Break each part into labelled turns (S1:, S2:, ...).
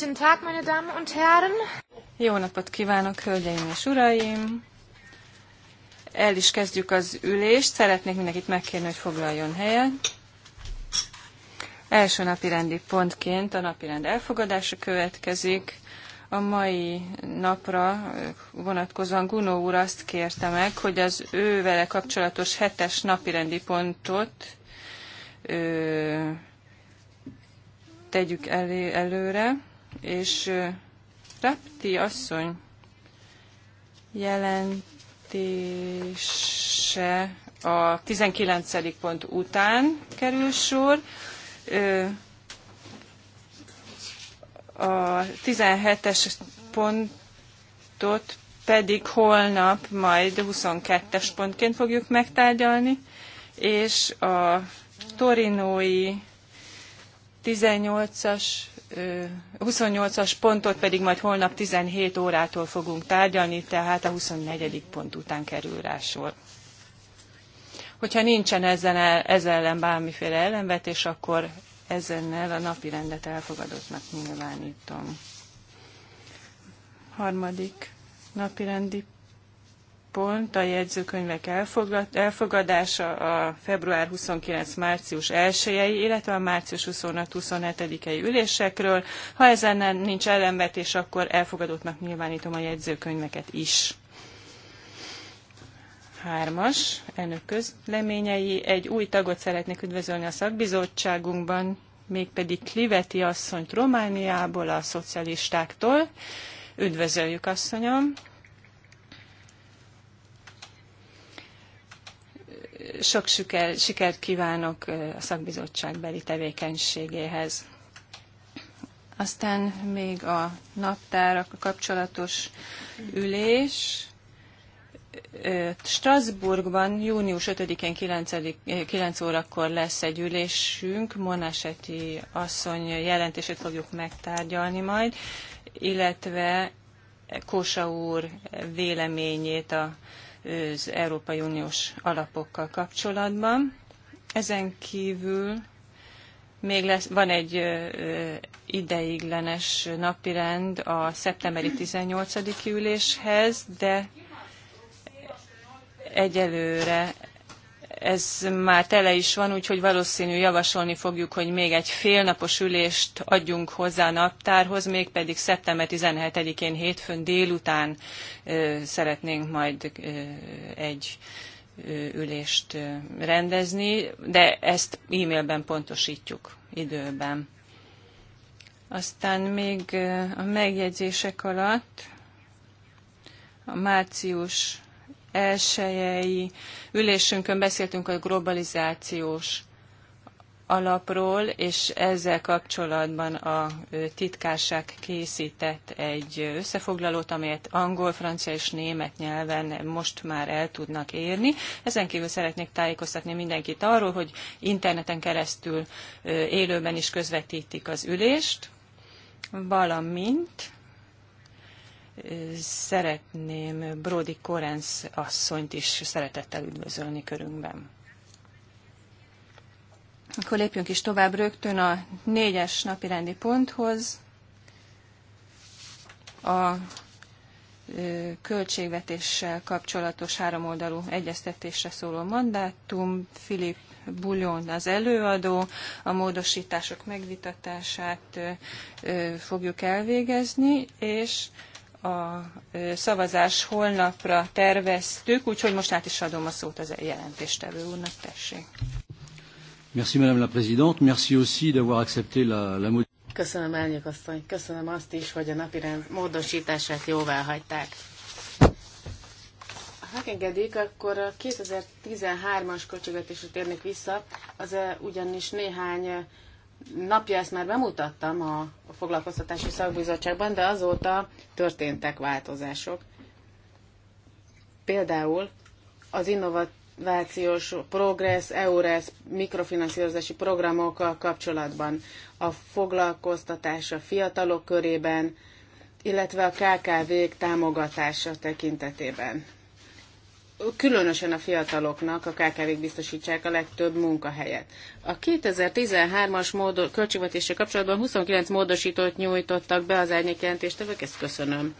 S1: Guten Tag, meine Damen und Herren.
S2: Jó napot kívánok, hölgyeim és uraim! El is kezdjük az ülést. Szeretnék mindenkit megkérni, hogy foglaljon helyet. Első napi rendi pontként a napi rend elfogadása következik. A mai napra vonatkozóan Gunó úr azt kérte meg, hogy az ő vele kapcsolatos hetes napi rendi pontot ö, tegyük elé, előre és Rapti asszony jelentése a 19. pont után kerül sor. A 17-es pontot pedig holnap majd 22-es pontként fogjuk megtárgyalni, és a torinói 18-as 28-as pontot pedig majd holnap 17 órától fogunk tárgyalni, tehát a 24. pont után kerül rá sor. Hogyha nincsen ezen ezzel ellen bármiféle ellenvetés, akkor ezennel a napi rendet elfogadottnak nyilvánítom. Harmadik napi rendi pont a jegyzőkönyvek elfogadása a február 29-március 1-i, illetve a március 26 27 i ülésekről. Ha ezen nincs ellenvetés, akkor elfogadottnak nyilvánítom a jegyzőkönyveket is. Hármas, elnök közleményei. Egy új tagot szeretnék üdvözölni a szakbizottságunkban, mégpedig Kliveti asszonyt Romániából, a szocialistáktól. Üdvözöljük, asszonyom! sok siker, sikert kívánok a szakbizottság tevékenységéhez. Aztán még a naptárak kapcsolatos ülés. Strasbourgban június 5-én 9, 9 órakor lesz egy ülésünk, Monaseti asszony jelentését fogjuk megtárgyalni majd, illetve Kósa úr véleményét a az Európai Uniós alapokkal kapcsolatban. Ezen kívül még lesz, van egy ideiglenes napirend a szeptemberi 18. üléshez, de egyelőre ez már tele is van, úgyhogy valószínű javasolni fogjuk, hogy még egy félnapos ülést adjunk hozzá a naptárhoz, mégpedig szeptember 17-én hétfőn délután szeretnénk majd egy ülést rendezni, de ezt e-mailben pontosítjuk időben. Aztán még a megjegyzések alatt a március elsőjei ülésünkön beszéltünk a globalizációs alapról, és ezzel kapcsolatban a titkárság készített egy összefoglalót, amelyet angol, francia és német nyelven most már el tudnak érni. Ezen kívül szeretnék tájékoztatni mindenkit arról, hogy interneten keresztül élőben is közvetítik az ülést, valamint szeretném Brody Korenz asszonyt is szeretettel üdvözölni körünkben. Akkor lépjünk is tovább rögtön a négyes napi rendi ponthoz. A költségvetéssel kapcsolatos háromoldalú egyeztetésre szóló mandátum. Filip Bullion az előadó, a módosítások megvitatását fogjuk elvégezni, és a szavazás holnapra terveztük, úgyhogy most át is adom a szót az jelentéstevő úrnak, tessék.
S1: Merci Madame la Présidente, merci aussi d'avoir accepté la, la
S3: Köszönöm, elnök asszony. Köszönöm azt is, hogy a napirend módosítását jóvá hagyták. Ha engedik, akkor a 2013-as költségvetésre térnék vissza, az ugyanis néhány napja ezt már bemutattam a foglalkoztatási szakbizottságban, de azóta történtek változások. Például az innovációs progress, EURES mikrofinanszírozási programokkal kapcsolatban, a foglalkoztatás a fiatalok körében, illetve a KKV-k támogatása tekintetében különösen a fiataloknak a kkv biztosítsák a legtöbb munkahelyet. A 2013-as módo- kapcsolatban 29 módosítót nyújtottak be az árnyékjelentéstevők, ezt köszönöm.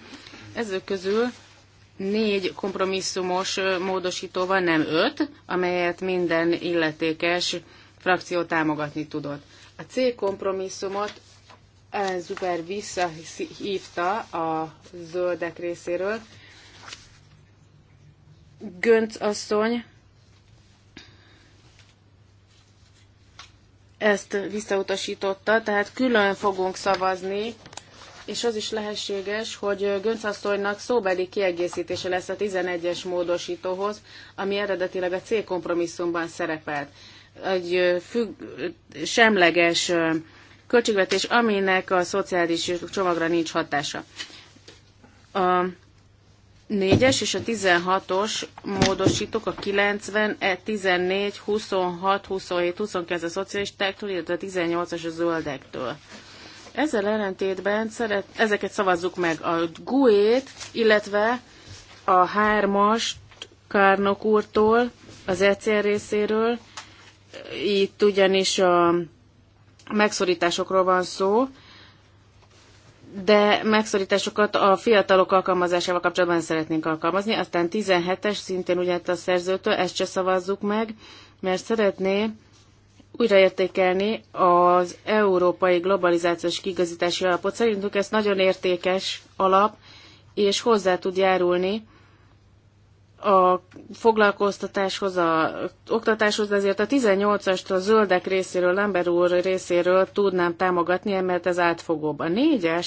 S3: Ezek közül négy kompromisszumos módosító van, nem öt, amelyet minden illetékes frakció támogatni tudott. A C kompromisszumot Zuber visszahívta a zöldek részéről, Gönc asszony ezt visszautasította, tehát külön fogunk szavazni, és az is lehetséges, hogy Gönc asszonynak szóbeli kiegészítése lesz a 11-es módosítóhoz, ami eredetileg a C kompromisszumban szerepelt. Egy függ, semleges költségvetés, aminek a szociális csomagra nincs hatása. A 4-es és a 16-os módosítók a 90, 14, 26, 27, 29 a szocialistáktól, illetve a 18-as a zöldektől. Ezzel ellentétben szeret, ezeket szavazzuk meg a GUE-t, illetve a 3-as Kárnok úrtól, az ECR részéről. Itt ugyanis a megszorításokról van szó, de megszorításokat a fiatalok alkalmazásával kapcsolatban szeretnénk alkalmazni. Aztán 17-es, szintén ugye a szerzőtől, ezt se szavazzuk meg, mert szeretné újraértékelni az európai globalizációs kigazítási alapot. Szerintünk ez nagyon értékes alap, és hozzá tud járulni a foglalkoztatáshoz, a oktatáshoz, ezért a 18-ast a zöldek részéről, Lember úr részéről tudnám támogatni, mert ez átfogóbb. A 4-es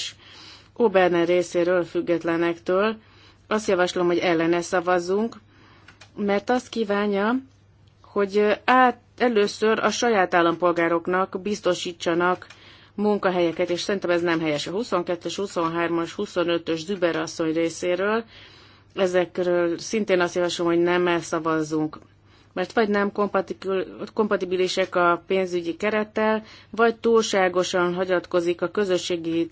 S3: Oberner részéről függetlenektől azt javaslom, hogy ellene szavazzunk, mert azt kívánja, hogy át először a saját állampolgároknak biztosítsanak munkahelyeket, és szerintem ez nem helyes. A 22-es, 23-as, 25-ös Züber részéről ezekről szintén azt javaslom, hogy nem elszavazzunk mert vagy nem kompatibilisek a pénzügyi kerettel, vagy túlságosan hagyatkozik a közösségi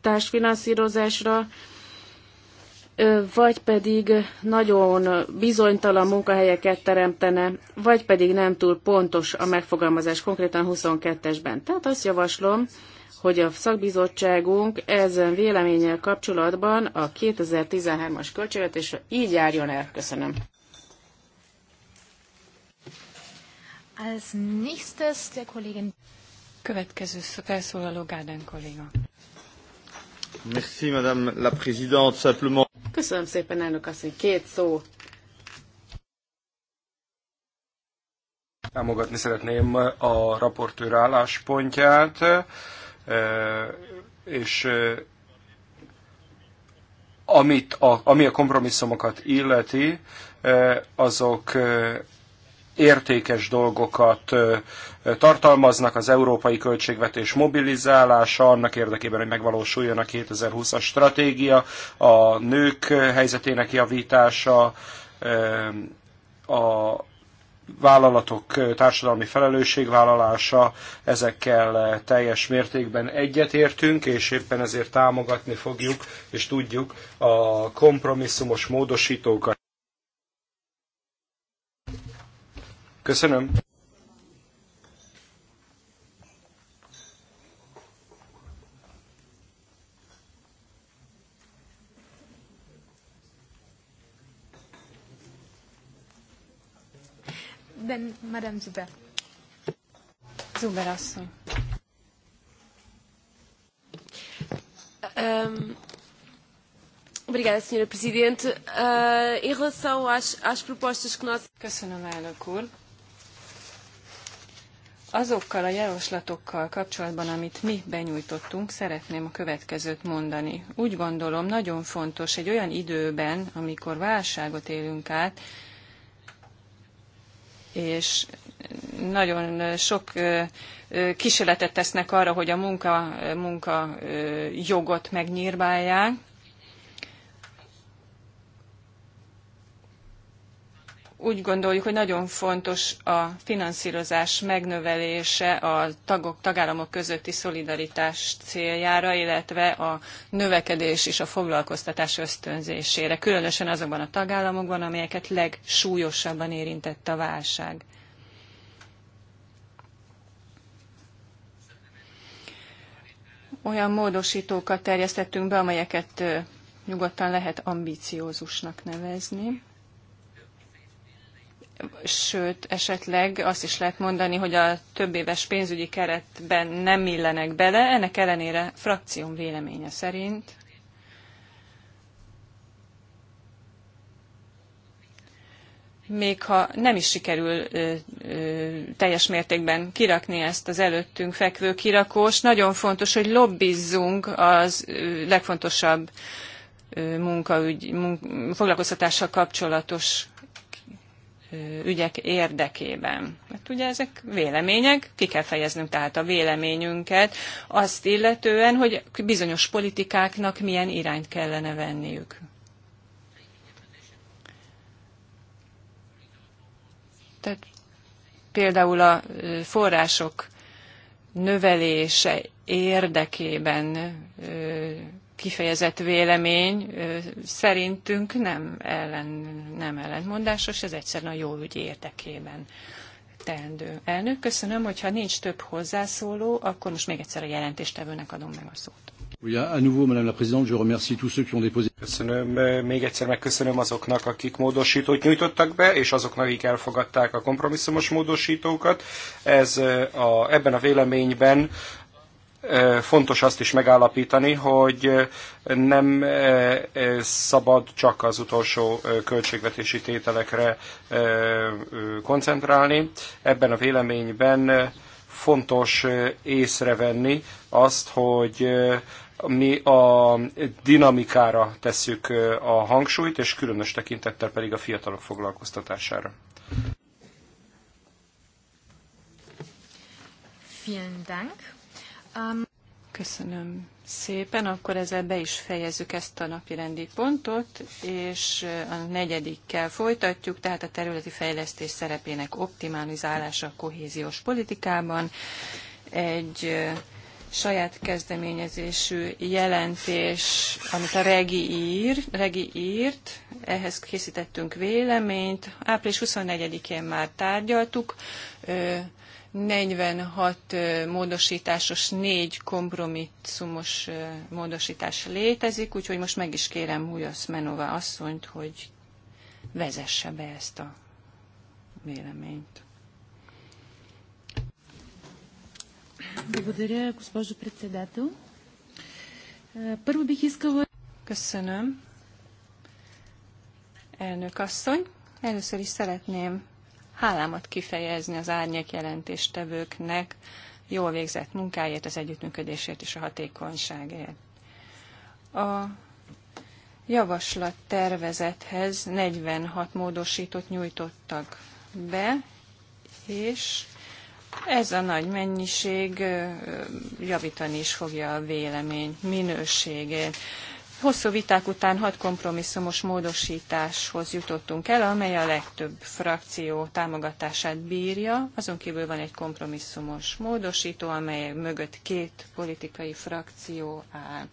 S3: társfinanszírozásra, vagy pedig nagyon bizonytalan munkahelyeket teremtene, vagy pedig nem túl pontos a megfogalmazás konkrétan 22-esben. Tehát azt javaslom, hogy a szakbizottságunk ezen véleménnyel kapcsolatban a 2013-as költségvetésre így járjon el. Köszönöm.
S2: Als nächstes der Kollegin. Következő felszólaló Gáden kolléga.
S4: Merci, Madame
S5: la Présidente. Simplement...
S3: Köszönöm szépen, elnök asszony. Két szó.
S5: Támogatni szeretném a raportőr álláspontját és amit a, ami a kompromisszumokat illeti, azok értékes dolgokat tartalmaznak, az európai költségvetés mobilizálása, annak érdekében, hogy megvalósuljon a 2020-as stratégia, a nők helyzetének javítása, a vállalatok társadalmi felelősségvállalása, ezekkel teljes mértékben egyetértünk, és éppen ezért támogatni fogjuk, és tudjuk a kompromisszumos módosítókat. Köszönöm.
S2: then Madame Zuber. Zuber asszony.
S3: Um,
S2: obrigada, Sra. Presidente. Uh, em relação às, às propostas que nós... Köszönöm, elnök úr. Azokkal a javaslatokkal kapcsolatban, amit mi benyújtottunk, szeretném a következőt mondani. Úgy gondolom, nagyon fontos egy olyan időben, amikor válságot élünk át, és nagyon sok kísérletet tesznek arra, hogy a munka, munka jogot megnyírbálják. úgy gondoljuk, hogy nagyon fontos a finanszírozás megnövelése a tagok, tagállamok közötti szolidaritás céljára, illetve a növekedés és a foglalkoztatás ösztönzésére, különösen azokban a tagállamokban, amelyeket legsúlyosabban érintett a válság. Olyan módosítókat terjesztettünk be, amelyeket nyugodtan lehet ambiciózusnak nevezni sőt, esetleg azt is lehet mondani, hogy a több éves pénzügyi keretben nem illenek bele, ennek ellenére frakcióm véleménye szerint még ha nem is sikerül ö, ö, teljes mértékben kirakni ezt az előttünk fekvő kirakós, nagyon fontos, hogy lobbizzunk az ö, legfontosabb munkaügy, munk, foglalkoztatással kapcsolatos ügyek érdekében. Mert ugye ezek vélemények, ki kell fejeznünk tehát a véleményünket, azt illetően, hogy bizonyos politikáknak milyen irányt kellene venniük. Tehát például a források növelése érdekében kifejezett vélemény szerintünk nem, ellen, nem ellentmondásos, ez egyszerűen a jó ügy érdekében teendő. Elnök, köszönöm, hogyha nincs több hozzászóló, akkor most még egyszer a jelentéstevőnek adom meg a szót.
S5: Köszönöm, még egyszer megköszönöm azoknak, akik módosítót nyújtottak be, és azoknak, akik elfogadták a kompromisszumos módosítókat. Ez a, ebben a véleményben fontos azt is megállapítani, hogy nem szabad csak az utolsó költségvetési tételekre koncentrálni. Ebben a véleményben fontos észrevenni azt, hogy mi a dinamikára tesszük a hangsúlyt, és különös tekintettel pedig a fiatalok foglalkoztatására.
S2: Vielen Dank. Um, Köszönöm szépen. Akkor ezzel be is fejezzük ezt a napi rendi pontot, és uh, a negyedikkel folytatjuk, tehát a területi fejlesztés szerepének optimalizálása a kohéziós politikában. Egy uh, saját kezdeményezésű jelentés, amit a Regi, ír, Regi írt, ehhez készítettünk véleményt. Április 24-én már tárgyaltuk uh, 46 módosításos, 4 kompromisszumos módosítás létezik, úgyhogy most meg is kérem Hujasz Menova asszonyt, hogy vezesse be ezt a véleményt. Благодаря, госпожо председател. Първо бих искала... Köszönöm. Elnök asszony, először is szeretném hálámat kifejezni az árnyék jelentéstevőknek jól végzett munkáért, az együttműködésért és a hatékonyságért. A javaslat tervezethez 46 módosítót nyújtottak be, és ez a nagy mennyiség javítani is fogja a vélemény minőségét. Hosszú viták után hat kompromisszumos módosításhoz jutottunk el, amely a legtöbb frakció támogatását bírja. Azon kívül van egy kompromisszumos módosító, amely mögött két politikai frakció áll.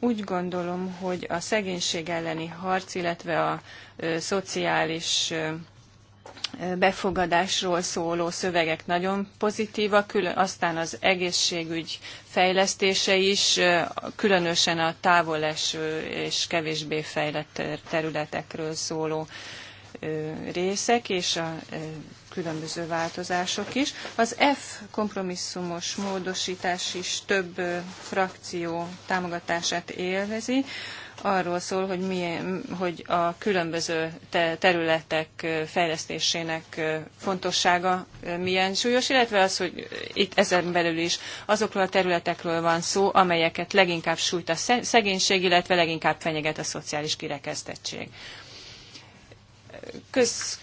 S2: Úgy gondolom, hogy a szegénység elleni harc, illetve a ö, szociális ö, befogadásról szóló szövegek nagyon pozitívak, külön, aztán az egészségügy fejlesztése is, különösen a távoleső és kevésbé fejlett területekről szóló részek, és a különböző változások is. Az F kompromisszumos módosítás is több frakció támogatását élvezi arról szól, hogy, milyen, hogy a különböző területek fejlesztésének fontossága milyen súlyos, illetve az, hogy itt ezen belül is azokról a területekről van szó, amelyeket leginkább sújt a szegénység, illetve leginkább fenyeget a szociális kirekesztettség köz,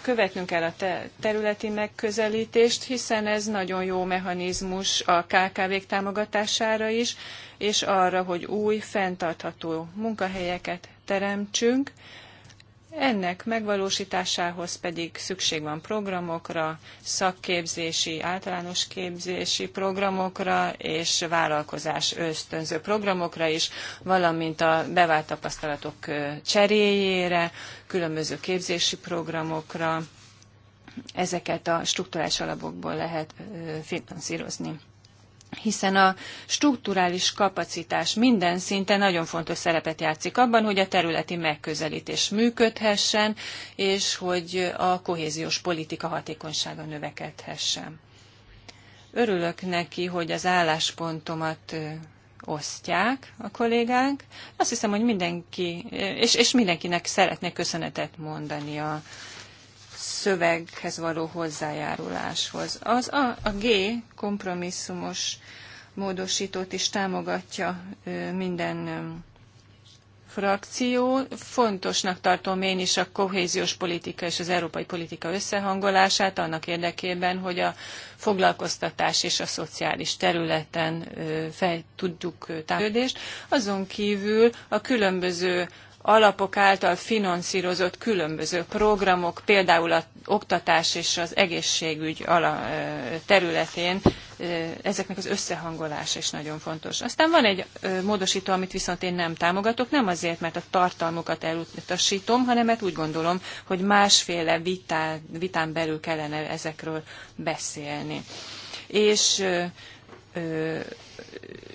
S2: követnünk kell a területi megközelítést, hiszen ez nagyon jó mechanizmus a KKV-k támogatására is, és arra, hogy új, fenntartható munkahelyeket teremtsünk, ennek megvalósításához pedig szükség van programokra, szakképzési, általános képzési programokra és vállalkozás ösztönző programokra is, valamint a bevált tapasztalatok cseréjére, különböző képzési programokra. Ezeket a struktúrás alapokból lehet finanszírozni hiszen a strukturális kapacitás minden szinten nagyon fontos szerepet játszik abban, hogy a területi megközelítés működhessen, és hogy a kohéziós politika hatékonysága növekedhessen. Örülök neki, hogy az álláspontomat osztják a kollégák. Azt hiszem, hogy mindenki, és, és mindenkinek szeretnék köszönetet mondani a, szöveghez való hozzájáruláshoz. Az a, a G kompromisszumos módosítót is támogatja minden frakció. Fontosnak tartom én is a kohéziós politika és az európai politika összehangolását annak érdekében, hogy a foglalkoztatás és a szociális területen fel tudjuk támogatni. Azon kívül a különböző alapok által finanszírozott különböző programok, például az oktatás és az egészségügy területén ezeknek az összehangolása is nagyon fontos. Aztán van egy módosító, amit viszont én nem támogatok, nem azért, mert a tartalmukat elutasítom, hanem mert úgy gondolom, hogy másféle vitá, vitán belül kellene ezekről beszélni. És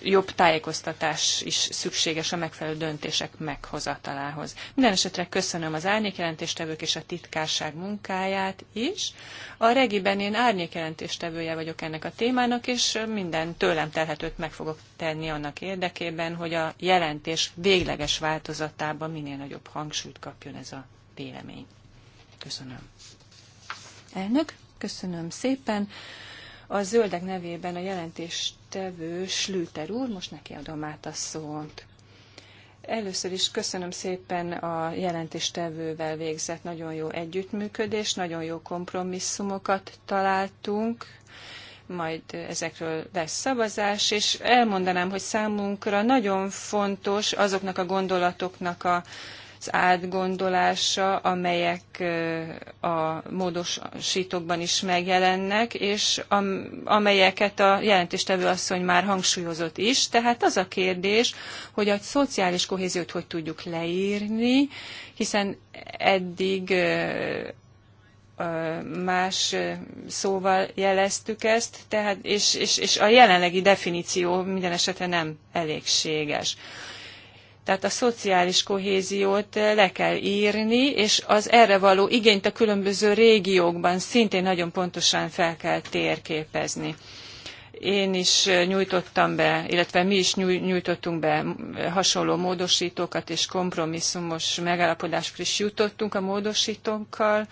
S2: jobb tájékoztatás is szükséges a megfelelő döntések meghozatalához. Minden esetre köszönöm az árnyékjelentéstevők és a titkárság munkáját is. A regiben én árnyékjelentéstevője vagyok ennek a témának, és minden tőlem telhetőt meg fogok tenni annak érdekében, hogy a jelentés végleges változatában minél nagyobb hangsúlyt kapjon ez a vélemény. Köszönöm. Elnök, köszönöm szépen. A zöldek nevében a jelentés Tevő Slüter úr, most neki adom át a szót. Először is köszönöm szépen a jelentéstevővel végzett nagyon jó együttműködés, nagyon jó kompromisszumokat találtunk, majd ezekről lesz szavazás, és elmondanám, hogy számunkra nagyon fontos azoknak a gondolatoknak a az átgondolása, amelyek a módosítókban is megjelennek, és amelyeket a jelentéstevő asszony már hangsúlyozott is. Tehát az a kérdés, hogy a szociális kohéziót hogy tudjuk leírni, hiszen eddig más szóval jeleztük ezt, tehát, és, és, és a jelenlegi definíció minden esetre nem elégséges. Tehát a szociális kohéziót le kell írni, és az erre való igényt a különböző régiókban szintén nagyon pontosan fel kell térképezni. Én is nyújtottam be, illetve mi is nyújtottunk be hasonló módosítókat és kompromisszumos megállapodásra is jutottunk a módosítókkal,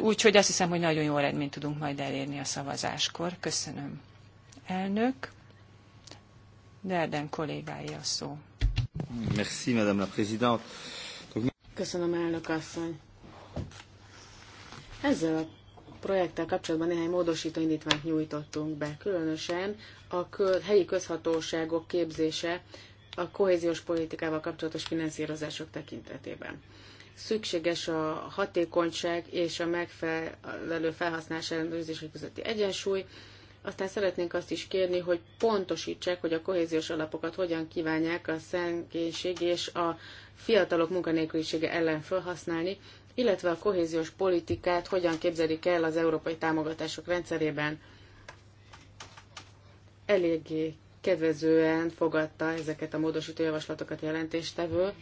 S2: úgyhogy azt hiszem, hogy nagyon jó eredményt tudunk majd elérni a szavazáskor. Köszönöm. Elnök. Derden kollégája a szó.
S4: Merci, Madame la Présidente.
S3: Köszönöm, elnök asszony. Ezzel a projekttel kapcsolatban néhány módosító indítványt nyújtottunk be, különösen a helyi közhatóságok képzése a kohéziós politikával kapcsolatos finanszírozások tekintetében. Szükséges a hatékonyság és a megfelelő felhasználás ellenőrzések közötti egyensúly, aztán szeretnénk azt is kérni, hogy pontosítsák, hogy a kohéziós alapokat hogyan kívánják a szengénység és a fiatalok munkanélkülisége ellen felhasználni, illetve a kohéziós politikát hogyan képzelik el az európai támogatások rendszerében. Eléggé kedvezően fogadta ezeket a módosító javaslatokat jelentéstevő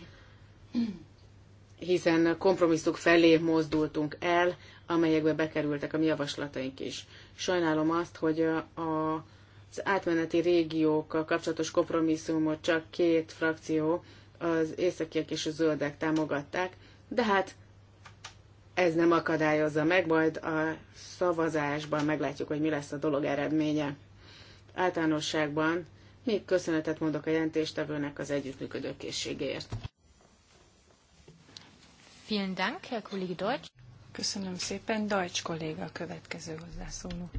S3: hiszen kompromisszuk felé mozdultunk el, amelyekbe bekerültek a mi javaslataink is. Sajnálom azt, hogy a az átmeneti régiókkal kapcsolatos kompromisszumot csak két frakció, az északiek és a zöldek támogatták, de hát ez nem akadályozza meg, majd a szavazásban meglátjuk, hogy mi lesz a dolog eredménye. Általánosságban még köszönetet mondok a jelentéstevőnek az együttműködő készségéért.
S2: Vielen Dank, Herr Kollege Deutsch. Köszönöm szépen. Deutsch kolléga a következő hozzászóló.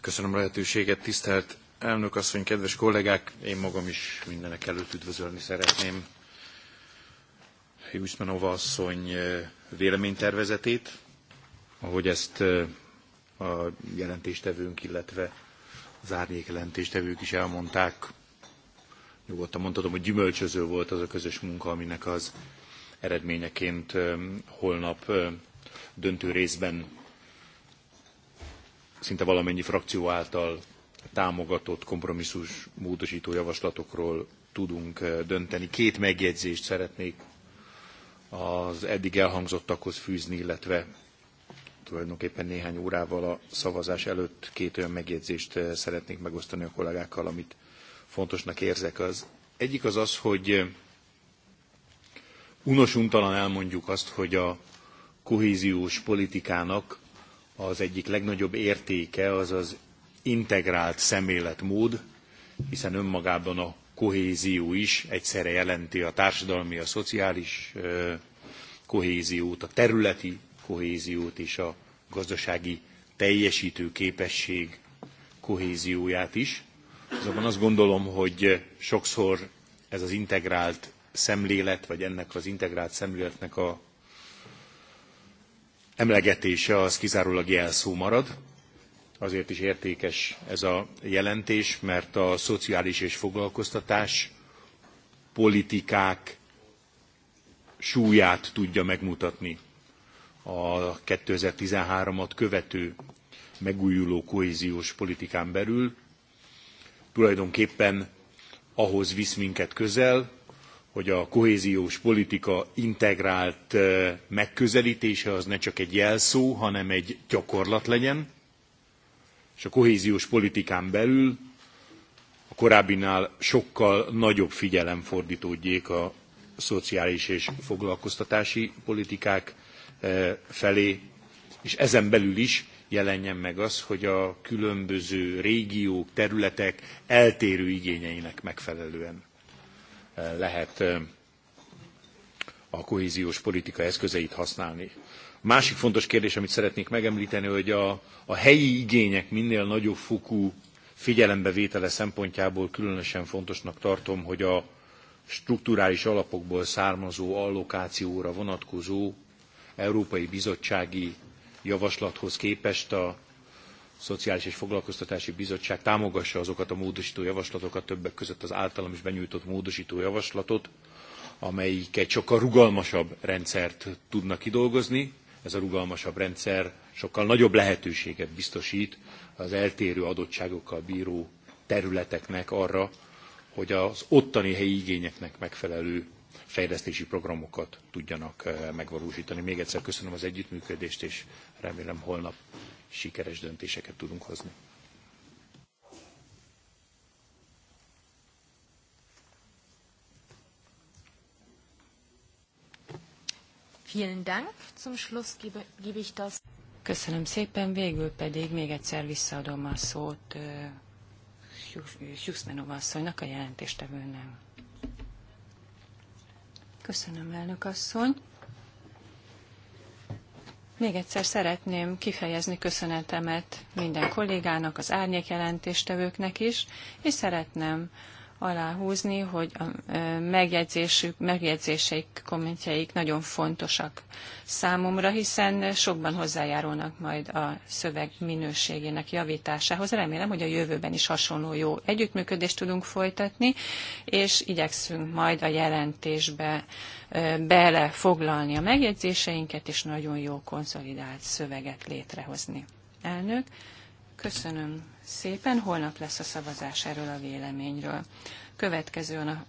S4: Köszönöm a lehetőséget, tisztelt elnök asszony, kedves kollégák! Én magam is mindenek előtt üdvözölni szeretném Jusmanova asszony eh, véleménytervezetét, ahogy ezt eh, a jelentéstevőnk, illetve az árnyék jelentéstevők is elmondták. Nyugodtan mondhatom, hogy gyümölcsöző volt az a közös munka, aminek az eredményeként holnap döntő részben szinte valamennyi frakció által támogatott kompromisszus módosító javaslatokról tudunk dönteni. Két megjegyzést szeretnék az eddig elhangzottakhoz fűzni, illetve tulajdonképpen néhány órával a szavazás előtt két olyan megjegyzést szeretnék megosztani a kollégákkal, amit fontosnak érzek. Az egyik az az, hogy unosuntalan elmondjuk azt, hogy a kohéziós politikának az egyik legnagyobb értéke az az integrált szemléletmód, hiszen önmagában a kohézió is egyszerre jelenti a társadalmi, a szociális kohéziót, a területi kohéziót és a gazdasági teljesítő képesség kohézióját is. Azonban azt gondolom, hogy sokszor ez az integrált szemlélet, vagy ennek az integrált szemléletnek a emlegetése az kizárólag jelszó marad. Azért is értékes ez a jelentés, mert a szociális és foglalkoztatás politikák súlyát tudja megmutatni a 2013-at követő megújuló kohéziós politikán belül. Tulajdonképpen ahhoz visz minket közel, hogy a kohéziós politika integrált megközelítése az ne csak egy jelszó, hanem egy gyakorlat legyen, és a kohéziós politikán belül a korábbinál sokkal nagyobb figyelem fordítódjék a szociális és foglalkoztatási politikák felé, és ezen belül is jelenjen meg az, hogy a különböző régiók, területek eltérő igényeinek megfelelően lehet a kohéziós politika eszközeit használni. A másik fontos kérdés, amit szeretnék megemlíteni, hogy a, a helyi igények minél nagyobb fokú figyelembevétele szempontjából különösen fontosnak tartom, hogy a strukturális alapokból származó allokációra vonatkozó Európai Bizottsági javaslathoz képest a Szociális és Foglalkoztatási Bizottság támogassa azokat a módosító javaslatokat, többek között az általam is benyújtott módosító javaslatot, amelyik egy sokkal rugalmasabb rendszert tudna kidolgozni. Ez a rugalmasabb rendszer sokkal nagyobb lehetőséget biztosít az eltérő adottságokkal bíró területeknek arra, hogy az ottani helyi igényeknek megfelelő fejlesztési programokat tudjanak eh, megvalósítani. Még egyszer köszönöm az együttműködést, és remélem holnap sikeres döntéseket tudunk hozni.
S2: Köszönöm szépen, végül pedig még egyszer visszaadom a szót Huszmenova asszonynak, a jelentéstevőnek. Köszönöm, elnök asszony. Még egyszer szeretném kifejezni köszönetemet minden kollégának, az jelentéstevőknek is, és szeretném aláhúzni, hogy a megjegyzésük, megjegyzéseik, kommentjeik nagyon fontosak számomra, hiszen sokban hozzájárulnak majd a szöveg minőségének javításához. Remélem, hogy a jövőben is hasonló jó együttműködést tudunk folytatni, és igyekszünk majd a jelentésbe belefoglalni a megjegyzéseinket, és nagyon jó konszolidált szöveget létrehozni. Elnök, köszönöm szépen. Holnap lesz a szavazás erről a véleményről. Következő a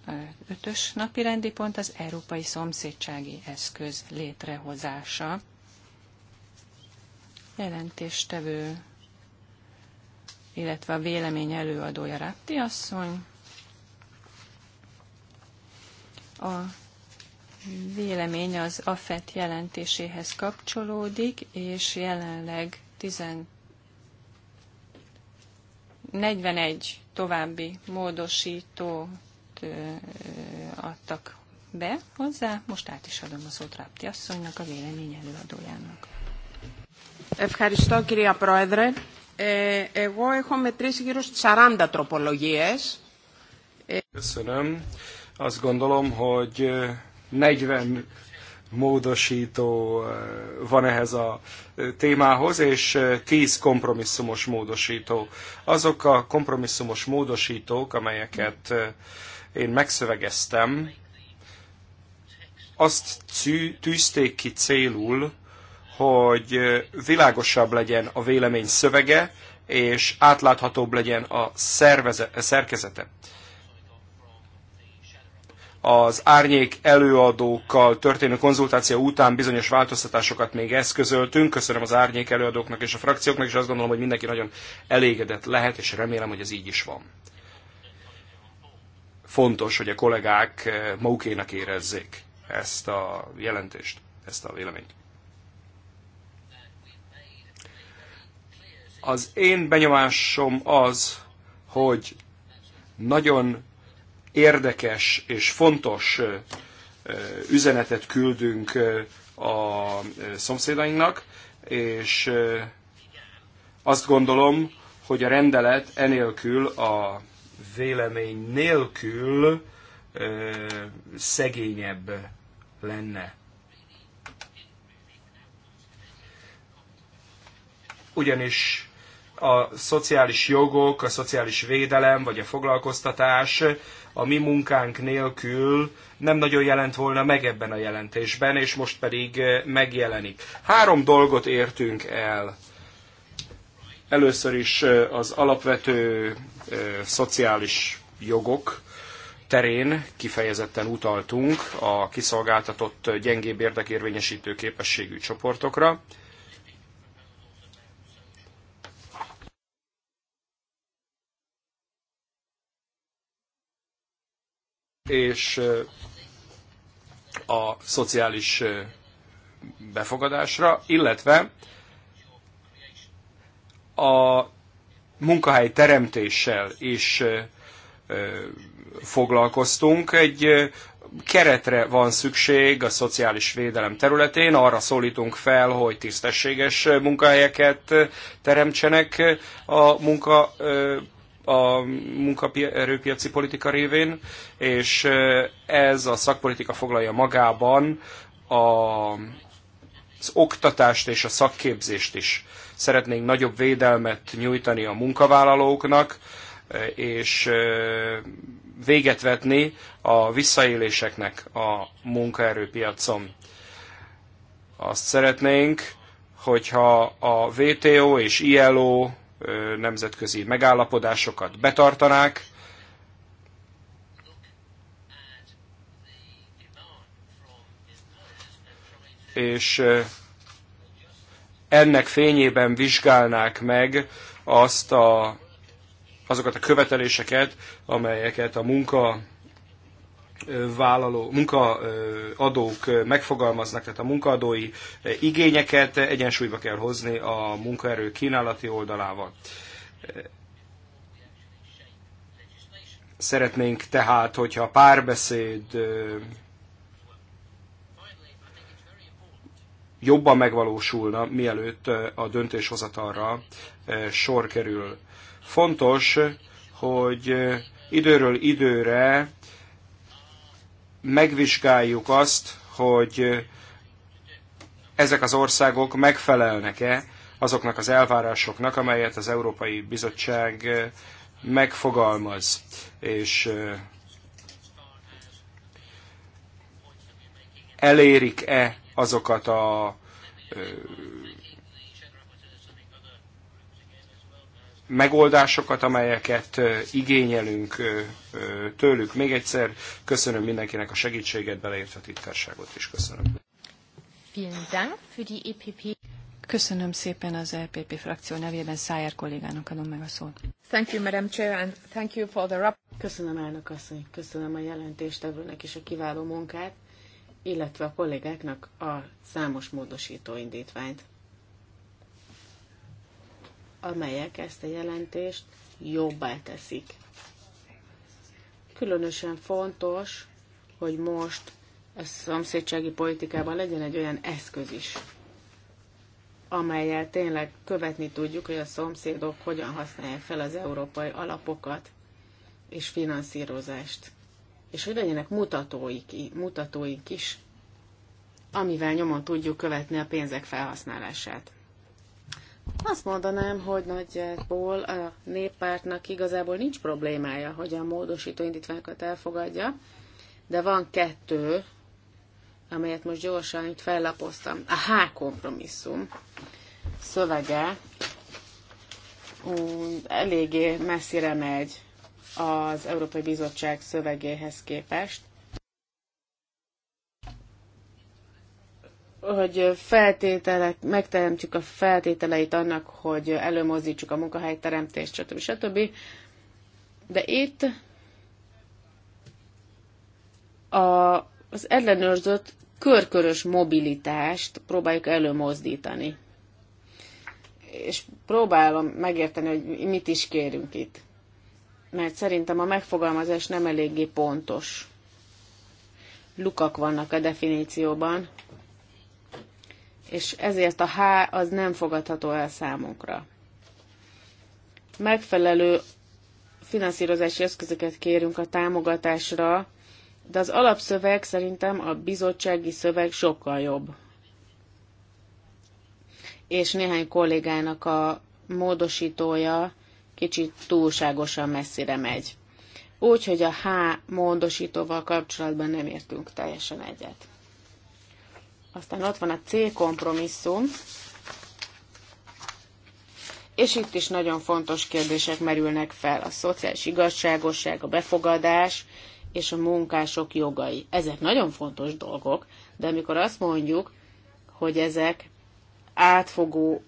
S2: ötös napi rendi pont az Európai Szomszédsági Eszköz létrehozása. Jelentéstevő, illetve a vélemény előadója Ratti asszony. A vélemény az AFET jelentéséhez kapcsolódik, és jelenleg 12 41 további módosítót adtak be hozzá. Most át is adom a szót Rápti asszonynak, a vélemény előadójának. Ευχαριστώ κυρία Πρόεδρε. Ε,
S3: εγώ έχω μετρήσει γύρω στις 40 τροπολογίες.
S5: Köszönöm. Azt gondolom, hogy 40 módosító eh, van ehhez a eh, témához, és 10 eh, kompromisszumos módosító. Azok a kompromisszumos módosítók, amelyeket én megszövegeztem, azt tűzték ki célul, hogy világosabb legyen a vélemény szövege, és átláthatóbb legyen a, szervezet, a szerkezete az árnyék előadókkal történő konzultáció után bizonyos változtatásokat még eszközöltünk. Köszönöm az árnyék előadóknak és a frakcióknak, és azt gondolom, hogy mindenki nagyon elégedett lehet, és remélem, hogy ez így is van. Fontos, hogy a kollégák eh, magukénak érezzék ezt a jelentést, ezt a véleményt. Az én benyomásom az, hogy nagyon érdekes és fontos üzenetet küldünk a szomszédainknak, és azt gondolom, hogy a rendelet enélkül, a vélemény nélkül szegényebb lenne. Ugyanis a szociális jogok, a szociális védelem vagy a foglalkoztatás a mi munkánk nélkül nem nagyon jelent volna meg ebben a jelentésben, és most pedig eh, megjelenik. Három dolgot értünk el. Először is eh, az alapvető eh, szociális jogok, terén kifejezetten utaltunk a kiszolgáltatott gyengébb érdekérvényesítő képességű csoportokra. és a szociális befogadásra, illetve a munkahely teremtéssel is foglalkoztunk. Egy keretre van szükség a szociális védelem területén, arra szólítunk fel, hogy tisztességes munkahelyeket teremtsenek a munka a munkaerőpiaci politika révén, és ez a szakpolitika foglalja magában a, az oktatást és a szakképzést is. Szeretnénk nagyobb védelmet nyújtani a munkavállalóknak, és véget vetni a visszaéléseknek a munkaerőpiacon. Azt szeretnénk, hogyha a WTO és ILO nemzetközi megállapodásokat betartanák, és ennek fényében vizsgálnák meg azt a, azokat a követeléseket, amelyeket a munka vállaló, munkaadók megfogalmaznak, tehát a munkaadói igényeket egyensúlyba kell hozni a munkaerő kínálati oldalával. Szeretnénk tehát, hogyha a párbeszéd jobban megvalósulna, mielőtt a döntéshozatalra sor kerül. Fontos, hogy időről időre megvizsgáljuk azt, hogy ezek az országok megfelelnek-e azoknak az elvárásoknak, amelyet az Európai Bizottság megfogalmaz. És elérik-e azokat a megoldásokat, amelyeket igényelünk tőlük. Még egyszer köszönöm mindenkinek a segítséget, beleértve a titkárságot is. Köszönöm.
S2: E köszönöm szépen az EPP frakció nevében, Szájer kollégának adom meg a szót.
S3: Thank you, Madam Chair, and thank you for the Köszönöm elnök asszony, köszönöm a jelentést evőnek is a kiváló munkát, illetve a kollégáknak a számos módosító indítványt amelyek ezt a jelentést jobbá teszik. Különösen fontos, hogy most a szomszédsági politikában legyen egy olyan eszköz is, amelyel tényleg követni tudjuk, hogy a szomszédok hogyan használják fel az európai alapokat és finanszírozást. És hogy legyenek mutatóik, mutatóik is, amivel nyomon tudjuk követni a pénzek felhasználását. Azt mondanám, hogy nagyjából a néppártnak igazából nincs problémája, hogy a módosító indítványokat elfogadja, de van kettő, amelyet most gyorsan itt fellapoztam. A H kompromisszum szövege eléggé messzire megy az Európai Bizottság szövegéhez képest, hogy feltételek, megteremtjük a feltételeit annak, hogy előmozdítsuk a munkahelyteremtést, stb. stb. De itt a, az ellenőrzött körkörös mobilitást próbáljuk előmozdítani. És próbálom megérteni, hogy mit is kérünk itt. Mert szerintem a megfogalmazás nem eléggé pontos. Lukak vannak a definícióban, és ezért a H az nem fogadható el számunkra. Megfelelő finanszírozási eszközöket kérünk a támogatásra, de az alapszöveg szerintem a bizottsági szöveg sokkal jobb. És néhány kollégának a módosítója kicsit túlságosan messzire megy. Úgyhogy a H módosítóval kapcsolatban nem értünk teljesen egyet. Aztán ott van a C kompromisszum, és itt is nagyon fontos kérdések merülnek fel. A szociális igazságosság, a befogadás és a munkások jogai. Ezek nagyon fontos dolgok, de amikor azt mondjuk, hogy ezek átfogó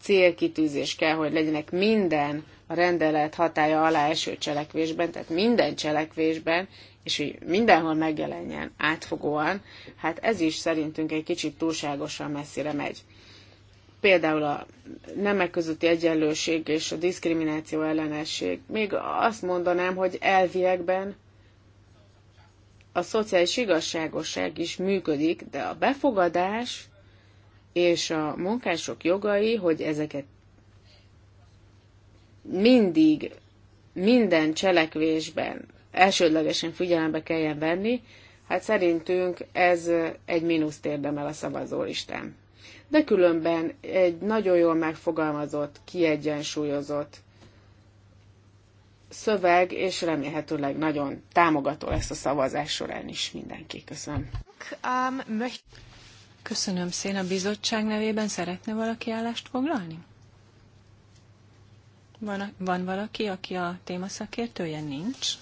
S3: célkitűzés kell, hogy legyenek minden a rendelet hatája alá eső cselekvésben, tehát minden cselekvésben, és hogy mindenhol megjelenjen átfogóan, hát ez is szerintünk egy kicsit túlságosan messzire megy. Például a nemek közötti egyenlőség és a diszkrimináció ellenesség. Még azt mondanám, hogy elviekben a szociális igazságosság is működik, de a befogadás és a munkások jogai, hogy ezeket mindig, minden cselekvésben elsődlegesen figyelembe kelljen venni, hát szerintünk ez egy mínuszt érdemel a szavazólistán. De különben egy nagyon jól megfogalmazott, kiegyensúlyozott szöveg, és remélhetőleg nagyon támogató lesz a szavazás során is mindenki. Köszönöm.
S2: Um, Köszönöm szépen. A bizottság nevében szeretne valaki állást foglalni? Van, van valaki, aki a téma szakértője? Nincs.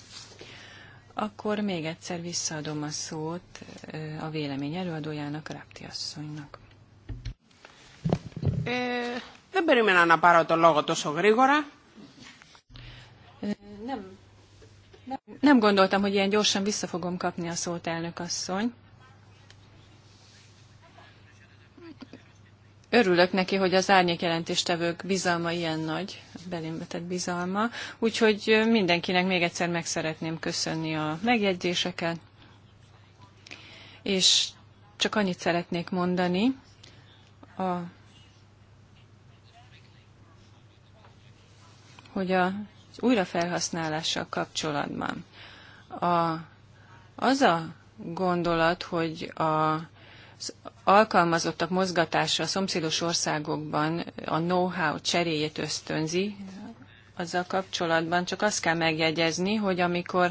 S2: Akkor még egyszer visszaadom a szót a vélemény előadójának, Rapti asszonynak.
S3: Nem περίμενα να πάρω το λόγο τόσο
S2: Nem, nem, nem gondoltam, hogy ilyen gyorsan vissza fogom kapni a szót, elnök asszony. Örülök neki, hogy az árnyékjelentéstevők bizalma ilyen nagy, belém vetett bizalma. Úgyhogy mindenkinek még egyszer meg szeretném köszönni a megjegyzéseket, és csak annyit szeretnék mondani, a, hogy a újrafelhasználással kapcsolatban a, az a gondolat, hogy a alkalmazottak mozgatása a szomszédos országokban a know-how cseréjét ösztönzi azzal kapcsolatban, csak azt kell megjegyezni, hogy amikor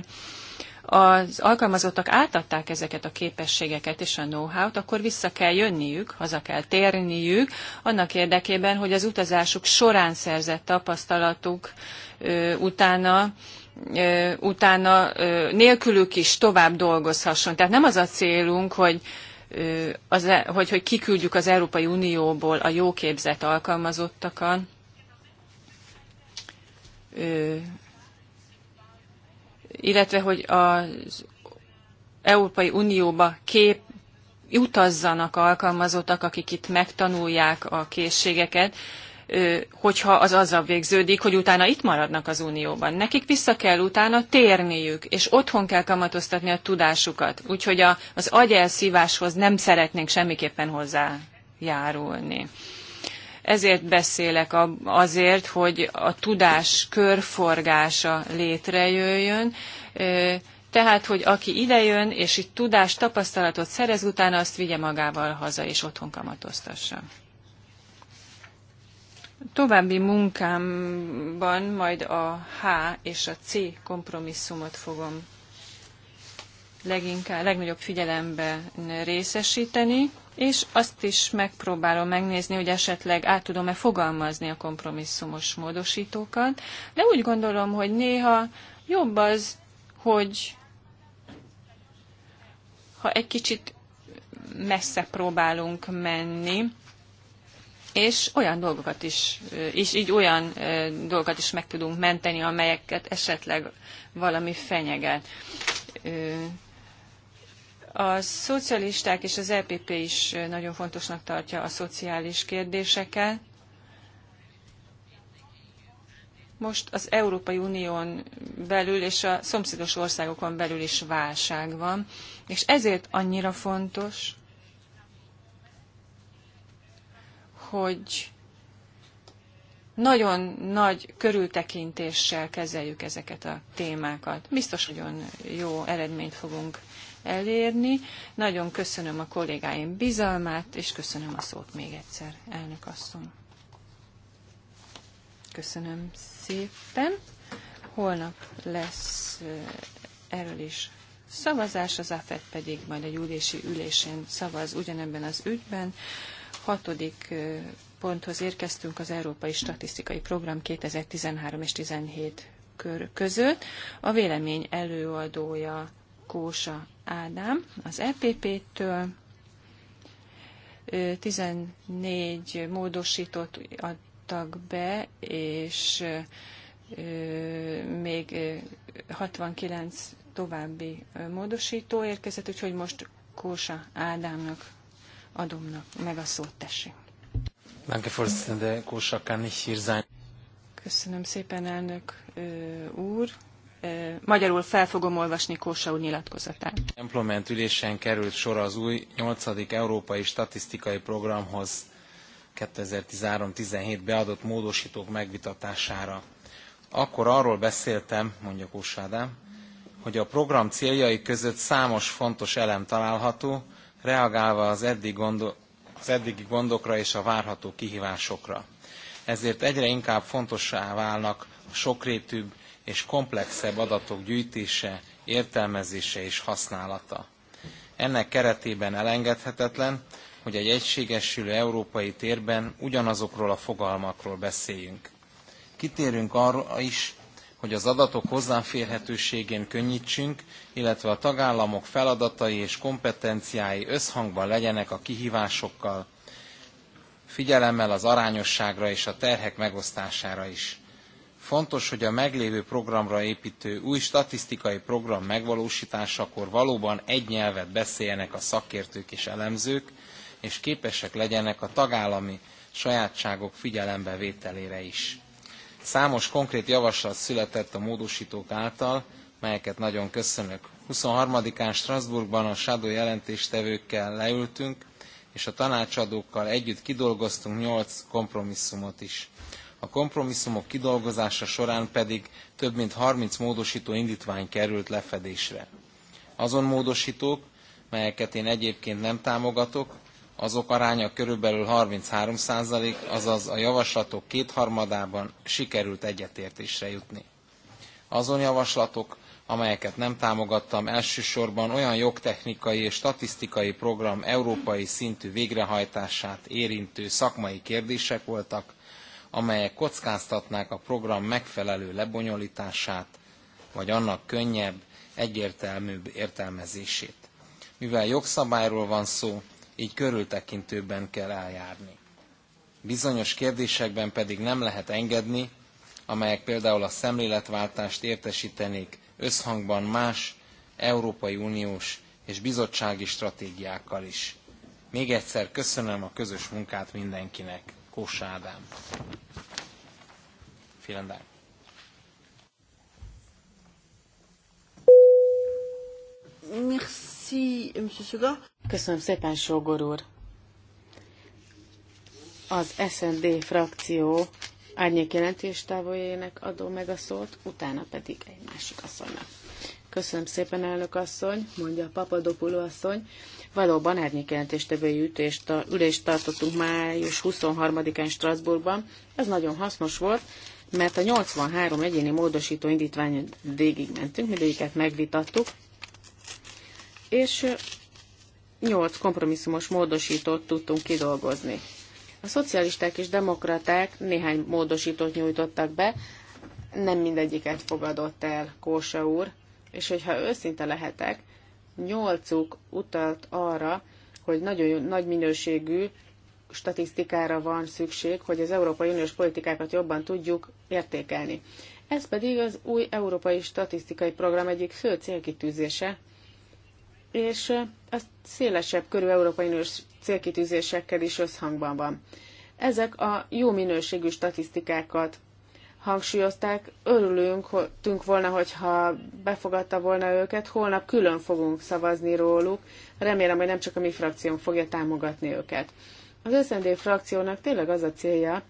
S2: az alkalmazottak átadták ezeket a képességeket és a know-how-t, akkor vissza kell jönniük, haza kell térniük, annak érdekében, hogy az utazásuk során szerzett tapasztalatuk ö, utána ö, utána ö, nélkülük is tovább dolgozhasson. Tehát nem az a célunk, hogy az, e, hogy, hogy kiküldjük az Európai Unióból a jó képzett alkalmazottakat, illetve hogy az Európai Unióba kép, utazzanak alkalmazottak, akik itt megtanulják a készségeket, hogyha az azzal végződik, hogy utána itt maradnak az Unióban. Nekik vissza kell utána térniük, és otthon kell kamatoztatni a tudásukat. Úgyhogy a, az agyelszíváshoz nem szeretnénk semmiképpen hozzájárulni. Ezért beszélek azért, hogy a tudás körforgása létrejöjjön, tehát, hogy aki idejön, és itt tudást, tapasztalatot szerez, utána azt vigye magával haza, és otthon kamatoztassa. További munkámban majd a H és a C kompromisszumot fogom leginkább, legnagyobb figyelembe részesíteni, és azt is megpróbálom megnézni, hogy esetleg át tudom-e fogalmazni a kompromisszumos módosítókat, de úgy gondolom, hogy néha jobb az, hogy ha egy kicsit messze próbálunk menni, és olyan dolgokat is, és így olyan dolgokat is meg tudunk menteni, amelyeket esetleg valami fenyeget. A szocialisták és az EPP is nagyon fontosnak tartja a szociális kérdéseket. Most az Európai Unión belül és a szomszédos országokon belül is válság van, és ezért annyira fontos, hogy nagyon nagy körültekintéssel kezeljük ezeket a témákat. Biztos nagyon jó eredményt fogunk elérni. Nagyon köszönöm a kollégáim bizalmát, és köszönöm a szót még egyszer, elnök asszony. Köszönöm szépen. Holnap lesz eh, erről is szavazás, az AFET pedig majd a gyűlési ülésén szavaz ugyanebben az ügyben hatodik ponthoz érkeztünk az Európai Statisztikai Program 2013 és 2017 kör között. A vélemény előadója Kósa Ádám az EPP-től. 14 módosított adtak be, és még 69 további módosító érkezett, úgyhogy most Kósa Ádámnak adomnak meg a szót, tessék. Köszönöm szépen, elnök úr. Magyarul fel fogom olvasni Kósa úr nyilatkozatát.
S6: Implement ülésen került sor az új 8. Európai Statisztikai Programhoz 2013-17 beadott módosítók megvitatására. Akkor arról beszéltem, mondja Kósa Ádám, hogy a program céljai között számos fontos elem található, reagálva az, eddigi gondokra és a várható kihívásokra. Ezért egyre inkább fontossá válnak a sokrétűbb és komplexebb adatok gyűjtése, értelmezése és használata. Ennek keretében elengedhetetlen, hogy egy egységesülő európai térben ugyanazokról a fogalmakról beszéljünk. Kitérünk arra is, hogy az adatok hozzáférhetőségén könnytsünk illetve a tagállamok feladatai és kompetenciái összhangban legyenek a kihvásokkal figyelemmel az arányosságra és a terhek megosztására is. Fontos, hogy a meglévő programra építő új statisztikai program megvalósításakor valóban egy nyelvet beszéljenek a szakértők és elemzők, és képesek legyenek a tagállami sajátságok figyelembevételére is. Számos konkrét javaslat született a módostók által, melyeket nagyon köszönök. 23-án Strasbourgban a shadow jelentéstevőkkel leültünk, és a tanácsadókkal együtt kidolgoztunk nyolc kompromisszumot is. A kompromisszumok kidolgozása során pedig több mint 30 módosító indítvány került lefedésre. Azon módosítók, melyeket én egyébként nem támogatok, azok aránya körülbelül 33 százalék, azaz a javaslatok kétharmadában sikerült egyetértésre jutni. Azon javaslatok, amelyeket nem támogattam, elsősorban olyan jogtechnikai és statisztikai program európai szintű végrehajtását érintő szakmai kérdések voltak, amelyek kockáztatnák a program megfelelő lebonyolítását, vagy annak könnyebb, egyértelműbb értelmezését. Mivel jogszabályról van szó, így körültekintőbben kell eljárni. Bizonyos kérdésekben pedig nem lehet engedni, amelyek például a szemléletváltást értesítenék összhangban más Európai Uniós és bizottsági stratégiákkal is. Még egyszer köszönöm a közös munkát mindenkinek. Kósa Ádám.
S3: Merci. Merci, Monsieur Köszönöm szépen, Sógor úr. Az SND frakció árnyék jelentéstávójének adom meg a szót, utána pedig egy másik asszonynak. Köszönöm szépen, elnök asszony, mondja a papadopuló asszony. Valóban árnyékjelentéstevői ütést, ülést tartottunk május 23-án Strasbourgban. Ez nagyon hasznos volt, mert a 83 egyéni módosító indítványon végigmentünk, mindegyiket megvitattuk, és nyolc kompromisszumos módosítót tudtunk kidolgozni. A szocialisták és demokraták néhány módosítót nyújtottak be, nem mindegyiket fogadott el Kósa úr, és hogyha őszinte lehetek, nyolcuk utalt arra, hogy nagyon nagy minőségű statisztikára van szükség, hogy az Európai Uniós politikákat jobban tudjuk értékelni. Ez pedig az új Európai Statisztikai Program egyik fő célkitűzése, és a szélesebb körű Európai Uniós célkitűzésekkel is összhangban van. Ezek a jó minőségű statisztikákat hangsúlyozták, örülünk, hogy tünk volna, hogyha befogadta volna őket, holnap külön fogunk szavazni róluk, remélem, hogy nem csak a mi frakción fogja támogatni őket. Az SZND frakciónak tényleg az a célja,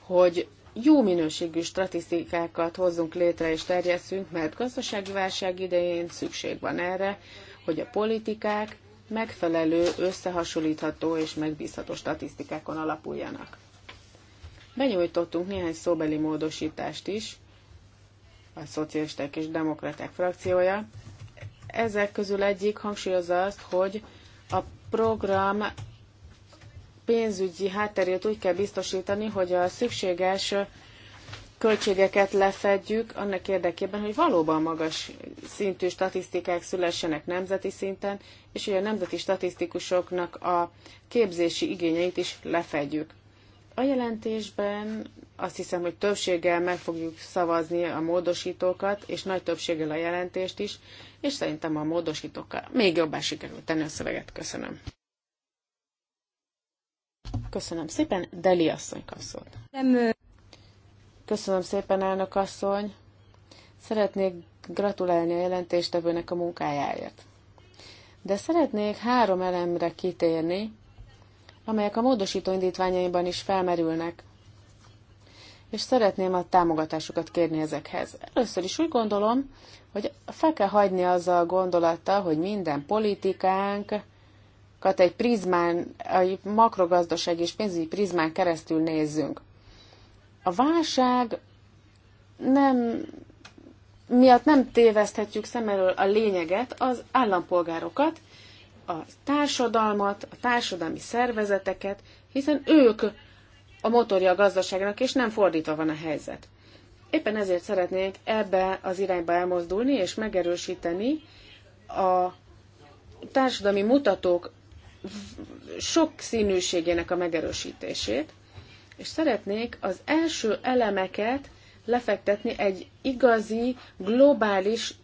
S3: hogy jó minőségű statisztikákat hozzunk létre és terjesszünk, mert gazdasági válság idején szükség van erre, hogy a politikák megfelelő, összehasonlítható és megbízható statisztikákon alapuljanak. Benyújtottunk néhány szóbeli módosítást is, a szocialisták és demokraták frakciója. Ezek közül egyik hangsúlyozza azt, hogy a program pénzügyi hátterét úgy kell biztosítani, hogy a szükséges költségeket lefedjük annak érdekében, hogy valóban magas szintű statisztikák szülessenek nemzeti szinten, és hogy a nemzeti statisztikusoknak a képzési igényeit is lefedjük. A jelentésben azt hiszem, hogy többséggel meg fogjuk szavazni a módosítókat, és nagy többséggel a jelentést is, és szerintem a módosítókkal még jobban sikerült tenni a szöveget. Köszönöm. Köszönöm szépen, Deli asszony kapszolt. Köszönöm szépen, elnök asszony. Szeretnék gratulálni a jelentéstevőnek a munkájáért. De szeretnék három elemre kitérni, amelyek a módosító indítványaiban is felmerülnek, és szeretném a támogatásukat kérni ezekhez. Először is úgy gondolom, hogy fel kell hagyni azzal a gondolattal, hogy minden politikánk, egy prizmán, egy makrogazdaság és pénzügyi prizmán keresztül nézzünk. A válság nem miatt nem téveszthetjük szem elől a lényeget, az állampolgárokat, a társadalmat, a társadalmi szervezeteket, hiszen ők a motorja a gazdaságnak, és nem fordítva van a helyzet. Éppen ezért szeretnék ebbe az irányba elmozdulni és megerősíteni a társadalmi mutatók sok színűségének a megerősítését, és szeretnék az első elemeket lefektetni egy igazi, globális,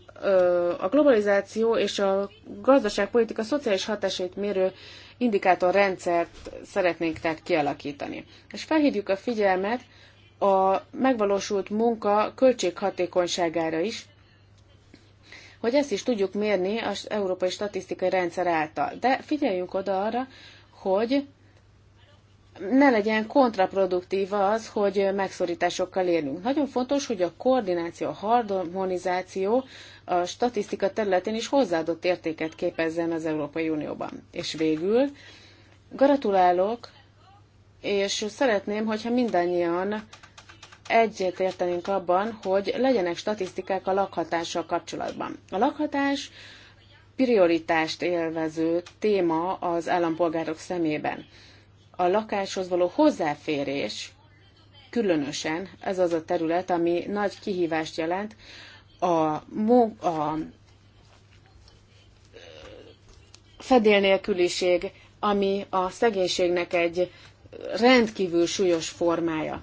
S3: a globalizáció és a gazdaságpolitika szociális hatásait mérő indikátorrendszert szeretnénk tehát kialakítani. És felhívjuk a figyelmet a megvalósult munka költséghatékonyságára is, hogy ezt is tudjuk mérni az európai statisztikai rendszer által. De figyeljünk oda arra, hogy ne legyen kontraproduktív az, hogy megszorításokkal élünk. Nagyon fontos, hogy a koordináció, a harmonizáció a statisztika területén is hozzáadott értéket képezzen az Európai Unióban. És végül gratulálok, és szeretném, hogyha mindannyian egyet abban, hogy legyenek statisztikák a lakhatással kapcsolatban. A lakhatás prioritást élvező téma az állampolgárok szemében. A lakáshoz való hozzáférés, különösen ez az a terület, ami nagy kihívást jelent a, a fedélnélküliség, ami a szegénységnek egy rendkívül súlyos formája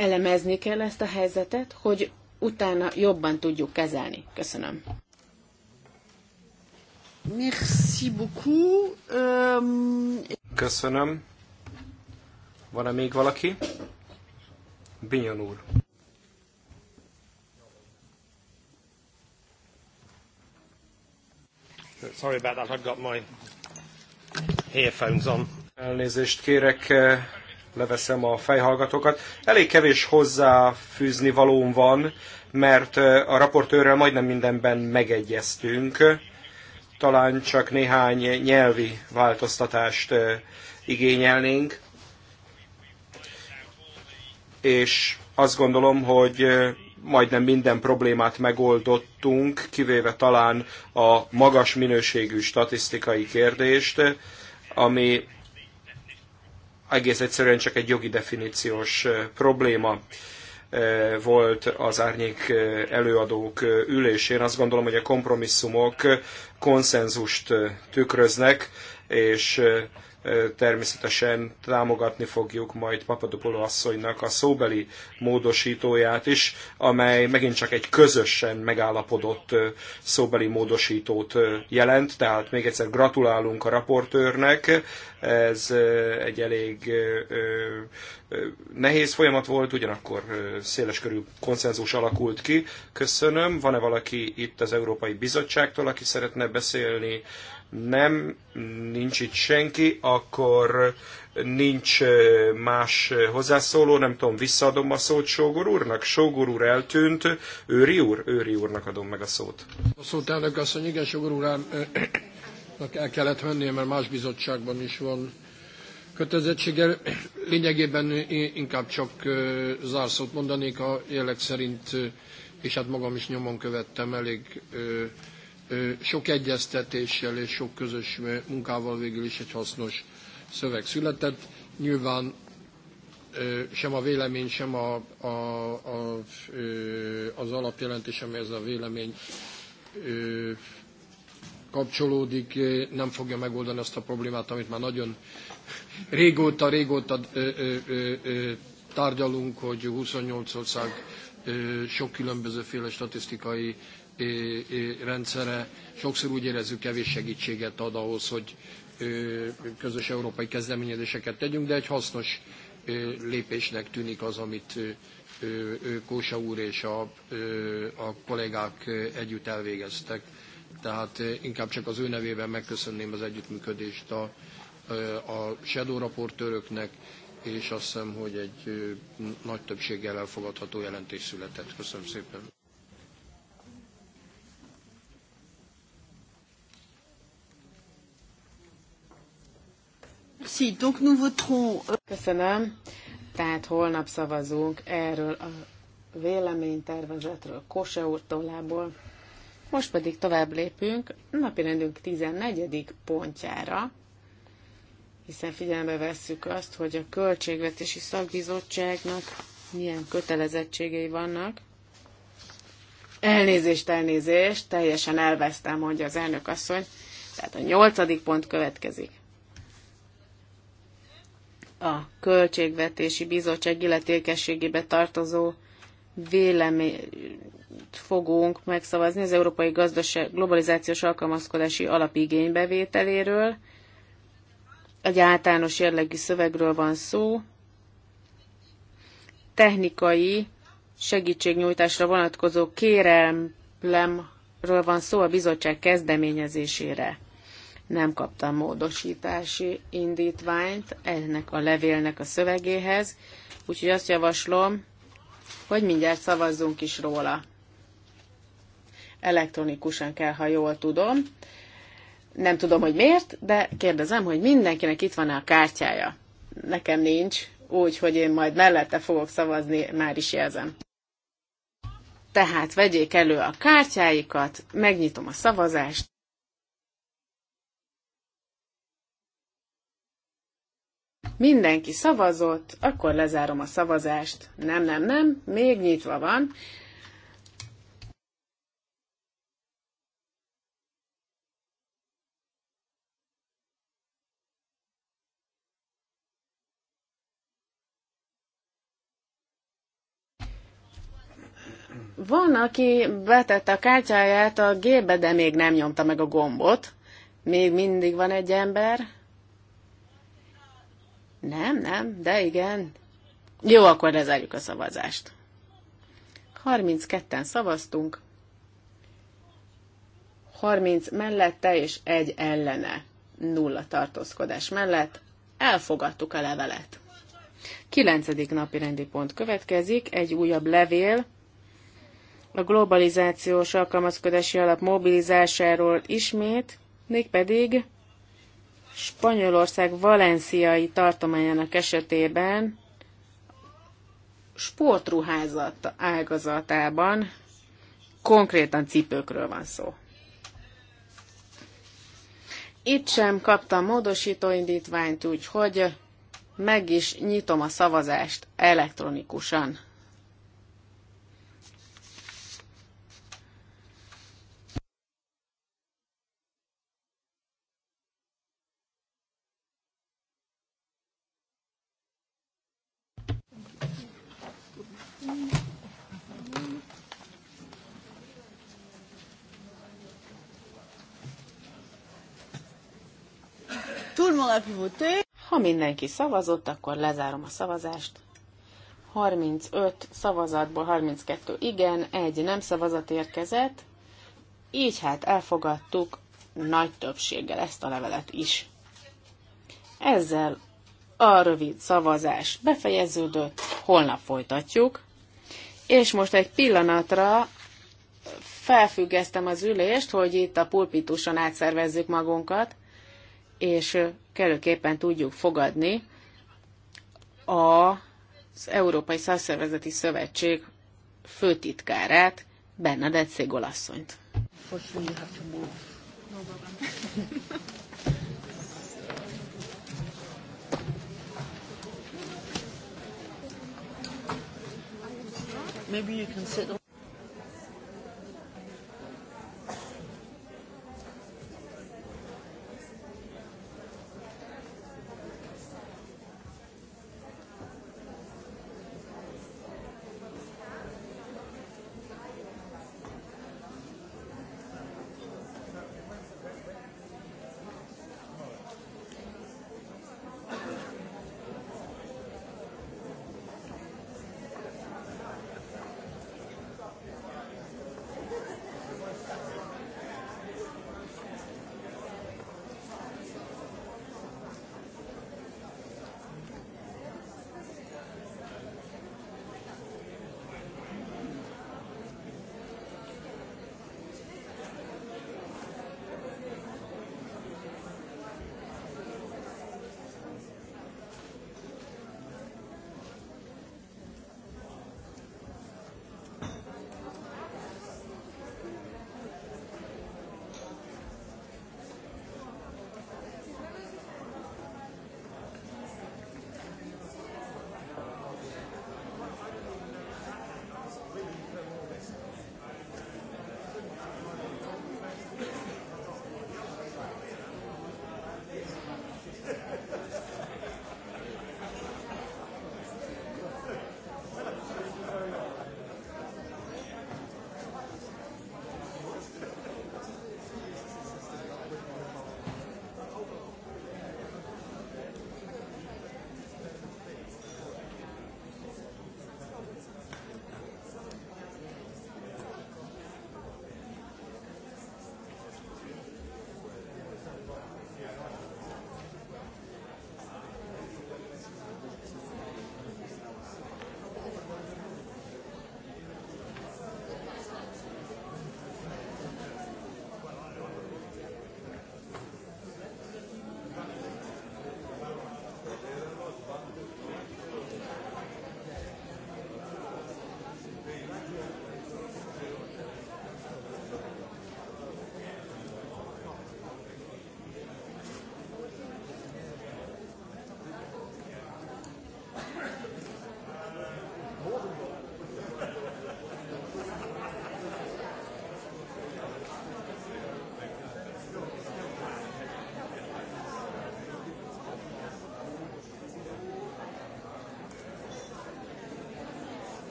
S3: elemezni kell ezt a helyzetet, hogy utána jobban tudjuk kezelni. Köszönöm. Merci beaucoup. Um...
S5: Köszönöm. Van-e még valaki? Binyon úr. Sorry about that, I've got my earphones on. Elnézést kérek, eh, leveszem a fejhallgatókat. Elég kevés hozzáfűzni valóm van, mert a raportőrrel majdnem mindenben megegyeztünk. Talán csak néhány nyelvi változtatást igényelnénk. És azt gondolom, hogy majdnem minden problémát megoldottunk, kivéve talán a magas minőségű statisztikai kérdést, ami egész egyszerűen csak egy jogi definíciós probléma volt az árnyék előadók ülésén. Azt gondolom, hogy a kompromisszumok konszenzust tükröznek, és természetesen támogatni fogjuk majd Papadopoló asszonynak a szóbeli módosítóját is, amely megint csak egy közösen megállapodott szóbeli módosítót jelent, tehát még egyszer gratulálunk a raportőrnek, ez egy elég nehéz folyamat volt, ugyanakkor széles körű konszenzus alakult ki. Köszönöm. Van-e valaki itt az Európai Bizottságtól, aki szeretne beszélni? Nem, nincs itt senki, akkor nincs más hozzászóló, nem tudom, visszaadom a szót Sógor úrnak. Sógor úr eltűnt, Őri úr, Őri úrnak adom meg a szót.
S1: A szót elnök asszony, igen, Sógor úrám, el kellett mennie, mert más bizottságban is van kötelezettsége. Lényegében inkább csak zárszót mondanék, a jelek szerint, és hát magam is nyomon követtem elég sok egyeztetéssel és sok közös munkával végül is egy hasznos szöveg született. Nyilván sem a vélemény, sem a, a, a, az alapjelentés, ami ez a vélemény kapcsolódik, nem fogja megoldani azt a problémát, amit már nagyon régóta, régóta tárgyalunk, hogy 28 ország sok különbözőféle statisztikai rendszere sokszor úgy érezzük kevés segítséget ad ahhoz, hogy közös európai kezdeményezéseket tegyünk, de egy hasznos lépésnek tűnik az, amit Kósa úr és a, a kollégák együtt elvégeztek. Tehát inkább csak az ő nevében megköszönném az együttműködést a, a shadow raportőröknek, és azt hiszem, hogy egy nagy többséggel elfogadható jelentés született. Köszönöm szépen.
S3: donc nous voterons... Euh, Köszönöm. Tehát holnap szavazunk erről a véleménytervezetről Kose úr tollából. Most pedig tovább lépünk napirendünk 14. pontjára, hiszen figyelembe vesszük azt, hogy a Költségvetési Szakbizottságnak milyen kötelezettségei vannak. Elnézést, elnézést, teljesen elvesztem, mondja az elnök asszony. Tehát a nyolcadik pont következik a Költségvetési Bizottság illetékességébe tartozó véleményt fogunk megszavazni az Európai Gazdaság Globalizációs Alkalmazkodási Alapigénybevételéről. Egy általános jellegű szövegről van szó. Technikai segítségnyújtásra vonatkozó kérelemről van szó a bizottság kezdeményezésére nem kaptam módosítási indítványt ennek a levélnek a szövegéhez, úgyhogy azt javaslom, hogy mindjárt szavazzunk is róla. Elektronikusan kell, ha jól tudom. Nem tudom, hogy miért, de kérdezem, hogy mindenkinek itt van-e a kártyája. Nekem nincs, úgyhogy én majd mellette fogok szavazni, már is jelzem. Tehát vegyék elő a kártyáikat, megnyitom a szavazást. Mindenki szavazott, akkor lezárom a szavazást. Nem, nem, nem, még nyitva van. Van, aki betette a kártyáját a gépbe, de még nem nyomta meg a gombot. Még mindig van egy ember. Nem, nem, de igen. Jó, akkor lezárjuk a szavazást. 32-en szavaztunk, 30 mellette és egy ellene, nulla tartózkodás mellett elfogadtuk a levelet. 9. napi rendi pont következik, egy újabb levél, a globalizációs alkalmazkodási alap mobilizásáról ismét, mégpedig Spanyolország valenciai tartományának esetében sportruházat ágazatában konkrétan cipőkről van szó. Itt sem kaptam módosító indítványt, úgyhogy meg is nyitom a szavazást elektronikusan. Ha mindenki szavazott, akkor lezárom a szavazást. 35 szavazatból 32 igen, egy nem szavazat érkezett, így hát elfogadtuk nagy többséggel ezt a levelet is. Ezzel a rövid szavazás befejeződött, holnap folytatjuk, és most egy pillanatra felfüggesztem az ülést, hogy itt a pulpituson átszervezzük magunkat, és kellőképpen tudjuk fogadni az Európai Szakszervezeti Szövetség főtitkárát, Bernadett Szégolasszonyt.
S4: Maybe you can sit on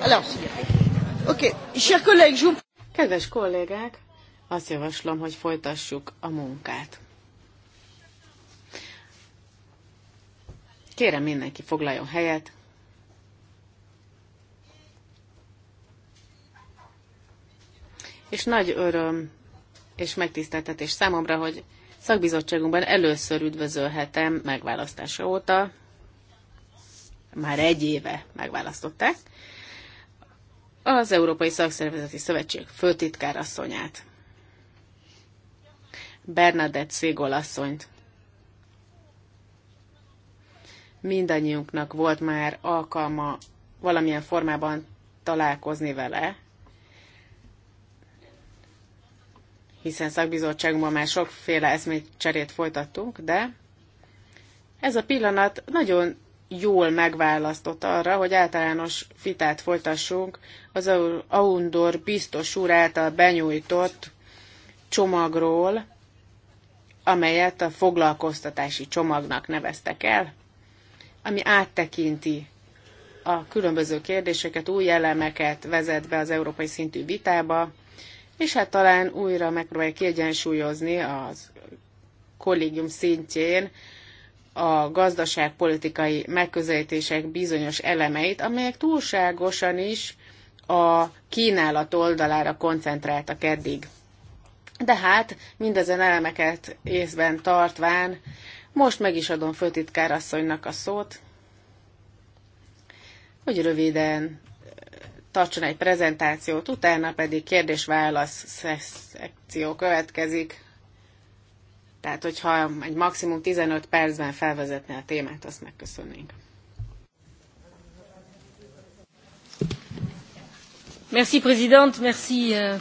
S2: Alors, okay.
S3: Kedves kollégák, azt javaslom, hogy folytassuk a munkát. Kérem mindenki foglaljon helyet. És nagy öröm és megtiszteltetés számomra, hogy szakbizottságunkban először üdvözölhetem megválasztása óta, már egy éve megválasztották, az Európai Szakszervezeti Szövetség főtitkár asszonyát, Bernadett Szégol asszonyt. Mindannyiunknak volt már alkalma valamilyen formában találkozni vele, hiszen szakbizottságunkban már sokféle eszmét cserét folytattunk, de ez a pillanat nagyon jól megválasztott arra, hogy általános vitát folytassunk az Aundor biztos úr által benyújtott csomagról, amelyet a foglalkoztatási csomagnak neveztek el, ami áttekinti a különböző kérdéseket, új elemeket vezet be az európai szintű vitába, és hát talán újra megpróbálja kiegyensúlyozni az kollégium szintjén a gazdaságpolitikai megközelítések bizonyos elemeit, amelyek túlságosan is a kínálat oldalára koncentráltak eddig. De hát mindezen elemeket észben tartván, most meg is adom főtitkár asszonynak a szót, hogy röviden eh, tartson egy prezentációt, utána pedig kérdés-válasz szekció következik. Tehát, hogyha egy maximum 15 percben felvezetné a témát, azt megköszönnénk. Merci, président, merci. Euh,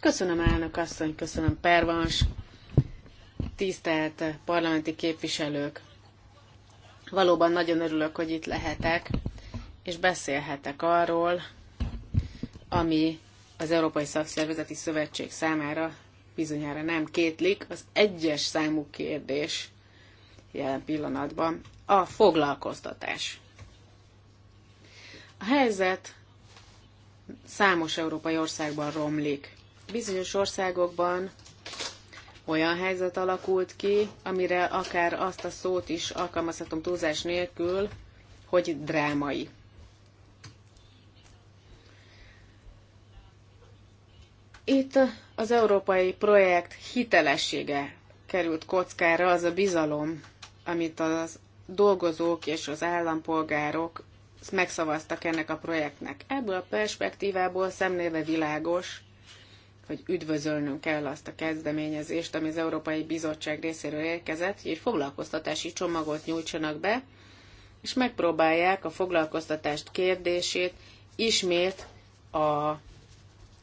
S3: köszönöm, elnök asszony, köszönöm, pervans, tisztelt parlamenti képviselők. Valóban nagyon örülök, hogy itt lehetek, és beszélhetek arról, ami az Európai Szakszervezeti Szövetség számára bizonyára nem kétlik, az egyes számú kérdés jelen pillanatban a foglalkoztatás. A helyzet számos európai országban romlik. Bizonyos országokban olyan helyzet alakult ki, amire akár azt a szót is alkalmazhatom túlzás nélkül, hogy drámai. Itt az európai projekt hitelessége került kockára, az a bizalom, amit az dolgozók és az állampolgárok megszavaztak ennek a projektnek. Ebből a perspektívából szemléve világos, hogy üdvözölnünk kell azt a kezdeményezést, ami az Európai Bizottság részéről érkezett, hogy egy foglalkoztatási csomagot nyújtsanak be, és megpróbálják a foglalkoztatást kérdését ismét a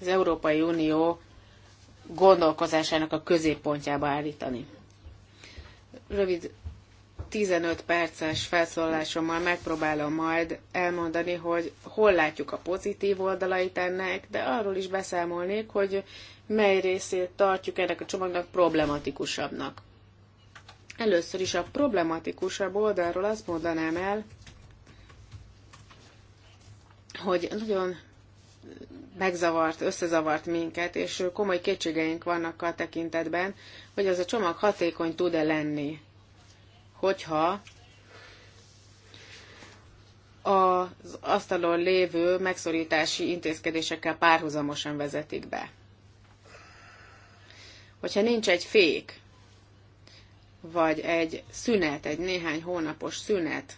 S3: az Európai Unió gondolkozásának a középpontjába állítani. Rövid 15 perces felszólalásommal megpróbálom majd elmondani, hogy hol látjuk a pozitív oldalait ennek, de arról is beszámolnék, hogy mely részét tartjuk ennek a csomagnak problematikusabbnak. Először is a problematikusabb oldalról azt mondanám el, hogy nagyon megzavart, összezavart minket, és komoly kétségeink vannak a tekintetben, hogy az a csomag hatékony tud-e lenni, hogyha az asztalon lévő megszorítási intézkedésekkel párhuzamosan vezetik be. Hogyha nincs egy fék, vagy egy szünet, egy néhány hónapos szünet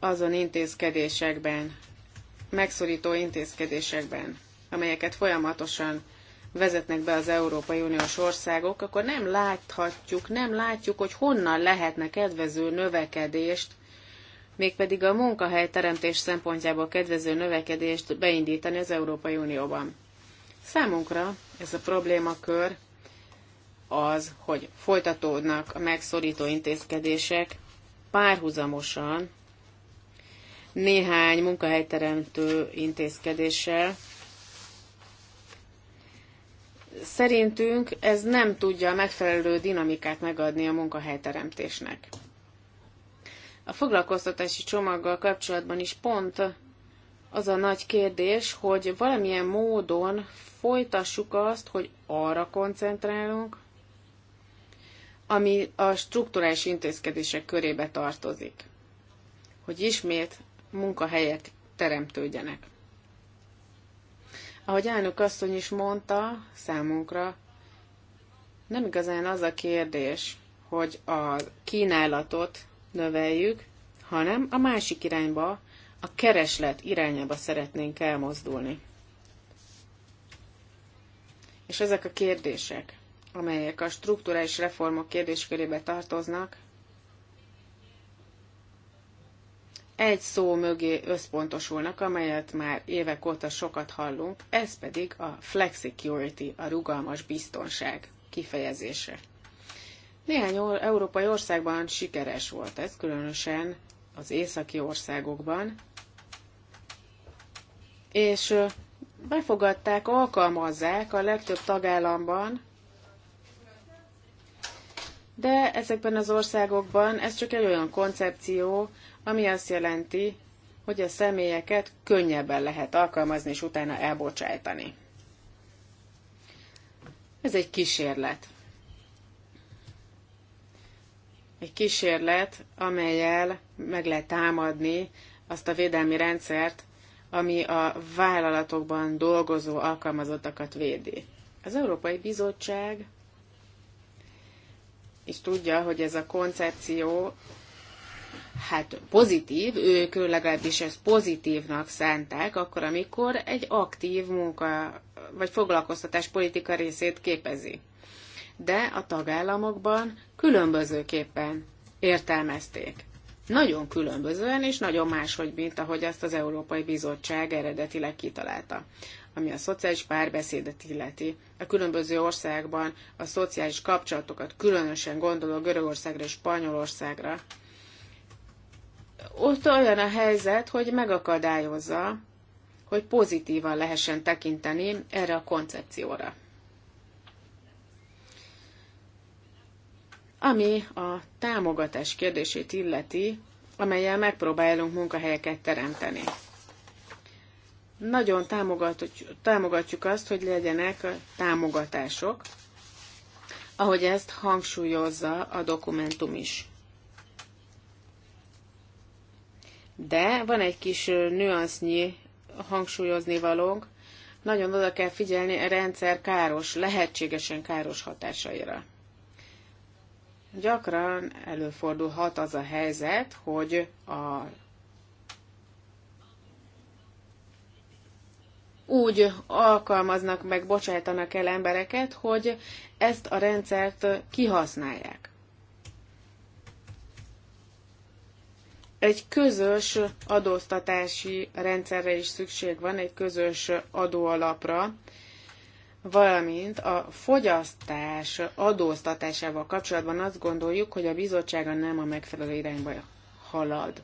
S3: azon intézkedésekben, megszorító intézkedésekben, amelyeket folyamatosan vezetnek be az Európai Uniós országok, akkor nem láthatjuk, nem látjuk, hogy honnan lehetne kedvező növekedést, mégpedig a munkahelyteremtés szempontjából kedvező növekedést beindítani az Európai Unióban. Számunkra ez a problémakör az, hogy folytatódnak a megszorító intézkedések párhuzamosan néhány munkahelyteremtő intézkedéssel. Szerintünk ez nem tudja a megfelelő dinamikát megadni a munkahelyteremtésnek. A foglalkoztatási csomaggal kapcsolatban is pont az a nagy kérdés, hogy valamilyen módon folytassuk azt, hogy arra koncentrálunk, ami a strukturális intézkedések körébe tartozik. Hogy ismét munkahelyek teremtődjenek. Ahogy elnök asszony is mondta, számunkra nem igazán az a kérdés, hogy a kínálatot növeljük, hanem a másik irányba, a kereslet irányába szeretnénk elmozdulni. És ezek a kérdések, amelyek a strukturális reformok kérdéskörébe tartoznak, egy szó mögé összpontosulnak, amelyet már évek óta sokat hallunk, ez pedig a flexicurity, a rugalmas biztonság kifejezése. Néhány európai országban sikeres volt ez, különösen az északi országokban, és befogadták, alkalmazzák a legtöbb tagállamban, de ezekben az országokban ez csak egy olyan koncepció, ami azt jelenti, hogy a személyeket könnyebben lehet alkalmazni és utána elbocsájtani. Ez egy kísérlet. Egy kísérlet, amelyel meg lehet támadni azt a védelmi rendszert, ami a vállalatokban dolgozó alkalmazottakat védi. Az Európai Bizottság is tudja, hogy ez a koncepció hát pozitív, ők legalábbis ezt pozitívnak szánták, akkor, amikor egy aktív munka vagy foglalkoztatás politika részét képezi. De a tagállamokban különbözőképpen értelmezték. Nagyon különbözően és nagyon máshogy, mint ahogy azt az Európai Bizottság eredetileg kitalálta ami a szociális párbeszédet illeti. A különböző országban a szociális kapcsolatokat, különösen gondolok Görögországra és Spanyolországra, ott olyan a helyzet, hogy megakadályozza, hogy pozitívan lehessen tekinteni erre a koncepcióra. Ami a támogatás kérdését illeti, amelyel megpróbálunk munkahelyeket teremteni. Nagyon támogatjuk azt, hogy legyenek támogatások, ahogy ezt hangsúlyozza a dokumentum is. De van egy kis nüansznyi hangsúlyozni valónk, nagyon oda kell figyelni a rendszer káros, lehetségesen káros hatásaira. Gyakran előfordulhat az a helyzet, hogy a úgy alkalmaznak meg, bocsájtanak el embereket, hogy ezt a rendszert kihasználják. Egy közös adóztatási rendszerre is szükség van, egy közös adóalapra, valamint a fogyasztás adóztatásával kapcsolatban azt gondoljuk, hogy a bizottsága nem a megfelelő irányba halad,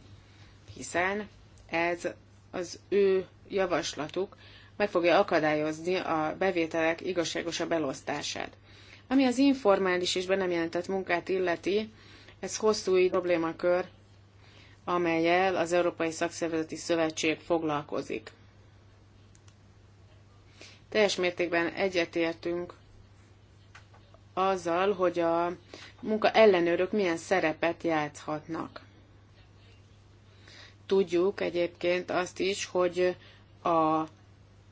S3: hiszen ez az ő javaslatuk meg fogja akadályozni a bevételek igazságosabb elosztását. Ami az informális és be nem jelentett munkát illeti, ez hosszú így problémakör, amelyel az Európai Szakszervezeti Szövetség foglalkozik. Teljes mértékben egyetértünk azzal, hogy a munka ellenőrök milyen szerepet játszhatnak. Tudjuk egyébként azt is, hogy a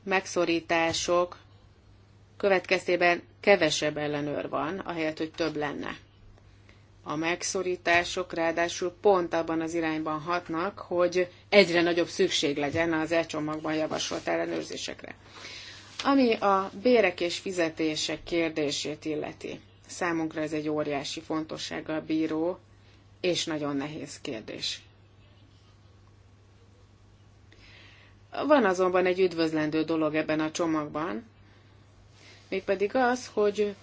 S3: megszorítások következtében kevesebb ellenőr van, ahelyett, hogy több lenne a megszorítások ráadásul pont abban az irányban hatnak, hogy egyre nagyobb szükség legyen az e-csomagban javasolt ellenőrzésekre. Ami a bérek és fizetések kérdését illeti, számunkra ez egy óriási fontossággal bíró és nagyon nehéz kérdés. Van azonban egy üdvözlendő dolog ebben a csomagban, mégpedig az, hogy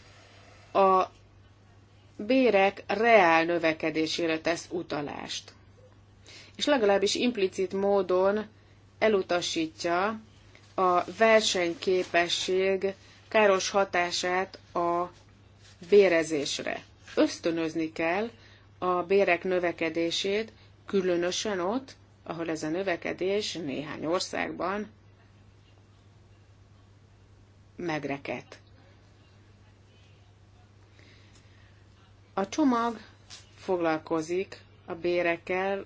S3: a bérek reál növekedésére tesz utalást. És legalábbis implicit módon elutasítja a versenyképesség káros hatását a bérezésre. Ösztönözni kell a bérek növekedését, különösen ott, ahol ez a növekedés néhány országban megreket. A csomag foglalkozik a bérekkel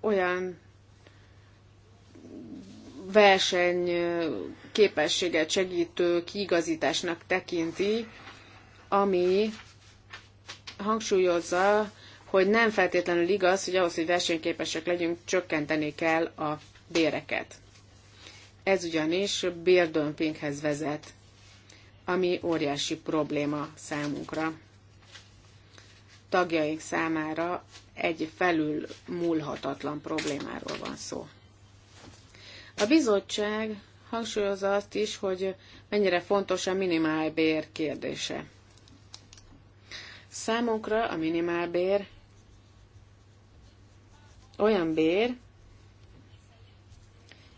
S3: olyan verseny képességet segítő kiigazításnak tekinti, ami hangsúlyozza, hogy nem feltétlenül igaz, hogy ahhoz, hogy versenyképesek legyünk, csökkenteni kell a béreket. Ez ugyanis bérdömpinghez vezet, ami óriási probléma számunkra tagjaink számára egy felül múlhatatlan problémáról van szó. A bizottság hangsúlyozza azt is, hogy mennyire fontos a minimálbér kérdése. Számunkra a minimálbér olyan bér,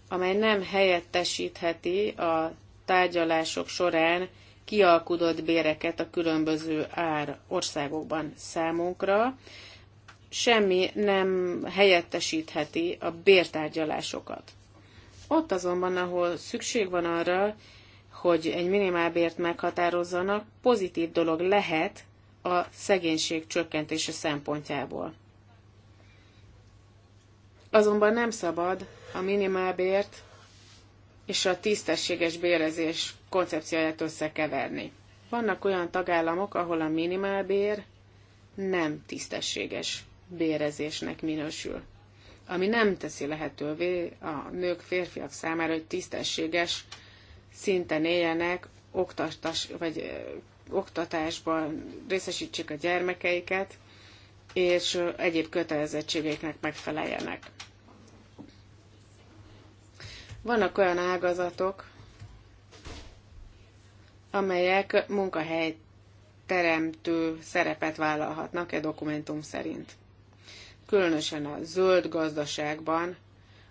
S3: amely nem helyettesítheti a tárgyalások során kialkudott béreket a különböző ár országokban számunkra. Semmi nem helyettesítheti a bértárgyalásokat. Ott azonban, ahol szükség van arra, hogy egy minimálbért meghatározzanak, pozitív dolog lehet a szegénység csökkentése szempontjából. Azonban nem szabad a minimálbért és a tisztességes bérezés koncepcióját összekeverni. Vannak olyan tagállamok, ahol a minimálbér nem tisztességes bérezésnek minősül, ami nem teszi lehetővé a nők, férfiak számára, hogy tisztességes szinten éljenek, oktatás, vagy oktatásban részesítsék a gyermekeiket, és egyéb kötelezettségeknek megfeleljenek. Vannak olyan ágazatok, amelyek munkahely teremtő szerepet vállalhatnak e dokumentum szerint. Különösen a zöld gazdaságban,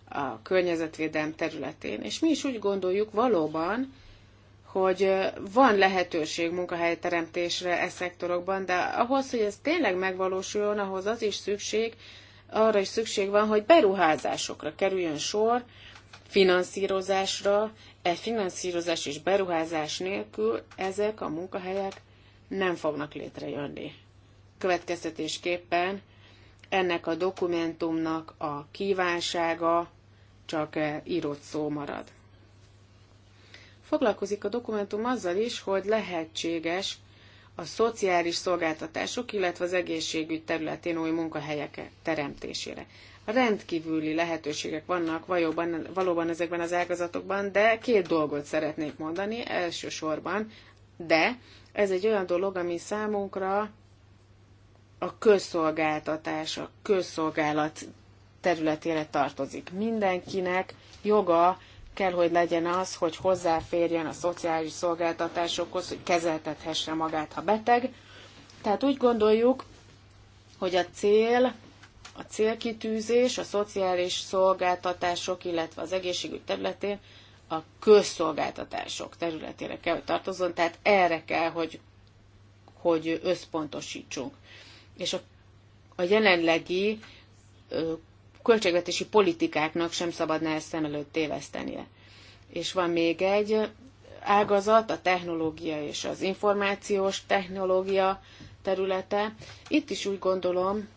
S3: a környezetvédelm területén. És mi is úgy gondoljuk valóban, hogy van lehetőség munkahelyteremtésre e szektorokban, de ahhoz, hogy ez tényleg megvalósuljon, ahhoz az is szükség, arra is szükség van, hogy beruházásokra kerüljön sor, finanszírozásra, e finanszírozás és beruházás nélkül ezek a munkahelyek nem fognak létrejönni. Következtetésképpen ennek a dokumentumnak a kívánsága csak írott szó marad. Foglalkozik a dokumentum azzal is, hogy lehetséges a szociális szolgáltatások, illetve az egészségügy területén új munkahelyek teremtésére rendkívüli lehetőségek vannak valóban, valóban ezekben az ágazatokban, de két dolgot szeretnék mondani elsősorban, de ez egy olyan dolog, ami számunkra a közszolgáltatás, a közszolgálat területére tartozik. Mindenkinek joga kell, hogy legyen az, hogy hozzáférjen a szociális szolgáltatásokhoz, hogy kezeltethesse magát, ha beteg. Tehát úgy gondoljuk, hogy a cél a célkitűzés a szociális szolgáltatások, illetve az egészségügy területén a közszolgáltatások területére kell, hogy tartozzon, tehát erre kell, hogy, hogy összpontosítsunk. És a, a jelenlegi ö, költségvetési politikáknak sem szabadna ezt szem előtt tévesztenie. És van még egy ágazat, a technológia és az információs technológia területe. Itt is úgy gondolom,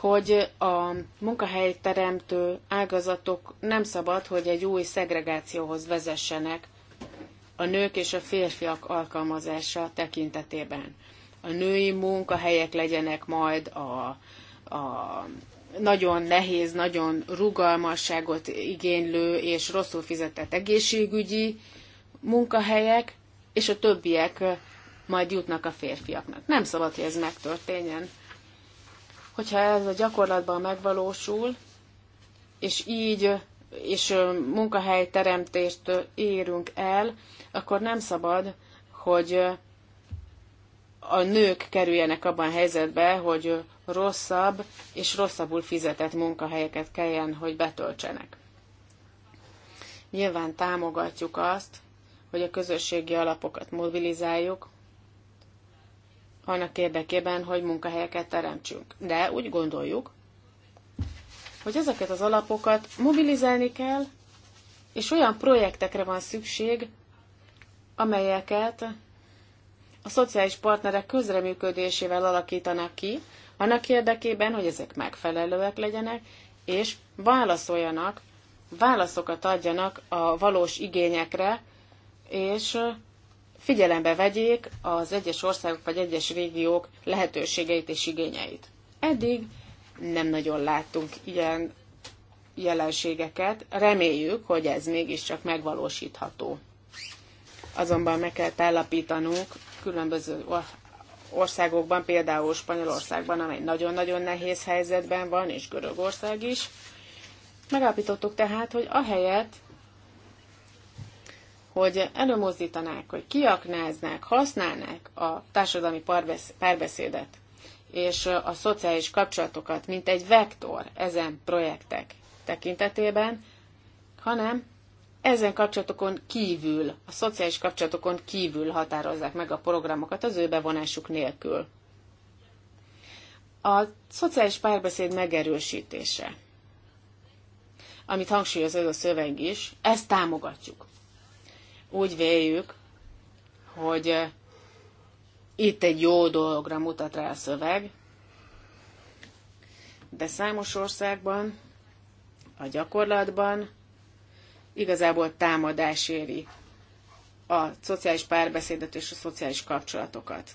S3: hogy a munkahelyteremtő ágazatok nem szabad, hogy egy új szegregációhoz vezessenek a nők és a férfiak alkalmazása tekintetében. A női munkahelyek legyenek majd a, a nagyon nehéz, nagyon rugalmasságot igénylő és rosszul fizetett egészségügyi munkahelyek, és a többiek majd jutnak a férfiaknak. Nem szabad, hogy ez megtörténjen hogyha ez a gyakorlatban megvalósul, és így és munkahelyteremtést érünk el, akkor nem szabad, hogy a nők kerüljenek abban a helyzetbe, hogy rosszabb és rosszabbul fizetett munkahelyeket kelljen, hogy betöltsenek. Nyilván támogatjuk azt, hogy a közösségi alapokat mobilizáljuk, annak érdekében, hogy munkahelyeket teremtsünk. De úgy gondoljuk, hogy ezeket az alapokat mobilizálni kell, és olyan projektekre van szükség, amelyeket a szociális partnerek közreműködésével alakítanak ki, annak érdekében, hogy ezek megfelelőek legyenek, és válaszoljanak, válaszokat adjanak a valós igényekre, és figyelembe vegyék az egyes országok vagy egyes régiók lehetőségeit és igényeit. Eddig nem nagyon láttunk ilyen jelenségeket, reméljük, hogy ez mégiscsak megvalósítható. Azonban meg kell állapítanunk különböző országokban, például Spanyolországban, amely nagyon-nagyon nehéz helyzetben van, és Görögország is. Megállapítottuk tehát, hogy ahelyett, hogy előmozdítanák, hogy kiaknáznák, használnák a társadalmi párbeszédet és a szociális kapcsolatokat, mint egy vektor ezen projektek tekintetében, hanem ezen kapcsolatokon kívül, a szociális kapcsolatokon kívül határozzák meg a programokat az ő bevonásuk nélkül. A szociális párbeszéd megerősítése, amit hangsúlyoz ez a szöveg is, ezt támogatjuk. Úgy véljük, hogy eh, itt egy jó dologra mutat rá a szöveg, de számos országban, a gyakorlatban igazából támadás éri a szociális párbeszédet és a szociális kapcsolatokat.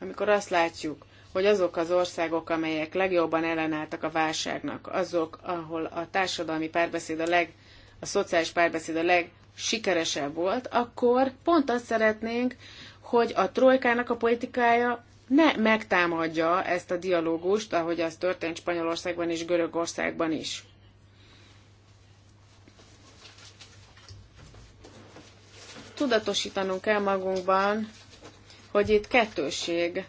S3: Amikor azt látjuk, hogy azok az országok, amelyek legjobban ellenálltak a válságnak, azok, ahol a társadalmi párbeszéd a leg, a szociális párbeszéd a leg sikeresebb volt, akkor pont azt szeretnénk, hogy a trojkának a politikája ne megtámadja ezt a dialógust, ahogy az történt Spanyolországban és Görögországban is. Tudatosítanunk kell magunkban, hogy itt kettőség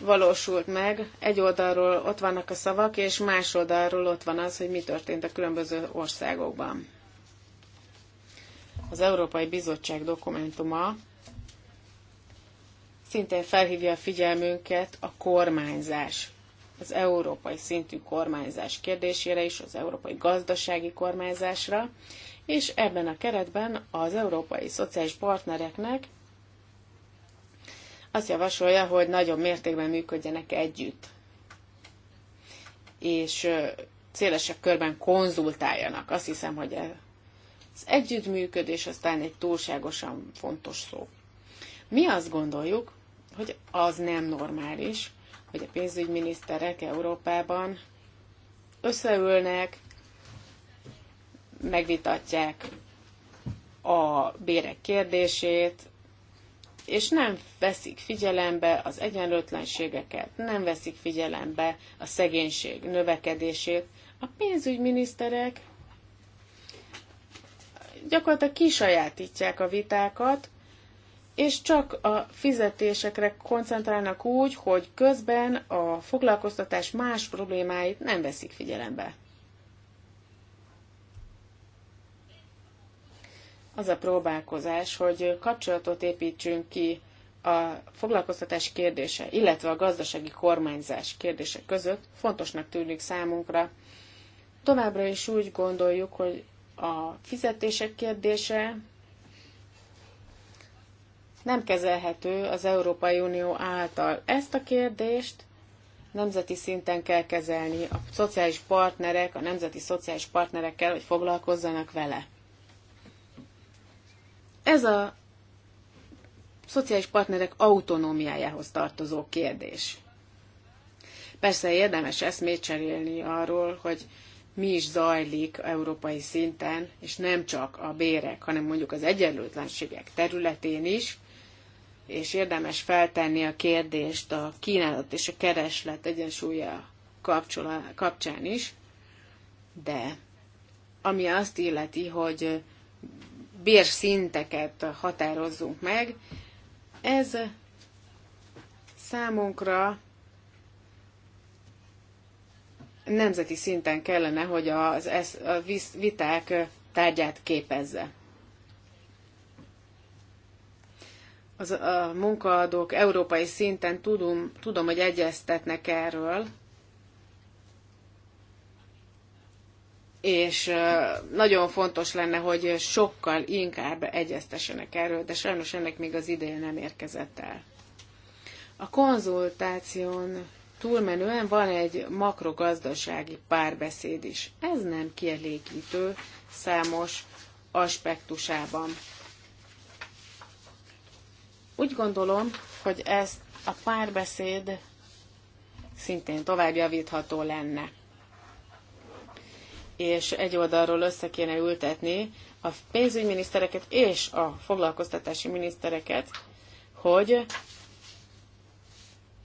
S3: valósult meg. Egy oldalról ott vannak a szavak, és más oldalról ott van az, hogy mi történt a különböző országokban az Európai Bizottság dokumentuma szintén felhívja a figyelmünket a kormányzás, az európai szintű kormányzás kérdésére is, az európai gazdasági kormányzásra, és ebben a keretben az európai szociális partnereknek azt javasolja, hogy nagyobb mértékben működjenek együtt, és szélesebb körben konzultáljanak. Azt hiszem, hogy az együttműködés aztán egy túlságosan fontos szó. Mi azt gondoljuk, hogy az nem normális, hogy a pénzügyminiszterek Európában összeülnek, megvitatják a bérek kérdését, és nem veszik figyelembe az egyenlőtlenségeket, nem veszik figyelembe a szegénység növekedését. A pénzügyminiszterek gyakorlatilag kisajátítják a vitákat, és csak a fizetésekre koncentrálnak úgy, hogy közben a foglalkoztatás más problémáit nem veszik figyelembe. Az a próbálkozás, hogy kapcsolatot építsünk ki a foglalkoztatás kérdése, illetve a gazdasági kormányzás kérdése között fontosnak tűnik számunkra. Továbbra is úgy gondoljuk, hogy a fizetések kérdése nem kezelhető az Európai Unió által. Ezt a kérdést nemzeti szinten kell kezelni, a szociális partnerek, a nemzeti szociális partnerekkel, hogy foglalkozzanak vele. Ez a szociális partnerek autonómiájához tartozó kérdés. Persze érdemes eszmét cserélni arról, hogy mi is zajlik európai szinten, és nem csak a bérek, hanem mondjuk az egyenlőtlenségek területén is, és érdemes feltenni a kérdést a kínálat és a kereslet egyensúlya kapcsán is, de ami azt illeti, hogy bérszinteket határozzunk meg, ez számunkra nemzeti szinten kellene, hogy az, ez, a viták tárgyát képezze. Az, a munkaadók európai szinten tudom, tudom, hogy egyeztetnek erről, és nagyon fontos lenne, hogy sokkal inkább egyeztessenek erről, de sajnos ennek még az ideje nem érkezett el. A konzultáción túlmenően van egy makrogazdasági párbeszéd is. Ez nem kielégítő számos aspektusában. Úgy gondolom, hogy ezt a párbeszéd szintén tovább javítható lenne. És egy oldalról össze kéne ültetni a pénzügyminisztereket és a foglalkoztatási minisztereket, hogy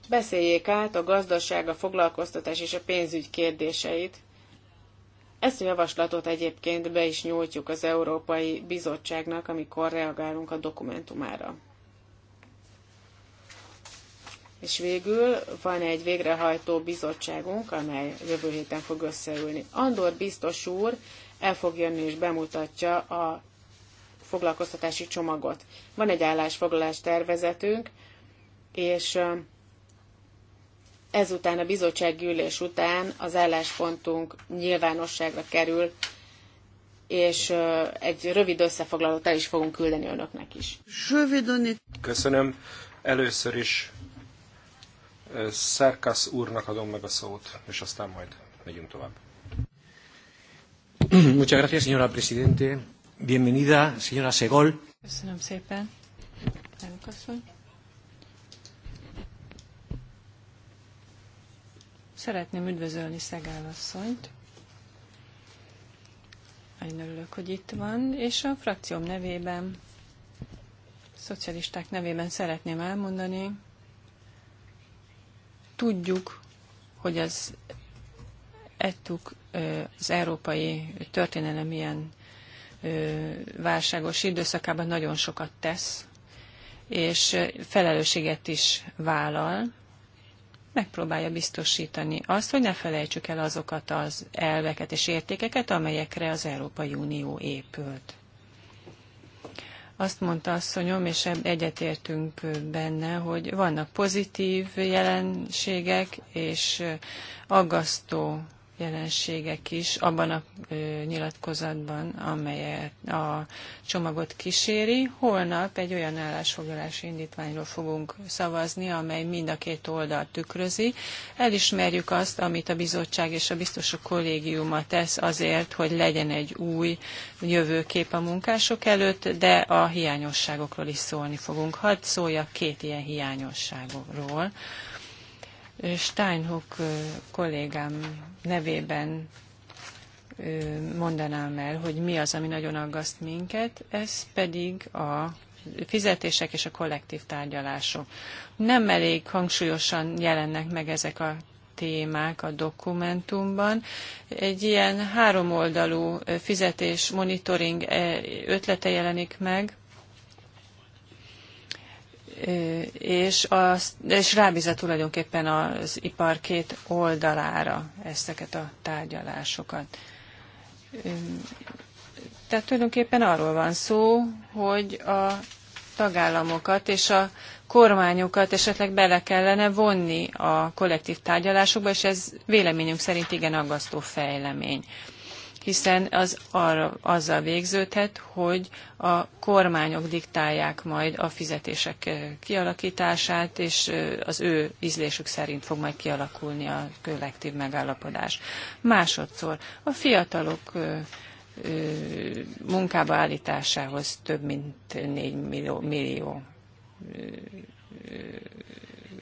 S3: beszéljék át a gazdaság, a foglalkoztatás és a pénzügy kérdéseit. Ezt a javaslatot egyébként be is nyújtjuk az Európai Bizottságnak, amikor reagálunk a dokumentumára. És végül van egy végrehajtó bizottságunk, amely jövő héten fog összeülni. Andor biztos úr el fog jönni és bemutatja a foglalkoztatási csomagot. Van egy állásfoglalás tervezetünk, és ezután a bizottsági ülés után az álláspontunk nyilvánosságra kerül, és egy rövid összefoglalót el is fogunk küldeni önöknek is.
S5: Köszönöm. Először is Szerkasz úrnak adom meg a szót, és aztán majd megyünk tovább.
S1: Muchas gracias, señora presidente. Bienvenida, señora Segol.
S2: Köszönöm szépen. Elnök Szeretném üdvözölni Szegál asszonyt. Nagyon örülök, hogy itt van, és a frakcióm nevében, a szocialisták nevében szeretném elmondani, tudjuk, hogy az ettük az európai történelem ilyen válságos időszakában nagyon sokat tesz, és felelősséget is vállal megpróbálja biztosítani azt, hogy ne felejtsük el azokat az elveket és értékeket, amelyekre az Európai Unió épült. Azt mondta asszonyom, és egyetértünk benne, hogy vannak pozitív jelenségek és aggasztó jelenségek is abban a nyilatkozatban, amelyet a csomagot kíséri. Holnap egy olyan állásfoglalási indítványról fogunk szavazni, amely mind a két oldalt tükrözi. Elismerjük azt, amit a bizottság és a biztosok kollégiuma tesz azért, hogy legyen egy új jövőkép a munkások előtt, de a hiányosságokról is szólni fogunk. Hadd szóljak két ilyen hiányosságról. Steinhook kollégám nevében mondanám el, hogy mi az, ami nagyon aggaszt minket, ez pedig a fizetések és a kollektív tárgyalások. Nem elég hangsúlyosan jelennek meg ezek a témák a dokumentumban. Egy ilyen háromoldalú fizetés monitoring ötlete jelenik meg, és, az, és rábízza tulajdonképpen az ipar két oldalára ezeket a tárgyalásokat. Tehát tulajdonképpen arról van szó, hogy a tagállamokat és a kormányokat esetleg bele kellene vonni a kollektív tárgyalásokba, és ez véleményünk szerint igen aggasztó fejlemény hiszen az arra, azzal végződhet, hogy a kormányok diktálják majd a fizetések kialakítását, és az ő ízlésük szerint fog majd kialakulni a kollektív megállapodás. Másodszor, a fiatalok munkába állításához több mint 4 millió, millió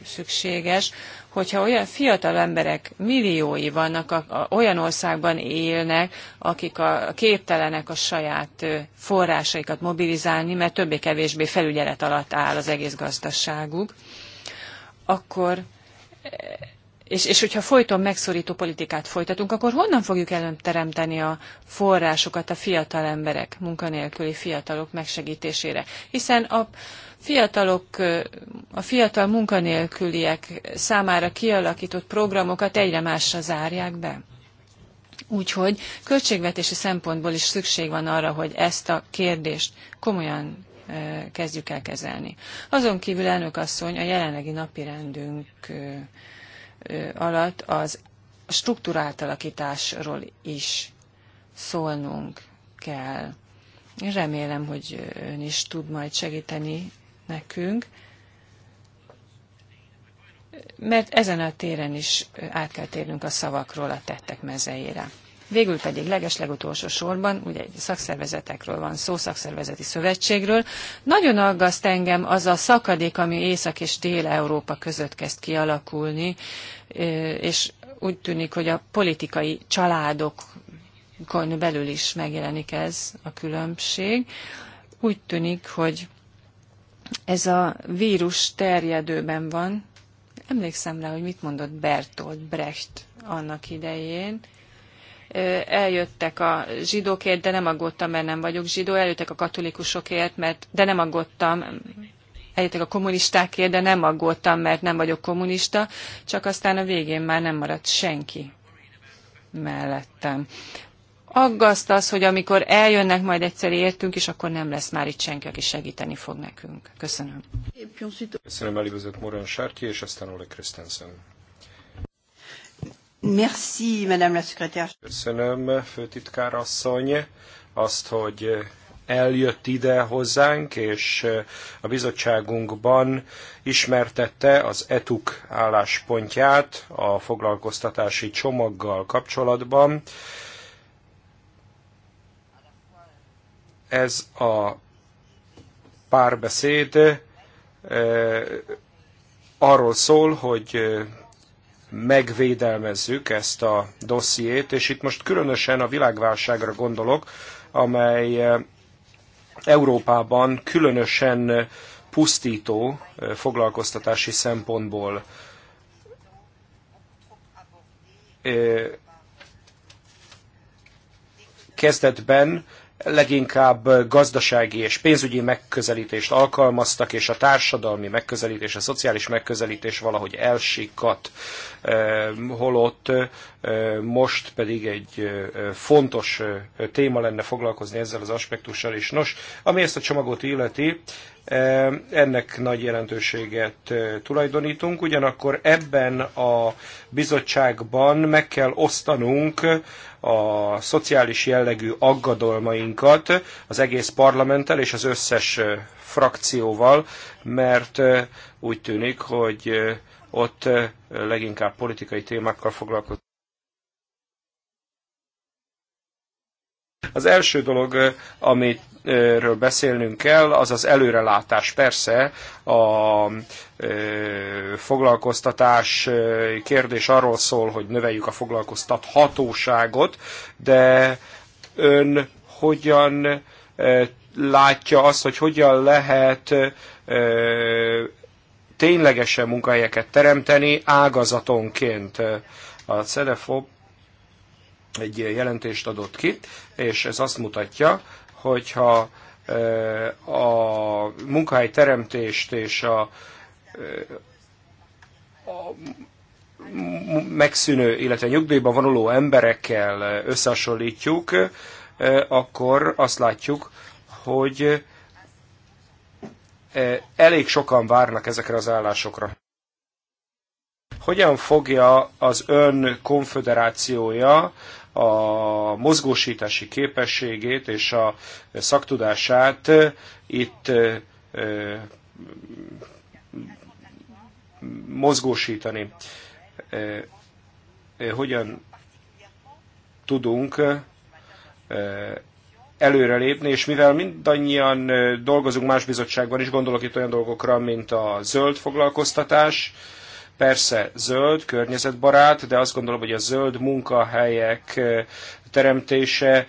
S2: szükséges, hogyha olyan fiatal emberek milliói vannak, a, a, olyan országban élnek, akik a, a képtelenek a saját forrásaikat mobilizálni, mert többé-kevésbé felügyelet alatt áll az egész gazdaságuk, akkor e, és, és hogyha folyton megszorító politikát folytatunk, akkor honnan fogjuk előteremteni a forrásokat a fiatal emberek, munkanélküli fiatalok megsegítésére? Hiszen a, fiatalok, a fiatal munkanélküliek számára kialakított programokat egyre másra zárják be. Úgyhogy költségvetési szempontból is szükség van arra, hogy ezt a kérdést komolyan kezdjük el kezelni. Azon kívül elnök asszony a jelenlegi napirendünk alatt az struktúráltalakításról is szólnunk kell. És remélem, hogy ön is tud majd segíteni nekünk, mert ezen a téren is át kell térnünk a szavakról a tettek mezeire. Végül pedig legeslegutolsó sorban, ugye egy szakszervezetekről van szó, szakszervezeti szövetségről. Nagyon aggaszt engem az a szakadék, ami Észak és Dél-Európa között kezd kialakulni, és úgy tűnik, hogy a politikai családokon belül is megjelenik ez a különbség. Úgy tűnik, hogy ez a vírus terjedőben van. Emlékszem rá, hogy mit mondott Bertolt Brecht annak idején. Eljöttek a zsidókért, de nem aggódtam, mert nem vagyok zsidó. Eljöttek a katolikusokért, mert, de nem aggódtam, eljöttek a kommunistákért, de nem aggódtam, mert nem vagyok kommunista, csak aztán a végén már nem maradt senki mellettem aggaszt az, hogy amikor eljönnek majd egyszer értünk, és akkor nem lesz már itt senki, aki segíteni fog nekünk. Köszönöm.
S5: Köszönöm eligazat Morán Sárki, és aztán Ole Christensen.
S2: Merci, Madame la Secrétaire.
S5: Köszönöm, főtitkár asszony, azt, hogy eljött ide hozzánk, és a bizottságunkban ismertette az ETUK álláspontját a foglalkoztatási csomaggal kapcsolatban. ez a párbeszéd arról szól, hogy megvédelmezzük ezt a dossziét, és itt most különösen a világválságra gondolok, amely Európában különösen pusztító foglalkoztatási szempontból. Kezdetben leginkább gazdasági és pénzügyi megközelítést alkalmaztak, és a társadalmi megközelítés, a szociális megközelítés valahogy elsikat, holott most pedig egy fontos téma lenne foglalkozni ezzel az aspektussal is. Nos, ami ezt a csomagot illeti, ennek nagy jelentőséget tulajdonítunk, ugyanakkor ebben a bizottságban meg kell osztanunk a szociális jellegű aggadalmainkat az egész parlamenttel és az összes frakcióval, mert úgy tűnik, hogy ott leginkább politikai témákkal foglalkozunk. Az első dolog, amit ről beszélnünk kell, az az előrelátás. Persze a foglalkoztatás kérdés arról szól, hogy növeljük a foglalkoztathatóságot, de ön hogyan látja azt, hogy hogyan lehet ténylegesen munkahelyeket teremteni ágazatonként. A CEDEFOP egy jelentést adott ki, és ez azt mutatja, hogyha a munkahely teremtést és a, a megszűnő, illetve nyugdíjba vonuló emberekkel összehasonlítjuk, akkor azt látjuk, hogy elég sokan várnak ezekre az állásokra. Hogyan fogja az ön konfederációja a mozgósítási képességét és a szaktudását itt mozgósítani. Hogyan tudunk előrelépni, és mivel mindannyian dolgozunk más bizottságban is, gondolok itt olyan dolgokra, mint a zöld foglalkoztatás, Persze zöld, környezetbarát, de azt gondolom, hogy a zöld munkahelyek teremtése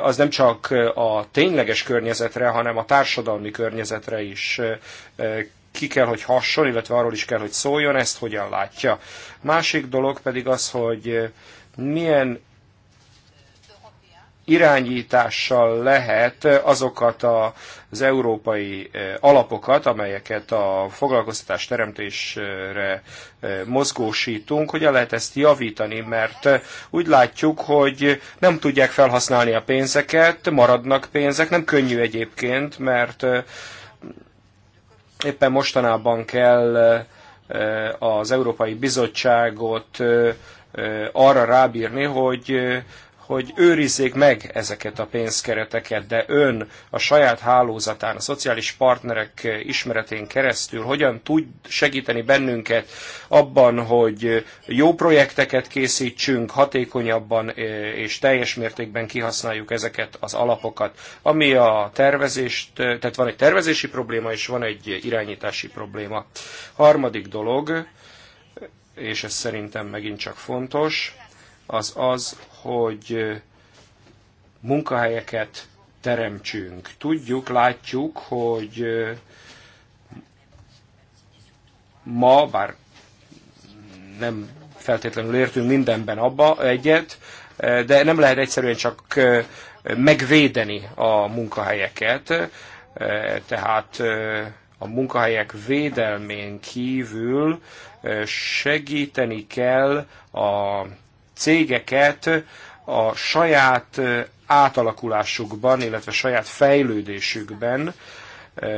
S5: az nem csak a tényleges környezetre, hanem a társadalmi környezetre is ki kell, hogy hasson, illetve arról is kell, hogy szóljon, ezt hogyan látja. Másik dolog pedig az, hogy milyen irányítással lehet azokat az európai eh, alapokat, amelyeket a foglalkoztatás teremtésre eh, mozgósítunk, hogyan lehet ezt javítani, mert eh, úgy látjuk, hogy nem tudják felhasználni a pénzeket, maradnak pénzek, nem könnyű egyébként, mert éppen mostanában kell az Európai Bizottságot arra rábírni, hogy hogy őrizzék meg ezeket a pénzkereteket, de ön a saját hálózatán, a szociális partnerek ismeretén keresztül hogyan tud segíteni bennünket abban, hogy jó projekteket készítsünk, hatékonyabban eh, és teljes mértékben kihasználjuk ezeket az alapokat. Ami a tervezést, eh, tehát van egy tervezési probléma, és van egy irányítási probléma. Harmadik dolog, és ez szerintem megint csak fontos, az az, hogy munkahelyeket teremtsünk. Tudjuk, látjuk, hogy ma, bár nem feltétlenül értünk mindenben abba egyet, de nem lehet egyszerűen csak megvédeni a munkahelyeket, tehát a munkahelyek védelmén kívül segíteni kell a cégeket a saját átalakulásukban, illetve saját fejlődésükben,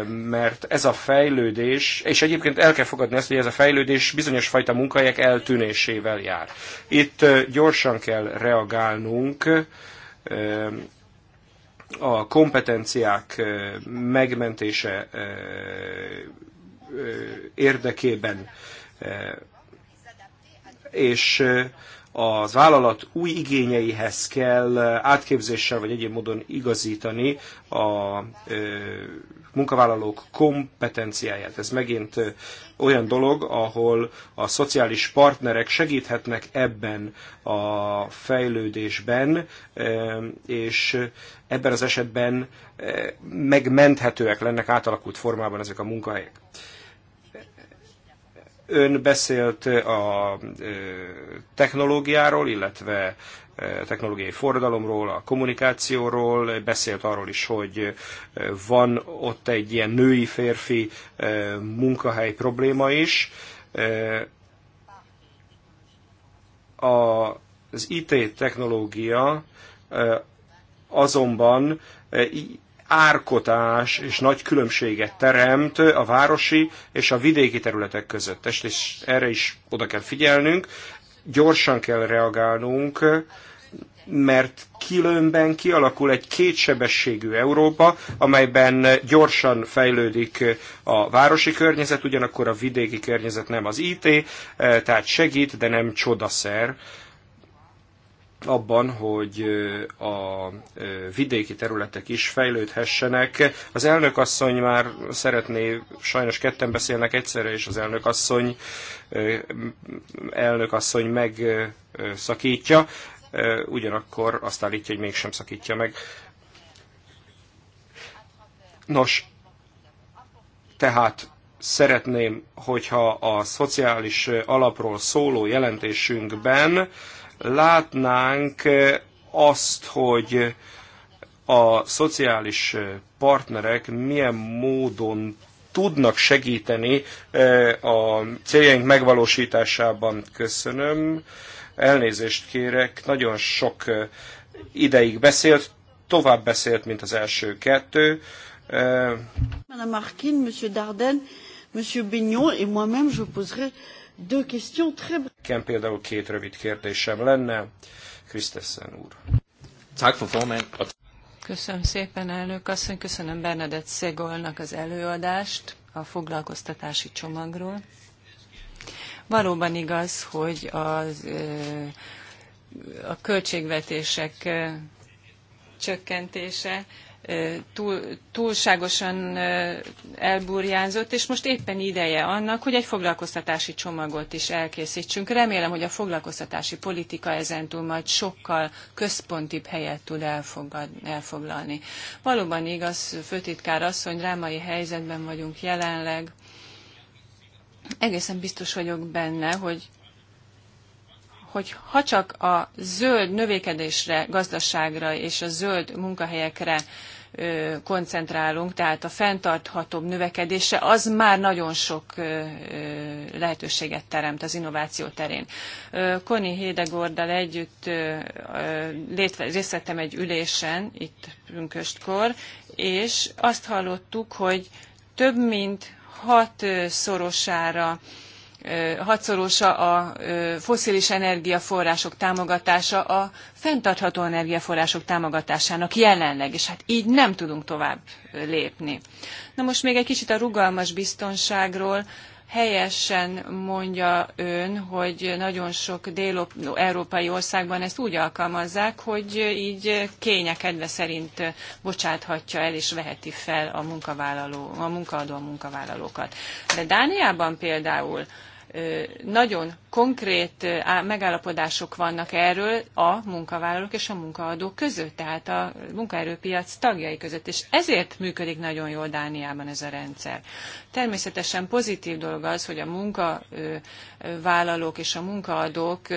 S5: mert ez a fejlődés, és egyébként el kell fogadni ezt, hogy ez a fejlődés bizonyos fajta munkahelyek eltűnésével jár. Itt gyorsan kell reagálnunk a kompetenciák megmentése érdekében, és az vállalat új igényeihez kell átképzéssel vagy egyéb módon igazítani a munkavállalók kompetenciáját. Ez megint olyan dolog, ahol a szociális partnerek segíthetnek ebben a fejlődésben, és ebben az esetben megmenthetőek lennek átalakult formában ezek a munkahelyek. Ön beszélt a technológiáról, illetve technológiai forradalomról, a kommunikációról, beszélt arról is, hogy van ott egy ilyen női-férfi munkahely probléma is. Az IT technológia azonban árkotás és nagy különbséget teremt a városi és a vidéki területek között. és erre is oda kell figyelnünk, gyorsan kell reagálnunk, mert különben kialakul egy kétsebességű Európa, amelyben gyorsan fejlődik a városi környezet, ugyanakkor a vidéki környezet nem az IT, eh, tehát segít, de nem csodaszer abban, hogy a vidéki területek is fejlődhessenek. Az elnökasszony már szeretné, sajnos ketten beszélnek egyszerre, és az elnökasszony, elnökasszony megszakítja, ugyanakkor azt állítja, hogy mégsem szakítja meg. Nos, tehát szeretném, hogyha a szociális alapról szóló jelentésünkben látnánk eh, azt, hogy a szociális eh, partnerek milyen módon tudnak segíteni eh, a céljaink megvalósításában. Köszönöm. Elnézést kérek, nagyon sok ideig beszélt, tovább beszélt, mint az első kettő.
S1: Madame Markin, Monsieur Dardenne, Monsieur
S3: Bignon et moi-même, je poserai deux questions très...
S5: Nekem például két rövid kérdésem lenne. Krisztessen úr.
S2: Köszönöm szépen, elnök asszony. Köszönöm Bernadett Szegolnak az előadást a foglalkoztatási csomagról. Valóban igaz, hogy az, a költségvetések csökkentése túl, túlságosan elburjánzott, és most éppen ideje annak, hogy egy foglalkoztatási csomagot is elkészítsünk. Remélem, hogy a foglalkoztatási politika ezentúl majd sokkal központibb helyet tud elfogad, elfoglalni. Valóban igaz, főtitkár asszony, drámai helyzetben vagyunk jelenleg. Egészen biztos vagyok benne, hogy hogy ha csak a zöld növékedésre, gazdaságra és a zöld munkahelyekre koncentrálunk, tehát a fenntarthatóbb növekedésre, az már nagyon sok lehetőséget teremt az innováció terén. Koni Hédegorddal együtt részt vettem egy ülésen itt pünköstkor, és azt hallottuk, hogy több mint hat szorosára hatszorosa a foszilis energiaforrások támogatása a fenntartható energiaforrások támogatásának jelenleg, és hát így nem tudunk tovább lépni. Na most még egy kicsit a rugalmas biztonságról. Helyesen mondja ön, hogy nagyon sok dél-európai országban ezt úgy alkalmazzák, hogy így kénye kedve szerint bocsáthatja el és veheti fel a, munkavállaló, a munkaadó a munkavállalókat. De Dániában például nagyon konkrét megállapodások vannak erről a munkavállalók és a munkaadók között, tehát a munkaerőpiac tagjai között, és ezért működik nagyon jól Dániában ez a rendszer. Természetesen pozitív dolog az, hogy a munkavállalók és a munkaadók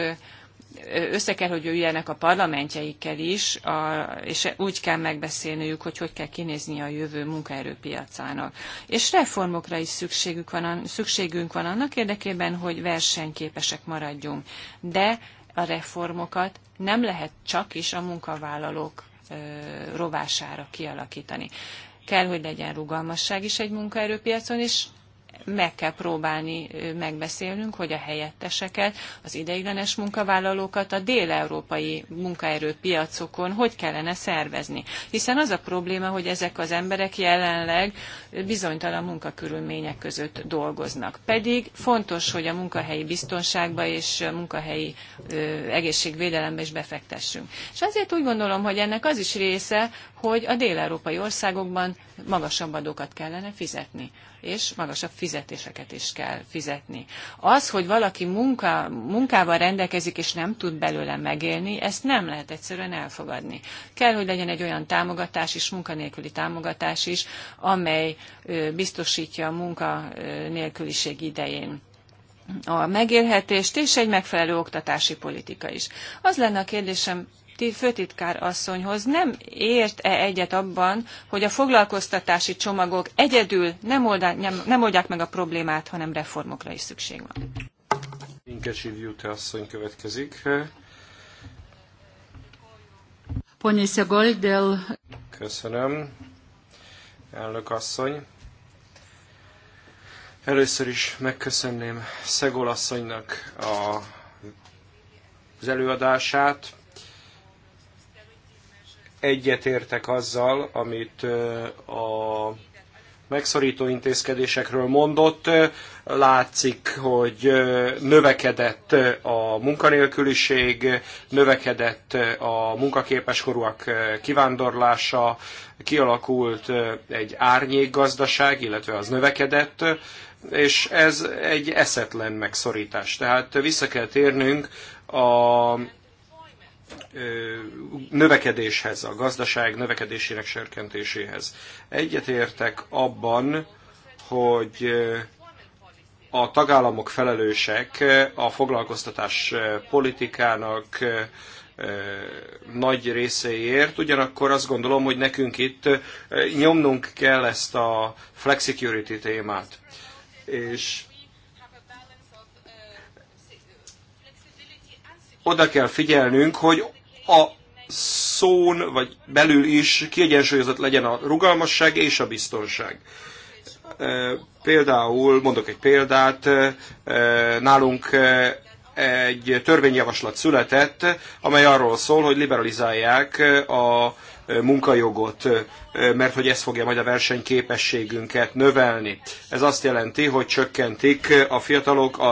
S2: össze kell, hogy üljenek a parlamentjeikkel is, a, és úgy kell megbeszélniük, hogy hogy kell kinézni a jövő munkaerőpiacának. És reformokra is szükségük van, szükségünk van annak érdekében, hogy versenyképesek maradjunk. De a reformokat nem lehet csak is a munkavállalók ö, rovására kialakítani kell, hogy legyen rugalmasság is egy munkaerőpiacon, és meg kell próbálni megbeszélnünk, hogy a helyetteseket, az ideiglenes munkavállalókat a déleurópai munkaerőpiacokon hogy kellene szervezni. Hiszen az a probléma, hogy ezek az emberek jelenleg bizonytalan munkakörülmények között dolgoznak. Pedig fontos, hogy a munkahelyi biztonságba és a munkahelyi egészségvédelembe is befektessünk. És azért úgy gondolom, hogy ennek az is része, hogy a déleurópai országokban magasabb adókat kellene fizetni és magasabb fizetéseket is kell fizetni. Az, hogy valaki munka, munkával rendelkezik, és nem tud belőle megélni, ezt nem lehet egyszerűen elfogadni. Kell, hogy legyen egy olyan támogatás is, munkanélküli támogatás is, amely biztosítja a munkanélküliség idején a megélhetést és egy megfelelő oktatási politika is. Az lenne a kérdésem főtitkár asszonyhoz. Nem ért-e egyet abban, hogy a foglalkoztatási csomagok egyedül nem, nem, nem oldják meg a problémát, hanem reformokra is szükség van?
S5: Inkesi Viute asszony következik. Köszönöm, elnök asszony. Először is megköszönném Szegol asszonynak a, az előadását egyetértek azzal, amit a megszorító intézkedésekről mondott. Látszik, hogy növekedett a munkanélküliség, növekedett a munkaképes korúak kivándorlása, kialakult egy árnyékgazdaság, illetve az növekedett, és ez egy eszetlen megszorítás. Tehát vissza kell térnünk a növekedéshez, a gazdaság növekedésének serkentéséhez. Egyetértek abban, hogy a tagállamok felelősek a foglalkoztatás politikának nagy részéért, ugyanakkor azt gondolom, hogy nekünk itt nyomnunk kell ezt a flexicurity témát. És oda kell figyelnünk, hogy a szón, vagy belül is kiegyensúlyozott legyen a rugalmasság és a biztonság. E, például, mondok egy példát, e, nálunk e, egy törvényjavaslat született, amely arról szól, hogy liberalizálják a munkajogot, mert hogy ez fogja majd a versenyképességünket növelni. Ez azt jelenti, hogy csökkentik a fiatalok, a,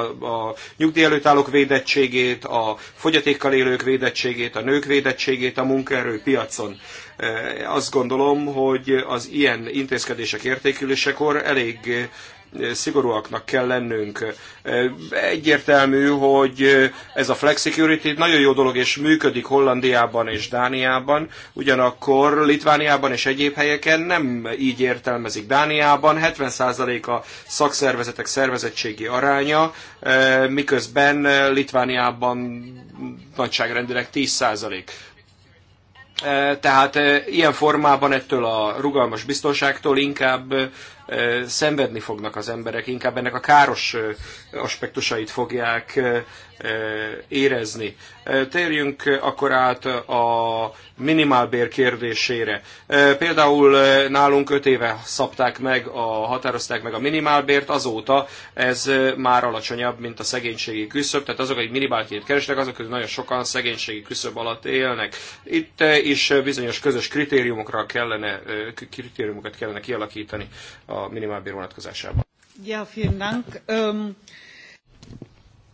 S5: a nyugdíj előtt állók védettségét, a fogyatékkal élők védettségét, a nők védettségét a munkaerőpiacon. Azt gondolom, hogy az ilyen intézkedések értékülésekor elég szigorúaknak kell lennünk. Egyértelmű, hogy ez a flexicurity nagyon jó dolog, és működik Hollandiában és Dániában, ugyanakkor Litvániában és egyéb helyeken nem így értelmezik. Dániában 70% a szakszervezetek szervezettségi aránya, miközben Litvániában nagyságrendileg 10%. Tehát ilyen formában ettől a rugalmas biztonságtól inkább szenvedni fognak az emberek, inkább ennek a káros aspektusait fogják érezni. Térjünk akkor át a minimálbér kérdésére. Például nálunk öt éve szabták meg, a, határozták meg a minimálbért, azóta ez már alacsonyabb, mint a szegénységi küszöb, tehát azok, akik minimálbért keresnek, azok közül nagyon sokan szegénységi küszöb alatt élnek. Itt is bizonyos közös kritériumokra kellene, kritériumokat kellene kialakítani a minimálbér vonatkozásában.
S2: Ja, vielen Dank. Um...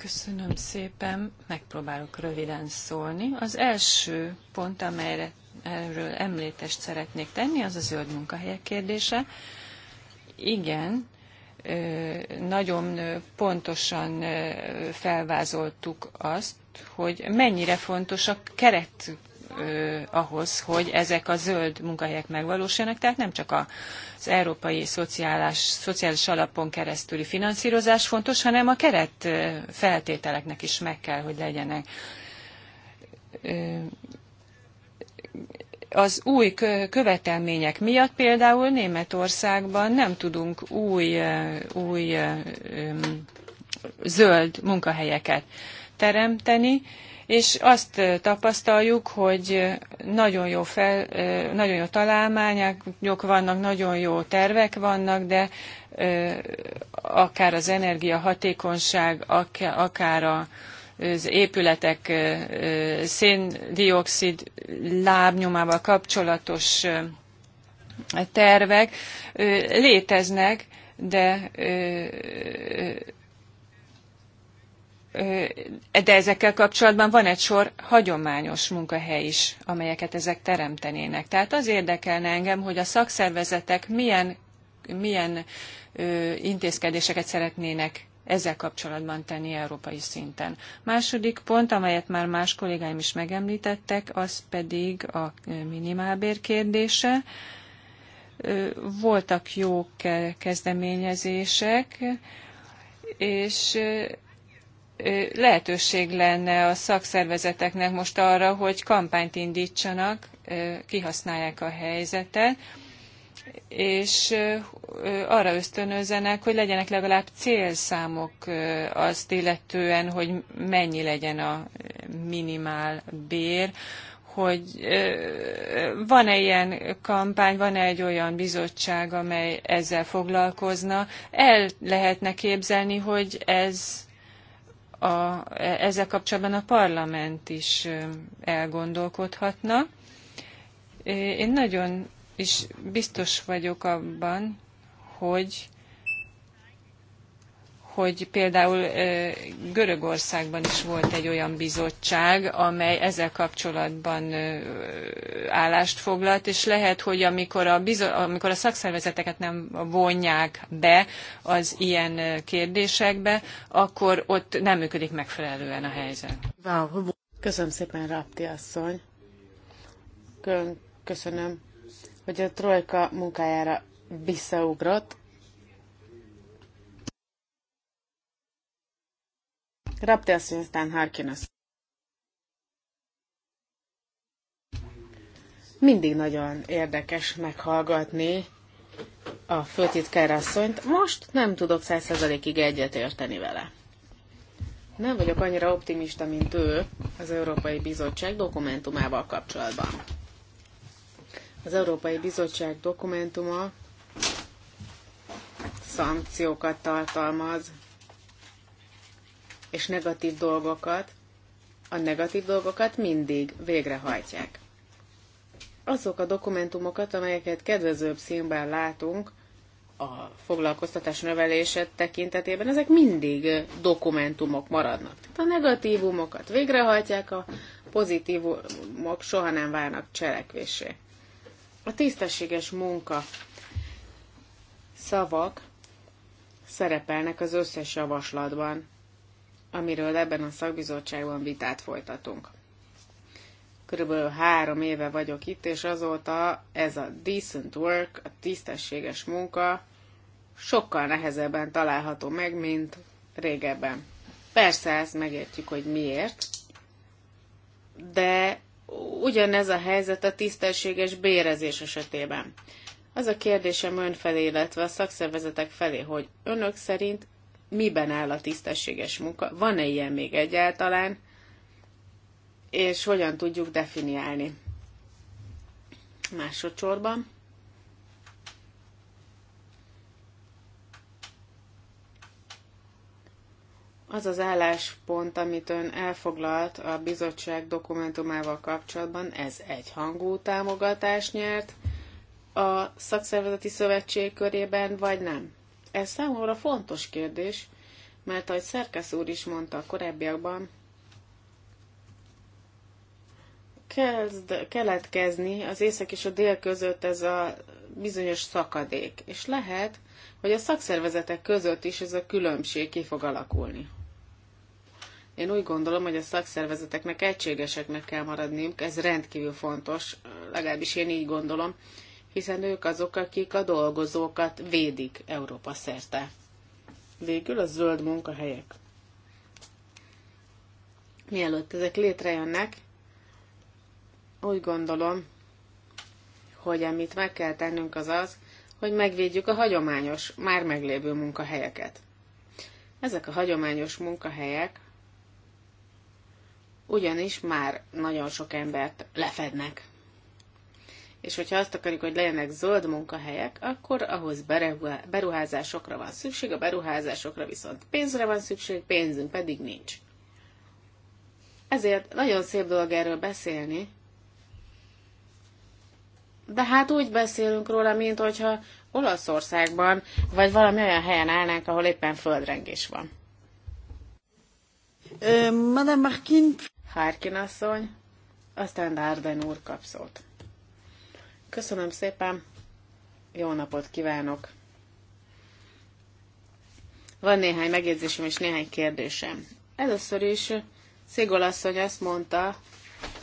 S2: Köszönöm szépen, megpróbálok röviden szólni. Az első pont, amelyre erről említést szeretnék tenni, az a zöld munkahelyek kérdése. Igen, nagyon pontosan felvázoltuk azt, hogy mennyire fontos a keret ahhoz, hogy ezek a zöld munkahelyek megvalósuljanak, tehát nem csak az európai szociális, szociális alapon keresztüli finanszírozás fontos, hanem a keret feltételeknek is meg kell, hogy legyenek. Az új követelmények miatt például Németországban nem tudunk új, új zöld munkahelyeket teremteni, és azt tapasztaljuk, hogy nagyon jó, fel, nagyon jó találmányok vannak, nagyon jó tervek vannak, de akár az energiahatékonyság, akár az épületek széndiokszid lábnyomával kapcsolatos tervek léteznek, de de ezekkel kapcsolatban van egy sor hagyományos munkahely is, amelyeket ezek teremtenének. Tehát az érdekelne engem, hogy a szakszervezetek milyen, milyen intézkedéseket szeretnének ezzel kapcsolatban tenni európai szinten. Második pont, amelyet már más kollégáim is megemlítettek, az pedig a minimálbér kérdése. Voltak jó kezdeményezések, és lehetőség lenne a szakszervezeteknek most arra, hogy kampányt indítsanak, kihasználják a helyzetet, és arra ösztönözzenek, hogy legyenek legalább célszámok azt illetően, hogy mennyi legyen a minimál bér, hogy van-e ilyen kampány, van-e egy olyan bizottság, amely ezzel foglalkozna. El lehetne képzelni, hogy ez a, ezzel kapcsolatban a parlament is elgondolkodhatna. Én nagyon is biztos vagyok abban, hogy hogy például Görögországban is volt egy olyan bizottság, amely ezzel kapcsolatban állást foglalt, és lehet, hogy amikor a, amikor a szakszervezeteket nem vonják be az ilyen kérdésekbe, akkor ott nem működik megfelelően a helyzet.
S3: Köszönöm szépen, Rapti asszony. Köszönöm, hogy a Trojka munkájára visszaugrott Raptels Winston Harkinus. Mindig nagyon érdekes meghallgatni a asszonyt. Most nem tudok százszerzalékig egyetérteni vele. Nem vagyok annyira optimista, mint ő az Európai Bizottság dokumentumával kapcsolatban. Az Európai Bizottság dokumentuma szankciókat tartalmaz és negatív dolgokat, a negatív dolgokat mindig végrehajtják. Azok a dokumentumokat, amelyeket kedvezőbb színben látunk, a foglalkoztatás növelése tekintetében, ezek mindig dokumentumok maradnak. Tehát a negatívumokat végrehajtják, a pozitívumok soha nem válnak cselekvésé. A tisztességes munka szavak szerepelnek az összes javaslatban, amiről ebben a szakbizottságban vitát folytatunk. Körülbelül három éve vagyok itt, és azóta ez a decent work, a tisztességes munka sokkal nehezebben található meg, mint régebben. Persze ezt megértjük, hogy miért, de ugyanez a helyzet a tisztességes bérezés esetében. Az a kérdésem ön felé, illetve a szakszervezetek felé, hogy önök szerint miben áll a tisztességes munka, van-e ilyen még egyáltalán, és hogyan tudjuk definiálni. Másodszorban. Az az álláspont, amit ön elfoglalt a bizottság dokumentumával kapcsolatban, ez egyhangú támogatást nyert a szakszervezeti szövetség körében, vagy nem? Ez számomra fontos kérdés, mert ahogy Szerkesz úr is mondta a korábbiakban, kezd, keletkezni az észak és a dél között ez a bizonyos szakadék, és lehet, hogy a szakszervezetek között is ez a különbség ki fog alakulni. Én úgy gondolom, hogy a szakszervezeteknek egységeseknek kell maradniuk, ez rendkívül fontos, legalábbis én így gondolom, hiszen ők azok, akik a dolgozókat védik Európa szerte. Végül a zöld munkahelyek. Mielőtt ezek létrejönnek, úgy gondolom, hogy amit meg kell tennünk az az, hogy megvédjük a hagyományos, már meglévő munkahelyeket. Ezek a hagyományos munkahelyek ugyanis már nagyon sok embert lefednek és hogyha azt akarjuk, hogy legyenek zöld munkahelyek, akkor ahhoz beruházásokra van szükség, a beruházásokra viszont pénzre van szükség, pénzünk pedig nincs. Ezért nagyon szép dolog erről beszélni, de hát úgy beszélünk róla, mint hogyha Olaszországban, vagy valami olyan helyen állnánk, ahol éppen földrengés van. Madame Markin. Harkin asszony, aztán Darden úr kap szót. Köszönöm szépen, jó napot kívánok! Van néhány megjegyzésem és néhány kérdésem. Először is Szigol asszony azt mondta,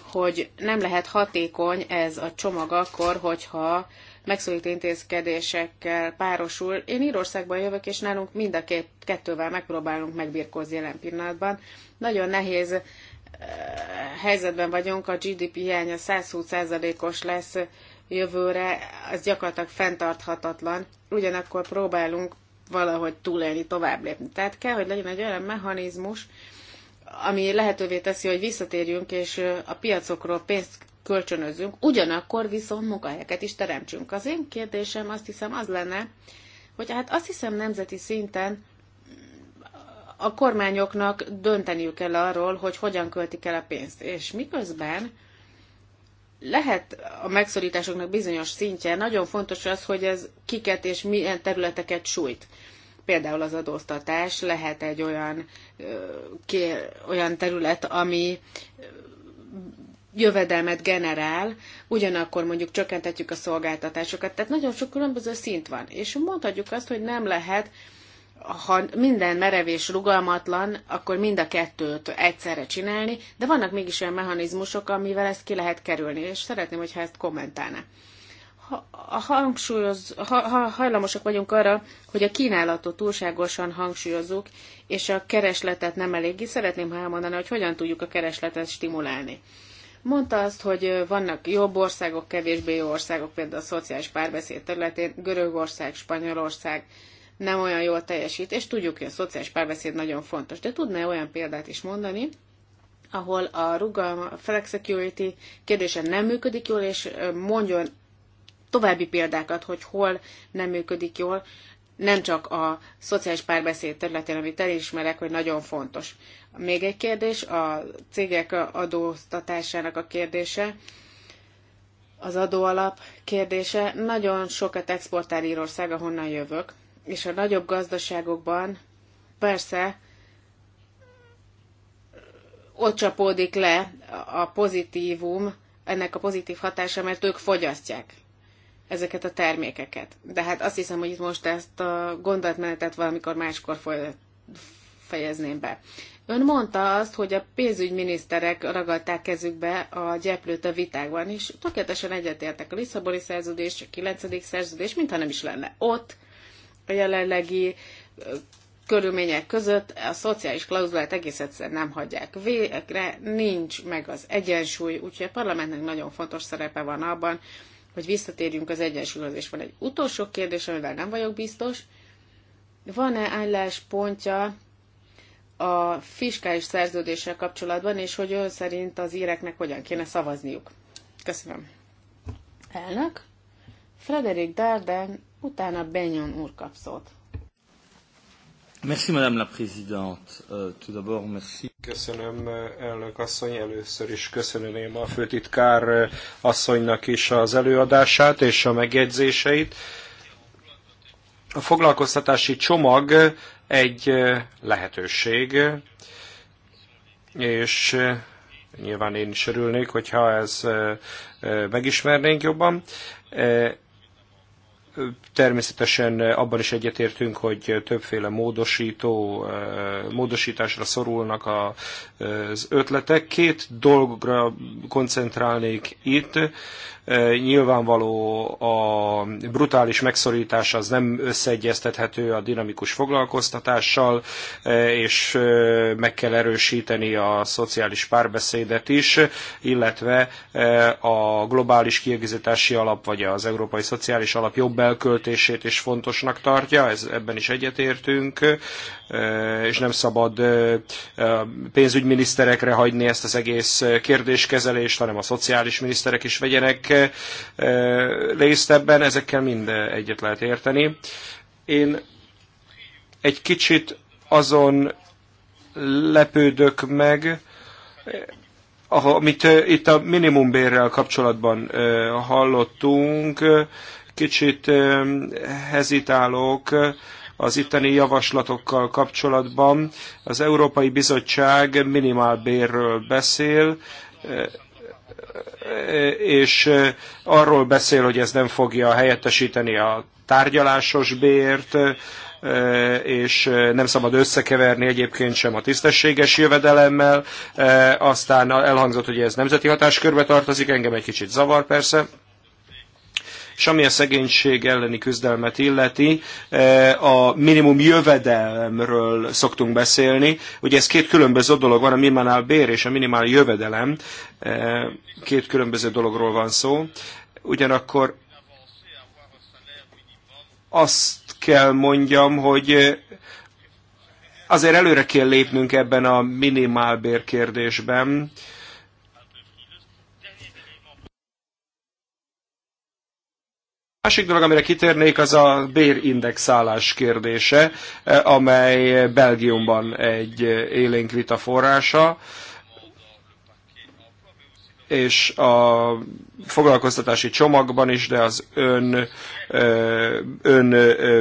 S3: hogy nem lehet hatékony ez a csomag akkor, hogyha megszólít intézkedésekkel párosul. Én Írországban jövök, és nálunk mind a két, kettővel megpróbálunk megbirkózni jelen pillanatban. Nagyon nehéz uh, helyzetben vagyunk, a GDP hiánya 120%-os lesz jövőre, az gyakorlatilag fenntarthatatlan, ugyanakkor próbálunk valahogy túlélni, tovább lépni. Tehát kell, hogy legyen egy olyan mechanizmus, ami lehetővé teszi, hogy visszatérjünk, és a piacokról pénzt kölcsönözünk, ugyanakkor viszont munkahelyeket is teremtsünk. Az én kérdésem azt hiszem az lenne, hogy hát azt hiszem nemzeti szinten a kormányoknak dönteniük kell arról, hogy hogyan költik el a pénzt. És miközben lehet a megszorításoknak bizonyos szintje, nagyon fontos az, hogy ez kiket és milyen területeket sújt. Például az adóztatás lehet egy olyan, olyan terület, ami jövedelmet generál, ugyanakkor mondjuk csökkentetjük a szolgáltatásokat. Tehát nagyon sok különböző szint van. És mondhatjuk azt, hogy nem lehet ha minden merev és rugalmatlan, akkor mind a kettőt egyszerre csinálni, de vannak mégis olyan mechanizmusok, amivel ezt ki lehet kerülni, és szeretném, hogyha ezt kommentálná. Ha, ha, hangsúlyoz, ha, ha hajlamosak vagyunk arra, hogy a kínálatot túlságosan hangsúlyozzuk, és a keresletet nem eléggé, szeretném, ha elmondaná, hogy hogyan tudjuk a keresletet stimulálni. Mondta azt, hogy vannak jobb országok, kevésbé jó országok, például a szociális párbeszéd területén, Görögország, Spanyolország, nem olyan jól teljesít, és tudjuk, hogy a szociális párbeszéd nagyon fontos. De tudná olyan példát is mondani, ahol a rugalma, a flex security kérdése nem működik jól, és mondjon további példákat, hogy hol nem működik jól, nem csak a szociális párbeszéd területén, amit elismerek, hogy nagyon fontos. Még egy kérdés, a cégek adóztatásának a kérdése, az adóalap kérdése. Nagyon sokat exportál Írország, ahonnan jövök, és a nagyobb gazdaságokban persze ott csapódik le a pozitívum, ennek a pozitív hatása, mert ők fogyasztják ezeket a termékeket. De hát azt hiszem, hogy itt most ezt a gondolatmenetet valamikor máskor fejezném be. Ön mondta azt, hogy a pénzügyminiszterek ragadták kezükbe a gyeplőt a vitákban, és tökéletesen egyetértek a Lisszaboni szerződés, a 9. szerződés, mintha nem is lenne ott, a jelenlegi körülmények között a szociális klauzulát egész egyszer nem hagyják végre, nincs meg az egyensúly, úgyhogy a parlamentnek nagyon fontos szerepe van abban, hogy visszatérjünk az egyensúlyhoz. És van egy utolsó kérdés, amivel nem vagyok biztos. Van-e álláspontja a fiskális szerződéssel kapcsolatban, és hogy ön szerint az íreknek hogyan kéne szavazniuk? Köszönöm. Elnök. Frederik Darden utána Benyon úr kap szót.
S5: Merci, Madame la Présidente. Euh, tout d'abord, merci. Köszönöm, elnök asszony. Először is köszönöm a főtitkár euh, asszonynak is az előadását és a megjegyzéseit. A foglalkoztatási csomag egy euh, lehetőség, és nyilván én is örülnék, hogyha ez megismernénk jobban. Természetesen abban is egyetértünk, hogy többféle módosító, eh, módosításra szorulnak eh, az ötletek. Két dologra koncentrálnék itt. Nyilvánvaló a brutális megszorítás az nem összeegyeztethető a dinamikus foglalkoztatással, és meg kell erősíteni a szociális párbeszédet is, illetve a globális kiegészítési alap vagy az európai szociális alap jobb elköltését is fontosnak tartja, ez, ebben is egyetértünk, és nem szabad pénzügyminiszterekre hagyni ezt az egész kérdéskezelést, hanem a szociális miniszterek is vegyenek részt ebben, ezekkel mind egyet lehet érteni. Én egy kicsit azon lepődök meg, amit itt a minimumbérrel kapcsolatban hallottunk, kicsit hezitálok az itteni javaslatokkal kapcsolatban. Az Európai Bizottság minimálbérről beszél, és arról beszél, hogy ez nem fogja helyettesíteni a tárgyalásos bért, és nem szabad összekeverni egyébként sem a tisztességes jövedelemmel. Aztán elhangzott, hogy ez nemzeti hatáskörbe tartozik, engem egy kicsit zavar persze. És ami a szegénység elleni küzdelmet illeti, e, a minimum jövedelemről szoktunk beszélni. Ugye ez két különböző dolog van, a minimál bér és a minimál jövedelem. E, két különböző dologról van szó. Ugyanakkor azt kell mondjam, hogy azért előre kell lépnünk ebben a minimálbér kérdésben. másik dolog, amire kitérnék, az a bérindexálás kérdése, eh, amely Belgiumban egy eh, élénk vita forrása és a foglalkoztatási csomagban is, de az ön, ön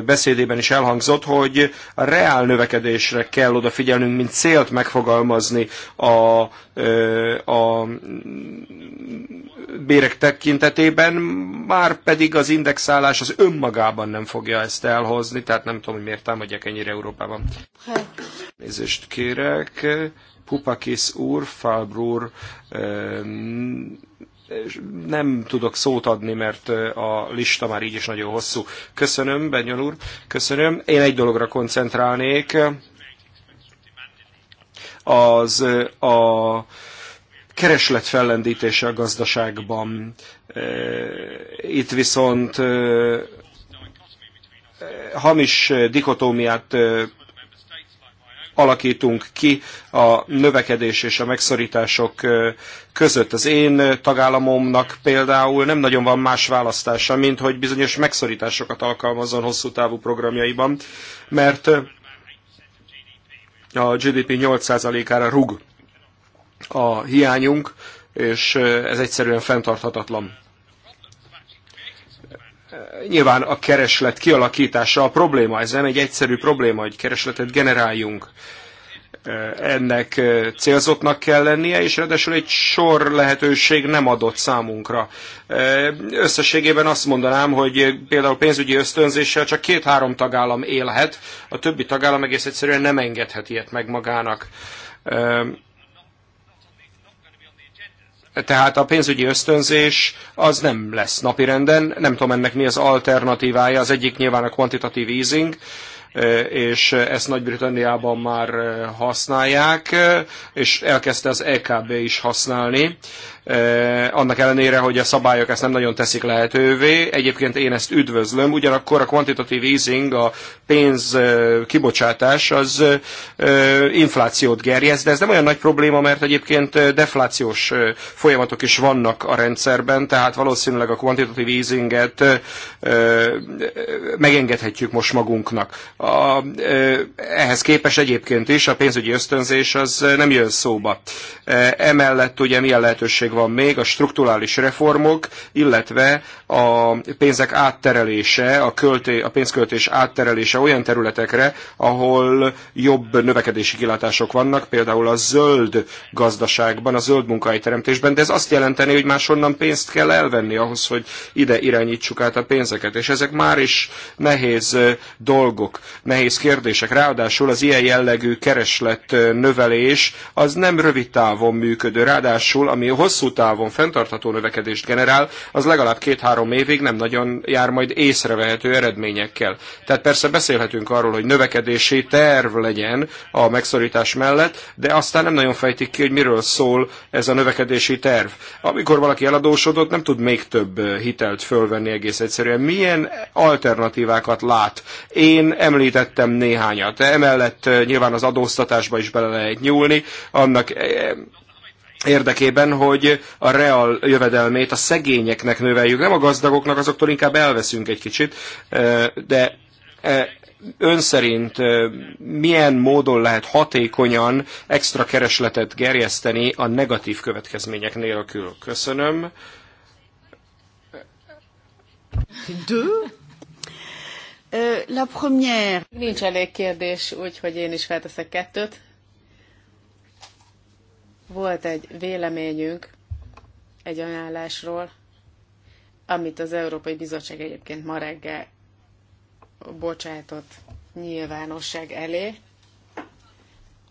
S5: beszédében is elhangzott, hogy a reál növekedésre kell odafigyelnünk, mint célt megfogalmazni a, a bérek tekintetében, már pedig az indexálás az önmagában nem fogja ezt elhozni, tehát nem tudom, hogy miért támadják ennyire Európában. Nézést kérek. Pupakis úr, Falbr úr, nem tudok szót adni, mert a lista már így is nagyon hosszú. Köszönöm, Benyon úr, köszönöm. Én egy dologra koncentrálnék. Az a kereslet fellendítése a gazdaságban. Itt viszont hamis dikotómiát alakítunk ki a növekedés és a megszorítások között. Az én tagállamomnak például nem nagyon van más választása, mint hogy bizonyos megszorításokat alkalmazzon hosszú távú programjaiban, mert a GDP 8%-ára rug a hiányunk, és ez egyszerűen fenntarthatatlan nyilván a kereslet kialakítása a probléma, ez nem egy egyszerű probléma, hogy keresletet generáljunk. Ennek célzottnak kell lennie, és ráadásul egy sor lehetőség nem adott számunkra. Összességében azt mondanám, hogy például pénzügyi ösztönzéssel csak két-három tagállam élhet, a többi tagállam egész egyszerűen nem engedhet ilyet meg magának tehát a pénzügyi ösztönzés az nem lesz napirenden, nem tudom ennek mi az alternatívája, az egyik nyilván a quantitative easing, és ezt Nagy-Britanniában már használják, és elkezdte az EKB is használni annak ellenére, hogy a szabályok ezt nem nagyon teszik lehetővé. Egyébként én ezt üdvözlöm, ugyanakkor a quantitative easing, a pénz kibocsátás az inflációt gerjez, de ez nem olyan nagy probléma, mert egyébként deflációs folyamatok is vannak a rendszerben, tehát valószínűleg a quantitative easinget megengedhetjük most magunknak. A, ehhez képest egyébként is a pénzügyi ösztönzés az nem jön szóba. Emellett ugye milyen lehetőség megvan még a strukturális reformok, illetve a pénzek átterelése, a, költé, a pénzköltés átterelése olyan területekre, ahol jobb növekedési kilátások vannak, például a zöld gazdaságban, a zöld munkahelyteremtésben, de ez azt jelenteni, hogy máshonnan pénzt kell elvenni ahhoz, hogy ide irányítsuk át a pénzeket, és ezek már is nehéz dolgok, nehéz kérdések. Ráadásul az ilyen jellegű kereslet növelés az nem rövid távon működő, ráadásul ami hosszú hosszú távon fenntartható növekedést generál, az legalább két-három évig nem nagyon jár majd észrevehető eredményekkel. Tehát persze beszélhetünk arról, hogy növekedési terv legyen a megszorítás mellett, de aztán nem nagyon fejtik ki, hogy miről szól ez a növekedési terv. Amikor valaki eladósodott, nem tud még több hitelt fölvenni egész egyszerűen. Milyen alternatívákat lát? Én említettem néhányat. Emellett nyilván az adóztatásba is bele lehet nyúlni. Annak érdekében, hogy a real jövedelmét a szegényeknek növeljük. Nem a gazdagoknak, azoktól inkább elveszünk egy kicsit, de ön szerint milyen módon lehet hatékonyan extra keresletet gerjeszteni a negatív következmények nélkül? Köszönöm. De
S3: euh, La première. Nincs elég kérdés, úgyhogy én is felteszek kettőt. Volt egy véleményünk egy ajánlásról, amit az Európai Bizottság egyébként ma reggel bocsátott nyilvánosság elé.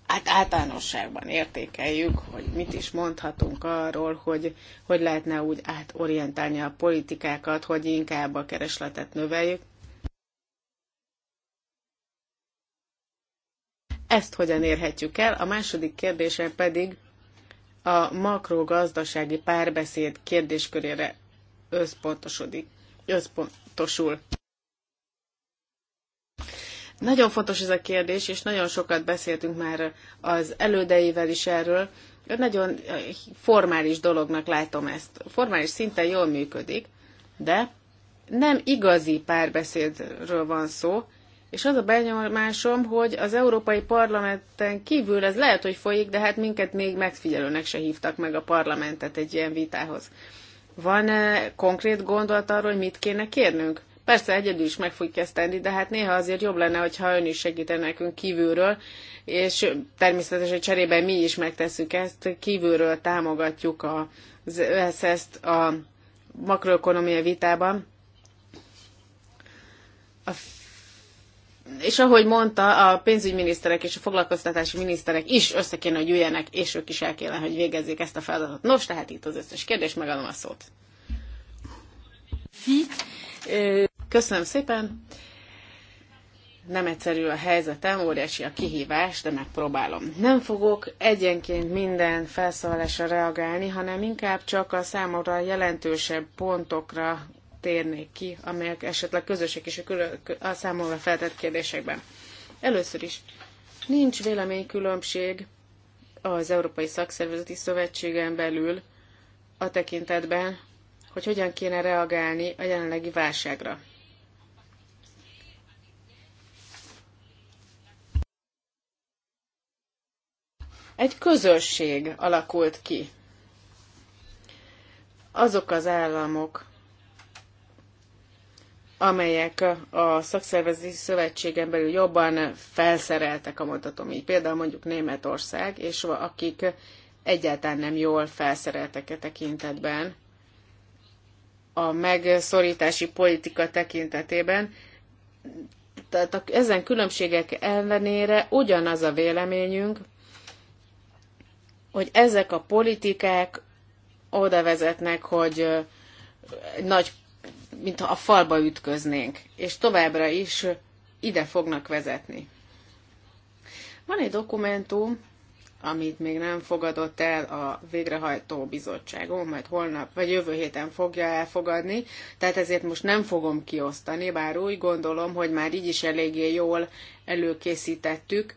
S3: Hát általánosságban értékeljük, hogy mit is mondhatunk arról, hogy hogy lehetne úgy átorientálni a politikákat, hogy inkább a keresletet növeljük. Ezt hogyan érhetjük el? A második kérdésem pedig a makrogazdasági párbeszéd kérdéskörére összpontosodik, összpontosul. Nagyon fontos ez a kérdés, és nagyon sokat beszéltünk már az elődeivel is erről. Nagyon formális dolognak látom ezt. Formális szinten jól működik, de nem igazi párbeszédről van szó, és az a benyomásom, hogy az Európai Parlamenten kívül ez lehet, hogy folyik, de hát minket még megfigyelőnek se hívtak meg a parlamentet egy ilyen vitához. Van -e konkrét gondolat arról, hogy mit kéne kérnünk? Persze egyedül is meg fogjuk ezt tenni, de hát néha azért jobb lenne, hogyha ön is segítene nekünk kívülről, és természetesen cserében mi is megtesszük ezt, kívülről támogatjuk a, ezt a makroökonomia vitában. A és ahogy mondta, a pénzügyminiszterek és a foglalkoztatási miniszterek is össze kéne, hogy üljenek, és ők is el kéne, hogy végezzék ezt a feladatot. Nos, tehát itt az összes kérdés, megadom a szót. Köszönöm szépen. Nem egyszerű a helyzetem, óriási a kihívás, de megpróbálom. Nem fogok egyenként minden felszólalásra reagálni, hanem inkább csak a számomra jelentősebb pontokra térnék ki, amelyek esetleg közösek is a, külön, a számomra feltett kérdésekben. Először is, nincs véleménykülönbség az Európai Szakszervezeti Szövetségen belül a tekintetben, hogy hogyan kéne reagálni a jelenlegi válságra. Egy közösség alakult ki. Azok az államok, amelyek a szakszervezeti szövetségen belül jobban felszereltek, mondhatom így. Például mondjuk Németország, és akik egyáltalán nem jól felszereltek a e tekintetben, a megszorítási politika tekintetében. Tehát a, ezen különbségek ellenére ugyanaz a véleményünk, hogy ezek a politikák oda vezetnek, hogy nagy mintha a falba ütköznénk, és továbbra is ide fognak vezetni. Van egy dokumentum, amit még nem fogadott el a végrehajtó bizottságon, majd holnap vagy jövő héten fogja elfogadni, tehát ezért most nem fogom kiosztani, bár úgy gondolom, hogy már így is eléggé jól előkészítettük,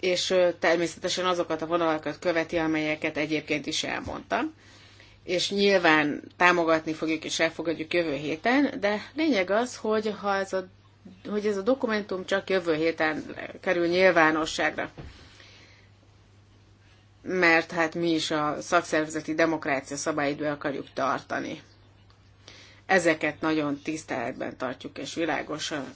S3: és természetesen azokat a vonalakat követi, amelyeket egyébként is elmondtam és nyilván támogatni fogjuk és elfogadjuk jövő héten, de lényeg az, hogy ha ez a, hogy ez a dokumentum csak jövő héten kerül nyilvánosságra. Mert hát mi is a szakszervezeti demokrácia szabályidő akarjuk tartani. Ezeket nagyon tiszteletben tartjuk, és világosan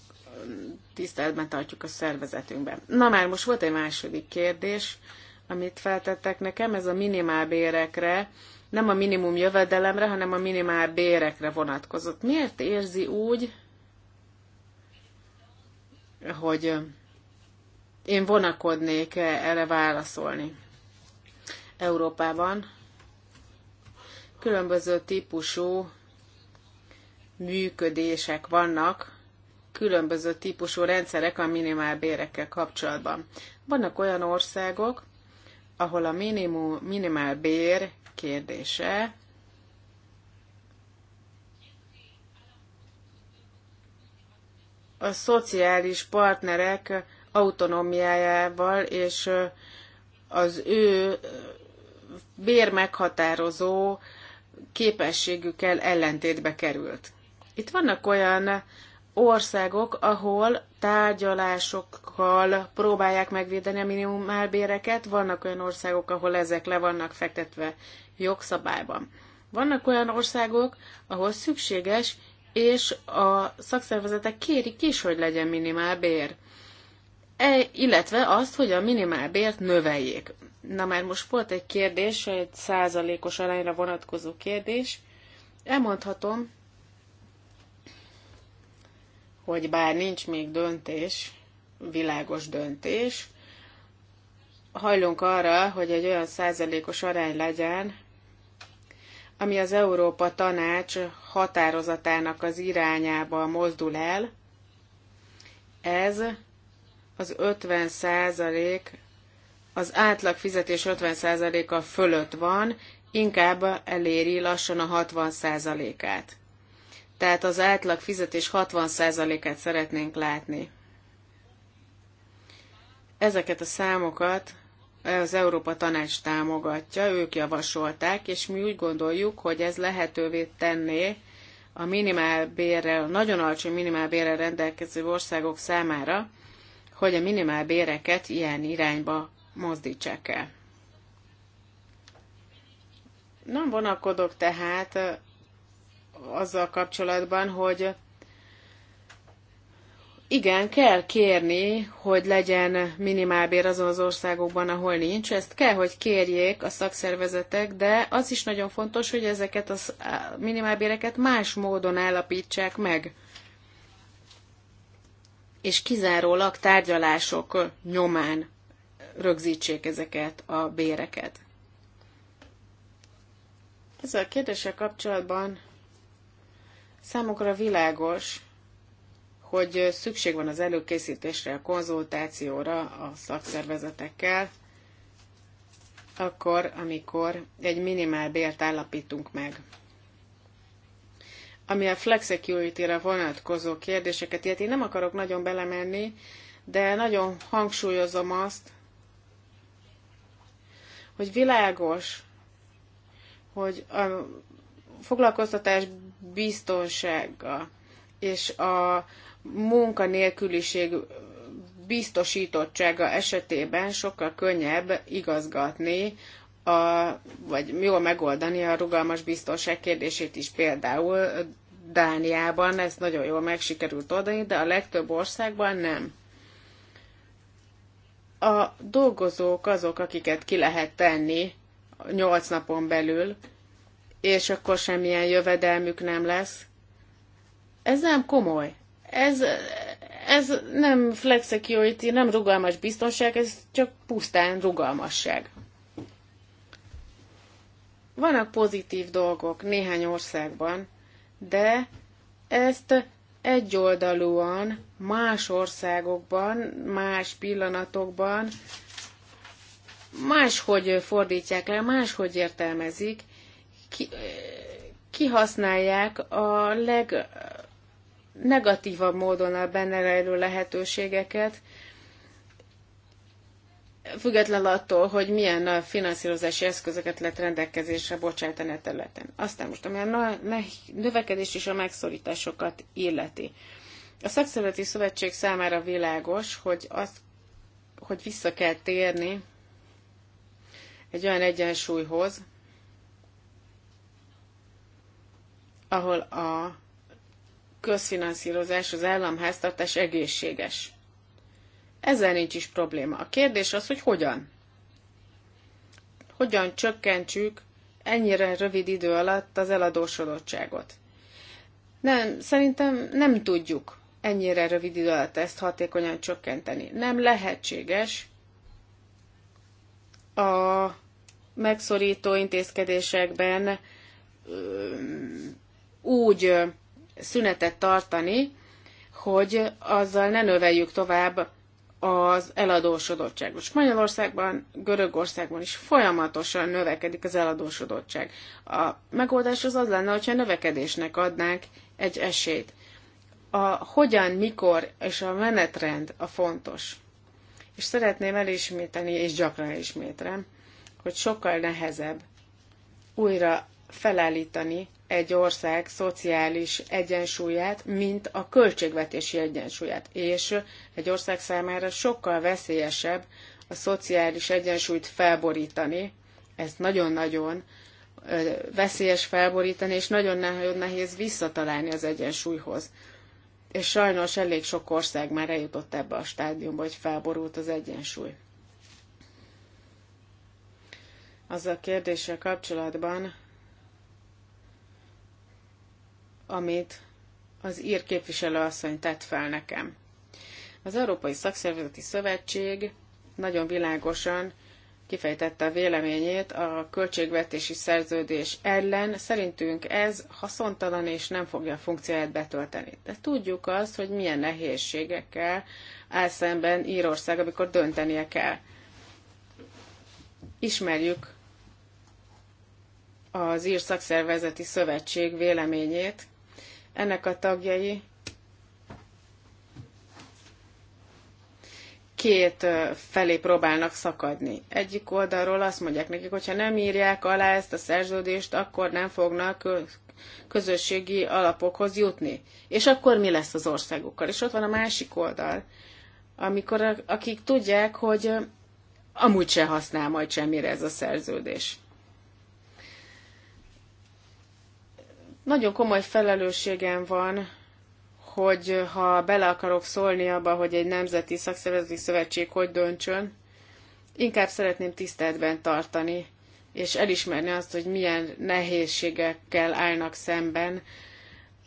S3: tiszteletben tartjuk a szervezetünkben. Na már most volt egy második kérdés, amit feltettek nekem, ez a minimálbérekre nem a minimum jövedelemre, hanem a minimál bérekre vonatkozott. Miért érzi úgy, hogy én vonakodnék -e erre válaszolni? Európában különböző típusú működések vannak, különböző típusú rendszerek a bérekkel kapcsolatban. Vannak olyan országok, ahol a minimum, bér kérdése. A szociális partnerek autonómiájával és az ő bérmeghatározó képességükkel ellentétbe került. Itt vannak olyan országok, ahol tárgyalásokkal próbálják megvédeni a minimálbéreket, vannak olyan országok, ahol ezek le vannak fektetve jogszabályban. Vannak olyan országok, ahol szükséges, és a szakszervezetek kérik is, hogy legyen minimálbér. E, illetve azt, hogy a minimálbért növeljék. Na már most volt egy kérdés, egy százalékos arányra vonatkozó kérdés. Elmondhatom, hogy bár nincs még döntés, világos döntés, hajlunk arra, hogy egy olyan százalékos arány legyen, ami az Európa Tanács határozatának az irányába mozdul el, ez az 50 százalék, az átlag fizetés 50 százaléka fölött van, inkább eléri lassan a 60 százalékát. Tehát az átlag fizetés 60 százalékát szeretnénk látni. Ezeket a számokat az Európa Tanács támogatja, ők javasolták, és mi úgy gondoljuk, hogy ez lehetővé tenné a minimálbérrel, nagyon alacsony minimálbérrel rendelkező országok számára, hogy a minimálbéreket ilyen irányba mozdítsák el. Nem vonakodok tehát azzal kapcsolatban, hogy igen, kell kérni, hogy legyen minimálbér azon az országokban, ahol nincs. Ezt kell, hogy kérjék a szakszervezetek, de az is nagyon fontos, hogy ezeket a minimálbéreket más módon állapítsák meg. És kizárólag tárgyalások nyomán rögzítsék ezeket a béreket. Ezzel a kérdéssel kapcsolatban számukra világos, hogy szükség van az előkészítésre, a konzultációra a szakszervezetekkel, akkor, amikor egy minimál bért állapítunk meg. Ami a flex security-re vonatkozó kérdéseket illeti, nem akarok nagyon belemenni, de nagyon hangsúlyozom azt, hogy világos, hogy a foglalkoztatás biztonsága és a, munkanélküliség biztosítottsága esetében sokkal könnyebb igazgatni, a, vagy jól megoldani a rugalmas biztonság kérdését is például Dániában ez nagyon jól meg sikerült oldani, de a legtöbb országban nem. A dolgozók azok, akiket ki lehet tenni 8 napon belül, és akkor semmilyen jövedelmük nem lesz. Ez nem komoly. Ez, ez nem flex security, nem rugalmas biztonság, ez csak pusztán rugalmasság. Vannak pozitív dolgok néhány országban, de ezt egyoldalúan más országokban, más pillanatokban máshogy fordítják le, máshogy értelmezik, ki, eh, kihasználják a leg negatívabb módon a benne rejlő lehetőségeket, független attól, hogy milyen a uh, finanszírozási eszközöket lehet rendelkezésre bocsátani a területen. Aztán most, ami a növekedés és a megszorításokat illeti. A szakszervezeti szövetség számára világos, hogy, az, hogy vissza kell térni egy olyan egyensúlyhoz, ahol a közfinanszírozás, az államháztartás egészséges. Ezzel nincs is probléma. A kérdés az, hogy hogyan. Hogyan csökkentsük ennyire rövid idő alatt az eladósodottságot. Nem, szerintem nem tudjuk ennyire rövid idő alatt ezt hatékonyan csökkenteni. Nem lehetséges a megszorító intézkedésekben úgy szünetet tartani, hogy azzal ne növeljük tovább az eladósodottság. Most Magyarországban, Görögországban is folyamatosan növekedik az eladósodottság. A megoldás az az lenne, hogyha növekedésnek adnánk egy esélyt. A hogyan, mikor és a menetrend a fontos. És szeretném elismételni, és gyakran ismétlem, hogy sokkal nehezebb újra felállítani egy ország szociális egyensúlyát, mint a költségvetési egyensúlyát. És egy ország számára sokkal veszélyesebb a szociális egyensúlyt felborítani. Ez nagyon-nagyon veszélyes felborítani, és nagyon nehéz visszatalálni az egyensúlyhoz. És sajnos elég sok ország már eljutott ebbe a stádiumba, hogy felborult az egyensúly. Az a kérdéssel kapcsolatban, amit az ír képviselő asszony tett fel nekem. Az Európai Szakszervezeti Szövetség nagyon világosan kifejtette a véleményét a költségvetési szerződés ellen. Szerintünk ez haszontalan és nem fogja a funkcióját betölteni. De tudjuk azt, hogy milyen nehézségekkel áll szemben Írország, amikor döntenie kell. Ismerjük az Ír Szakszervezeti Szövetség véleményét, ennek a tagjai két felé próbálnak szakadni. Egyik oldalról azt mondják nekik, hogyha nem írják alá ezt a szerződést, akkor nem fognak közösségi alapokhoz jutni. És akkor mi lesz az országokkal? És ott van a másik oldal, amikor akik tudják, hogy amúgy se használ majd semmire ez a szerződés. Nagyon komoly felelősségem van, hogy ha bele akarok szólni abba, hogy egy nemzeti szakszervezeti szövetség hogy döntsön, inkább szeretném tiszteletben tartani, és elismerni azt, hogy milyen nehézségekkel állnak szemben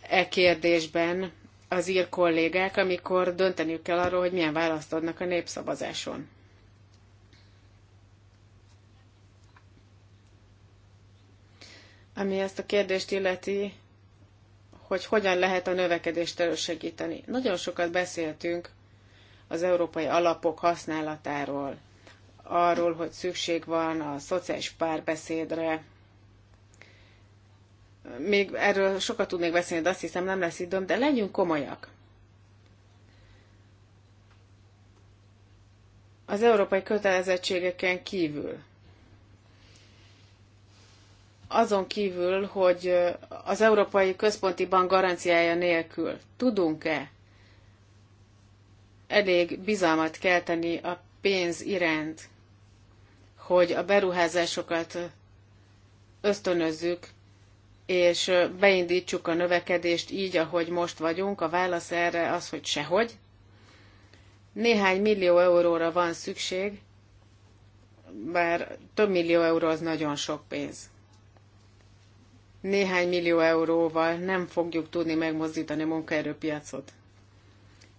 S3: e kérdésben az ír kollégák, amikor dönteniük kell arról, hogy milyen választ adnak a népszavazáson. ami ezt a kérdést illeti, hogy hogyan lehet a növekedést elősegíteni. Nagyon sokat beszéltünk az európai alapok használatáról, arról, hogy szükség van a szociális párbeszédre. Még erről sokat tudnék beszélni, de azt hiszem nem lesz időm, de legyünk komolyak. Az európai kötelezettségeken kívül azon kívül, hogy az Európai Központi Bank garanciája nélkül tudunk-e elég bizalmat kelteni a pénz iránt, hogy a beruházásokat ösztönözzük, és beindítsuk a növekedést így, ahogy most vagyunk. A válasz erre az, hogy sehogy. Néhány millió euróra van szükség, bár több millió euró az nagyon sok pénz néhány millió euróval nem fogjuk tudni megmozdítani a munkaerőpiacot.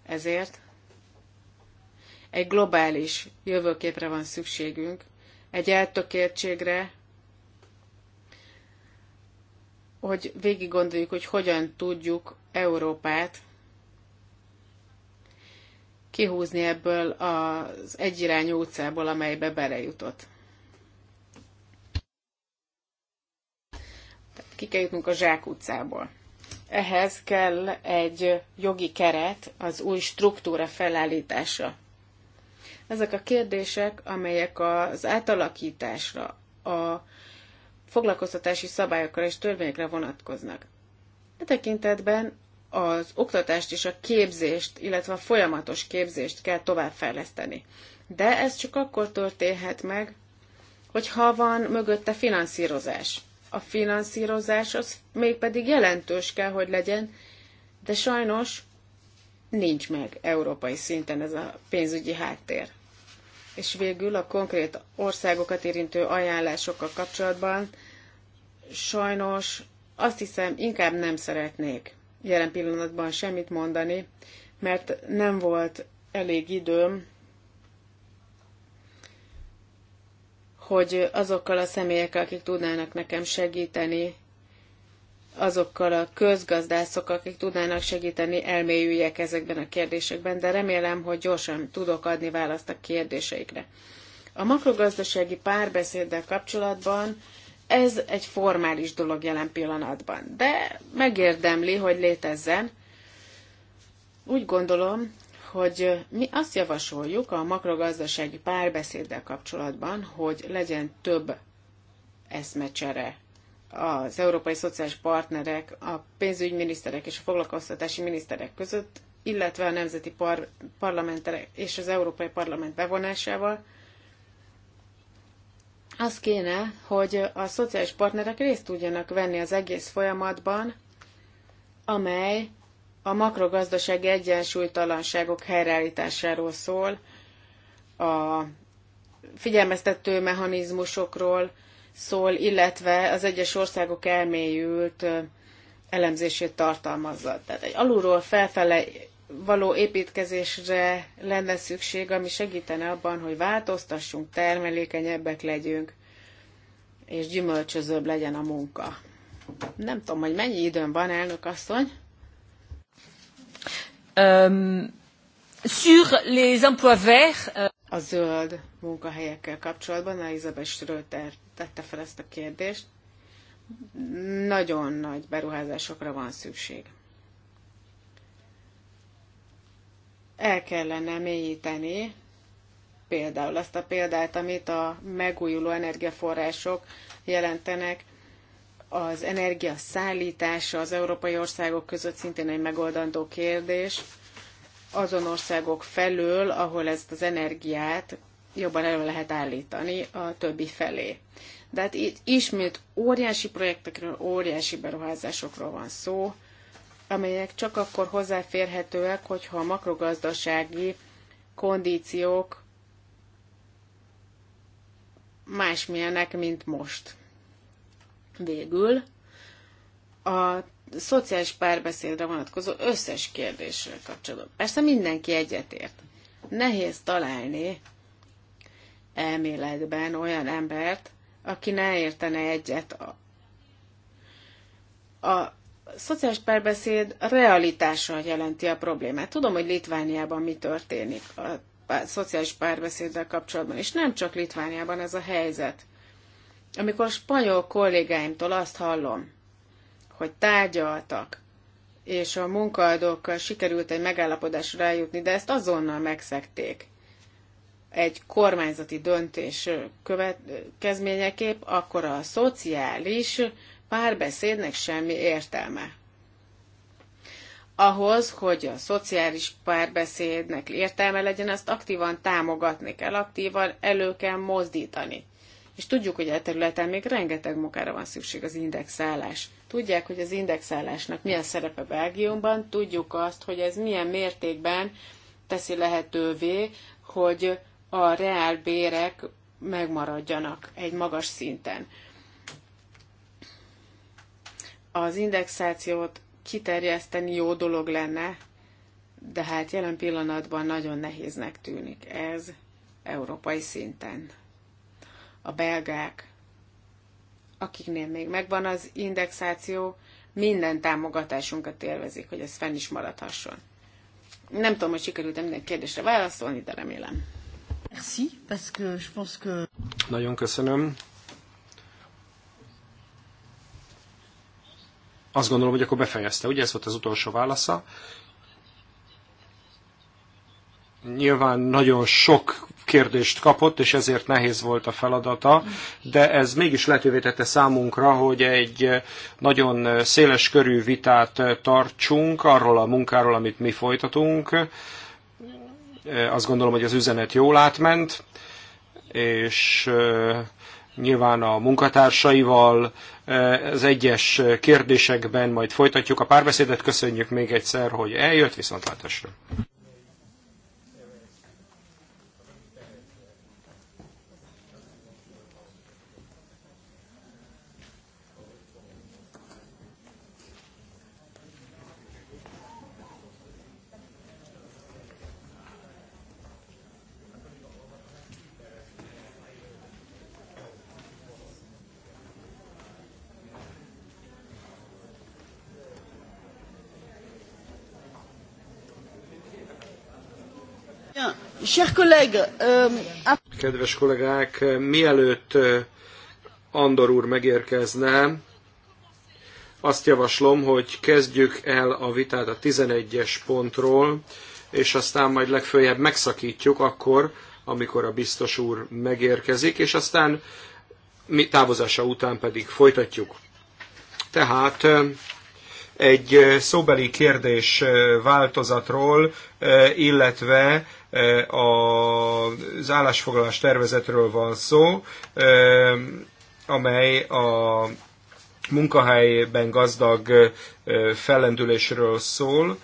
S3: Ezért egy globális jövőképre van szükségünk, egy eltökértségre, hogy végig gondoljuk, hogy hogyan tudjuk Európát kihúzni ebből az egyirányú utcából, amelybe belejutott. ki kell jutnunk a zsák utcából. Ehhez kell egy jogi keret az új struktúra felállítása. Ezek a kérdések, amelyek az átalakításra, a foglalkoztatási szabályokra és törvényekre vonatkoznak. E tekintetben az oktatást és a képzést, illetve a folyamatos képzést kell továbbfejleszteni. De ez csak akkor történhet meg, hogyha van mögötte finanszírozás a finanszírozás az mégpedig jelentős kell, hogy legyen, de sajnos nincs meg európai szinten ez a pénzügyi háttér. És végül a konkrét országokat érintő ajánlásokkal kapcsolatban sajnos azt hiszem inkább nem szeretnék jelen pillanatban semmit mondani, mert nem volt elég időm hogy azokkal a személyekkel, akik tudnának nekem segíteni, azokkal a közgazdászokkal, akik tudnának segíteni, elmélyüljek ezekben a kérdésekben, de remélem, hogy gyorsan tudok adni választ a kérdéseikre. A makrogazdasági párbeszéddel kapcsolatban ez egy formális dolog jelen pillanatban, de megérdemli, hogy létezzen. Úgy gondolom, hogy mi azt javasoljuk a makrogazdasági párbeszéddel kapcsolatban, hogy legyen több eszmecsere az európai szociális partnerek, a pénzügyminiszterek és a foglalkoztatási miniszterek között, illetve a nemzeti par- parlamenterek és az Európai Parlament bevonásával, az kéne, hogy a szociális partnerek részt tudjanak venni az egész folyamatban, amely a makrogazdasági egyensúlytalanságok helyreállításáról szól, a figyelmeztető mechanizmusokról szól, illetve az egyes országok elmélyült elemzését tartalmazza. Tehát egy alulról felfele való építkezésre lenne szükség, ami segítene abban, hogy változtassunk, termelékenyebbek legyünk, és gyümölcsözőbb legyen a munka. Nem tudom, hogy mennyi időm van, elnök asszony. Euh, sur les emplois verts, euh, a zöld munkahelyekkel kapcsolatban Elizabeth Schröter tette fel ezt a kérdést. Nagyon nagy beruházásokra van szükség. El kellene mélyíteni például azt a példát, amit a megújuló energiaforrások jelentenek az energia szállítása az európai országok között szintén egy megoldandó kérdés. Azon országok felől, ahol ezt az energiát jobban elő lehet állítani a többi felé. De hát itt ismét óriási projektekről, óriási beruházásokról van szó, amelyek csak akkor hozzáférhetőek, hogyha a makrogazdasági kondíciók másmilyenek, mint most. Végül a szociális párbeszédre vonatkozó összes kérdésről kapcsolatban. Persze mindenki egyetért. Nehéz találni elméletben olyan embert, aki ne értene egyet a, a szociális párbeszéd realitással jelenti a problémát. Tudom, hogy Litvániában mi történik a szociális párbeszéddel kapcsolatban, és nem csak Litvániában ez a helyzet. Amikor a spanyol kollégáimtól azt hallom, hogy tárgyaltak, és a munkaadókkal sikerült egy megállapodásra eljutni, de ezt azonnal megszekték egy kormányzati döntés következményeképp, akkor a szociális párbeszédnek semmi értelme. Ahhoz, hogy a szociális párbeszédnek értelme legyen, azt aktívan támogatni kell, aktívan elő kell mozdítani és tudjuk, hogy a e területen még rengeteg munkára van szükség az indexálás. Tudják, hogy az indexálásnak milyen szerepe Belgiumban, tudjuk azt, hogy ez milyen mértékben teszi lehetővé, hogy a reál bérek megmaradjanak egy magas szinten. Az indexációt kiterjeszteni jó dolog lenne, de hát jelen pillanatban nagyon nehéznek tűnik ez európai szinten a belgák, akiknél még megvan az indexáció, minden támogatásunkat élvezik, hogy ez fenn is maradhasson. Nem tudom, hogy sikerült minden kérdésre válaszolni, de remélem. Merci, parce que je pense que...
S5: Nagyon köszönöm. Azt gondolom, hogy akkor befejezte, ugye ez volt az utolsó válasza. Nyilván nagyon sok kérdést kapott, és ezért nehéz volt a feladata, de ez mégis lehetővé tette számunkra, hogy egy nagyon széles körű vitát tartsunk arról a munkáról, amit mi folytatunk. Azt gondolom, hogy az üzenet jól átment, és nyilván a munkatársaival az egyes kérdésekben majd folytatjuk a párbeszédet. Köszönjük még egyszer, hogy eljött, viszontlátásra!
S3: Euh,
S5: Kedves kollégák, mielőtt euh, Andor úr megérkezne, azt javaslom, hogy kezdjük el a vitát a 11-es pontról, és aztán majd legfőjebb megszakítjuk akkor, amikor a biztos úr megérkezik, és aztán mi távozása után pedig folytatjuk. Tehát euh, egy szóbeli kérdés változatról, illetve az állásfoglalás tervezetről van szó, amely a munkahelyben gazdag fellendülésről szól,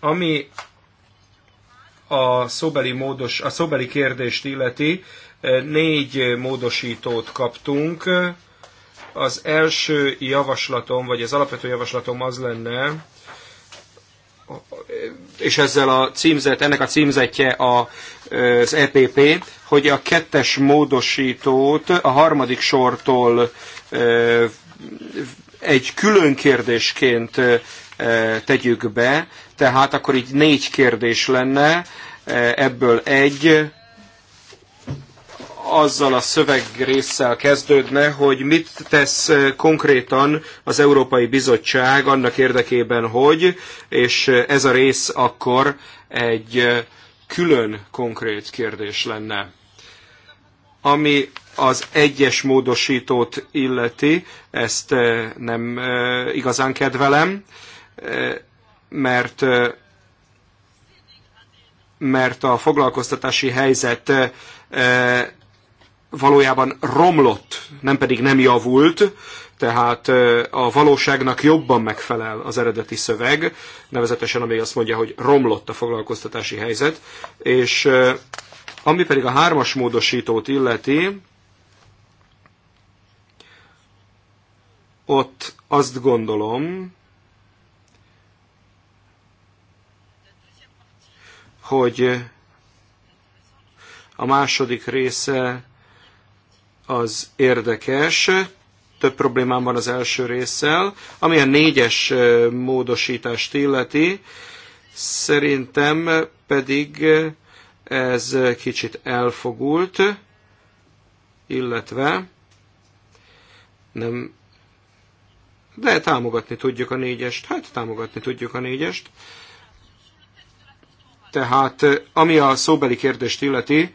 S5: ami a szóbeli, módos, a szóbeli kérdést illeti, négy módosítót kaptunk. Az első javaslatom, vagy az alapvető javaslatom az lenne, és ezzel a címzet, ennek a címzetje a, az EPP, hogy a kettes módosítót a harmadik sortól egy külön kérdésként tegyük be, tehát akkor így négy kérdés lenne, ebből egy azzal a szövegrésszel kezdődne, hogy mit tesz eh, konkrétan az Európai Bizottság annak érdekében, hogy, és eh, ez a rész akkor egy eh, külön konkrét kérdés lenne. Ami az egyes módosítót illeti, ezt nem igazán kedvelem, mert mert a foglalkoztatási helyzet valójában romlott, nem pedig nem javult, tehát a valóságnak jobban megfelel az eredeti szöveg, nevezetesen ami azt mondja, hogy romlott a foglalkoztatási helyzet, és ami pedig a hármas módosítót illeti, ott azt gondolom, hogy a második része az érdekes. Több problémám van az első résszel. Ami a négyes módosítást illeti, szerintem pedig ez kicsit elfogult, illetve nem, de támogatni tudjuk a négyest. Hát támogatni tudjuk a négyest. Tehát ami a szóbeli kérdést illeti,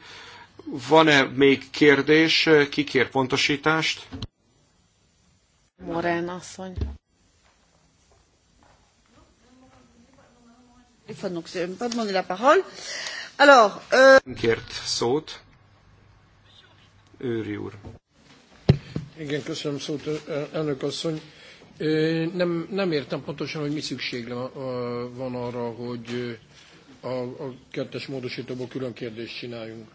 S5: van-e még kérdés? Ki kér pontosítást?
S3: Morán asszony. Euh, euh,
S5: kért szót. Őri úr.
S1: Igen, köszönöm szót, elnök asszony. Nem, nem értem pontosan, hogy mi szükség van arra, hogy a, a kettes módosítóból külön kérdést csináljunk.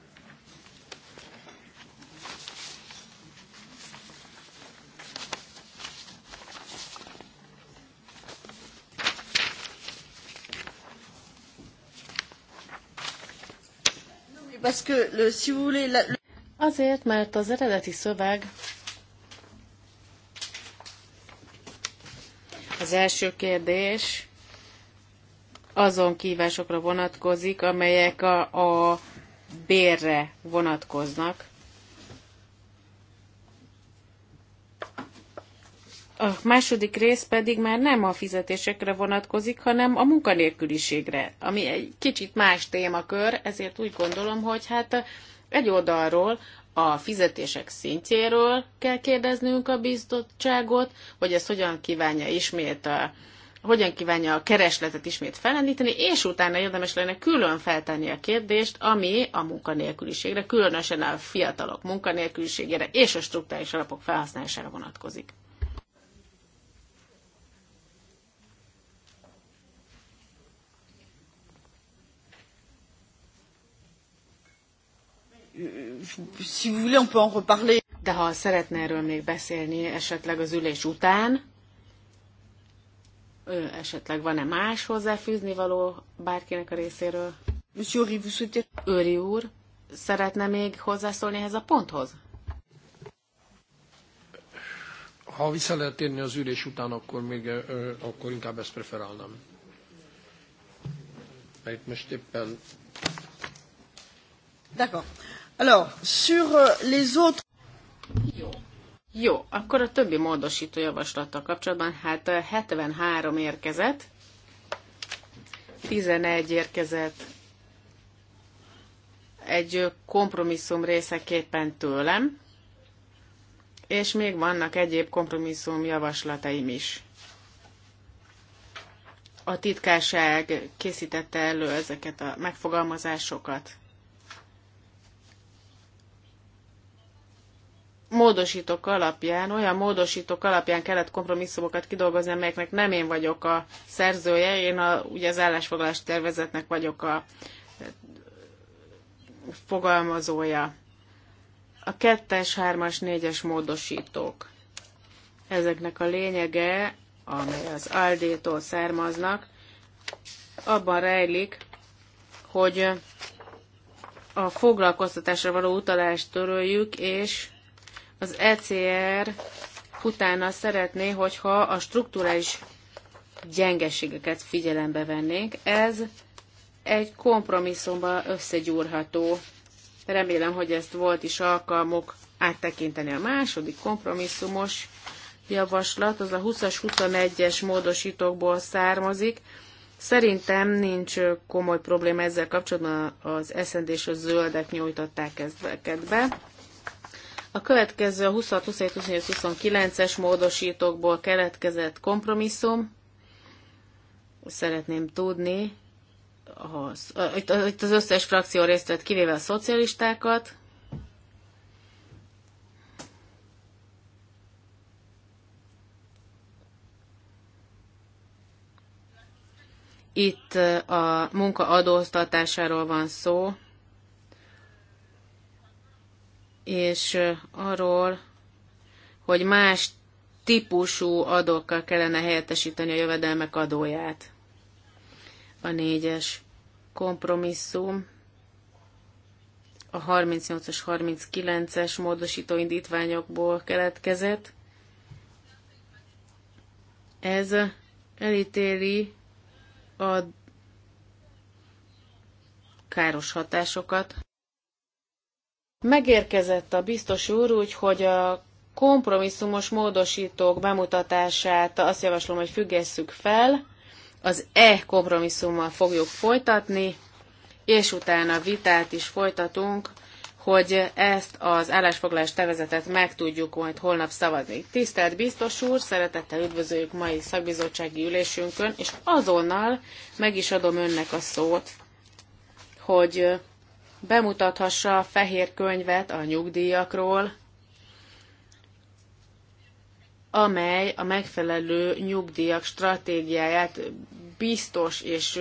S3: parce que le, si vous voulez, la, le... Azért, mert az eredeti szöveg az első kérdés azon kívásokra vonatkozik, amelyek a, a bérre vonatkoznak. A második rész pedig már nem a fizetésekre vonatkozik, hanem a munkanélküliségre, ami egy kicsit más témakör, ezért úgy gondolom, hogy hát egy oldalról a fizetések szintjéről kell kérdeznünk a biztottságot, hogy ez hogyan kívánja ismét a, hogyan kívánja a keresletet ismét felendíteni, és utána érdemes lenne külön feltenni a kérdést, ami a munkanélküliségre, különösen a fiatalok munkanélküliségére és a struktúrális alapok felhasználására vonatkozik. si vous voulez, on peut en reparler. De ha szeretne erről még beszélni, esetleg az ülés után, ő, esetleg van-e más hozzáfűzni való bárkinek a részéről? Őri úr, szeretne még hozzászólni ehhez a ponthoz?
S1: Ha vissza lehet térni az ülés után, akkor, még, akkor inkább ezt preferálnám. Mert most éppen...
S3: D'accord. Alors, sur euh, les autres... Jó. akkor a többi módosító javaslattal kapcsolatban, hát 73 érkezett, 11 érkezett egy kompromisszum részeképpen tőlem, és még vannak egyéb kompromisszum javaslataim is. A titkárság készítette elő ezeket a megfogalmazásokat. módosítók alapján, olyan módosítók alapján kellett kompromisszumokat kidolgozni, amelyeknek nem én vagyok a szerzője, én a, ugye az állásfoglalás tervezetnek vagyok a fogalmazója. A kettes, hármas, négyes módosítók. Ezeknek a lényege, amely az Aldétól származnak, abban rejlik, hogy a foglalkoztatásra való utalást töröljük, és az ECR utána szeretné, hogyha a struktúrális gyengeségeket figyelembe vennénk. Ez egy kompromisszumba összegyúrható. Remélem, hogy ezt volt is alkalmuk áttekinteni. A második kompromisszumos javaslat az a 20-as, 21-es módosítókból származik. Szerintem nincs komoly probléma ezzel kapcsolatban, az eszendés és a zöldek nyújtották ezeket be. A következő a 26, 27, 28, 29-es módosítókból keletkezett kompromisszum. Szeretném tudni, ahhoz, itt, itt az összes frakció részt vett, kivéve a szocialistákat, Itt a munka adóztatásáról van szó, és arról, hogy más típusú adókkal kellene helyettesíteni a jövedelmek adóját. A négyes kompromisszum, a 38-as, 39-es módosító indítványokból keletkezett. Ez elítéli a káros hatásokat, Megérkezett a biztos úr úgy, hogy a kompromisszumos módosítók bemutatását azt javaslom, hogy függesszük fel, az E kompromisszummal fogjuk folytatni, és utána vitát is folytatunk, hogy ezt az állásfoglalás tervezetet meg tudjuk majd holnap szavazni. Tisztelt biztos úr, szeretettel üdvözöljük mai szakbizottsági ülésünkön, és azonnal meg is adom önnek a szót, hogy bemutathassa a fehér könyvet a nyugdíjakról, amely a megfelelő nyugdíjak stratégiáját biztos és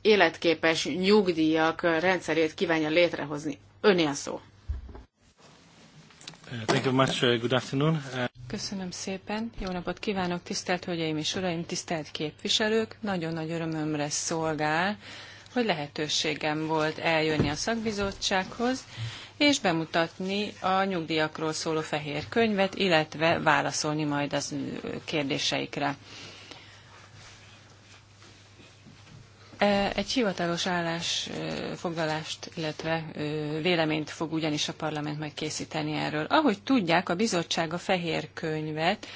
S3: életképes nyugdíjak rendszerét kívánja létrehozni. Önél szó.
S4: Uh, thank you much. Uh, good afternoon. Uh,
S2: Köszönöm szépen. Jó napot kívánok, tisztelt Hölgyeim és Uraim, tisztelt képviselők. Nagyon nagy örömömre szolgál, hogy lehetőségem volt eljönni a szakbizottsághoz, és bemutatni a nyugdíjakról szóló fehér könyvet, illetve válaszolni majd az kérdéseikre. E, egy hivatalos állásfoglalást, illetve véleményt fog ugyanis a parlament majd készíteni erről. Ahogy tudják, a bizottság a fehér könyvet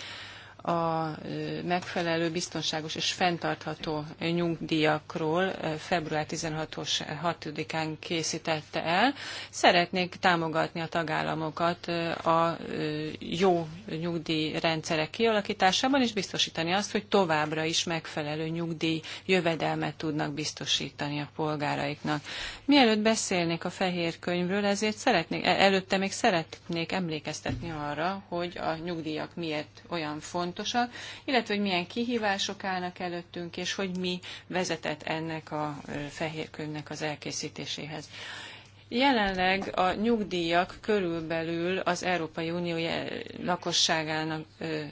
S2: a megfelelő, biztonságos és fenntartható nyugdíjakról február 16-án készítette el. Szeretnék támogatni a tagállamokat a jó nyugdíjrendszerek kialakításában, és biztosítani azt, hogy továbbra is megfelelő nyugdíj jövedelmet tudnak biztosítani a polgáraiknak. Mielőtt beszélnék a fehér könyvről, ezért szeretnék, e, előtte még szeretnék emlékeztetni arra, hogy a nyugdíjak miért olyan fontos, fontosak, illetve hogy milyen kihívások állnak előttünk, és hogy mi vezetett ennek a fehérkönyvnek az elkészítéséhez. Jelenleg a nyugdíjak körülbelül az Európai Unió lakosságának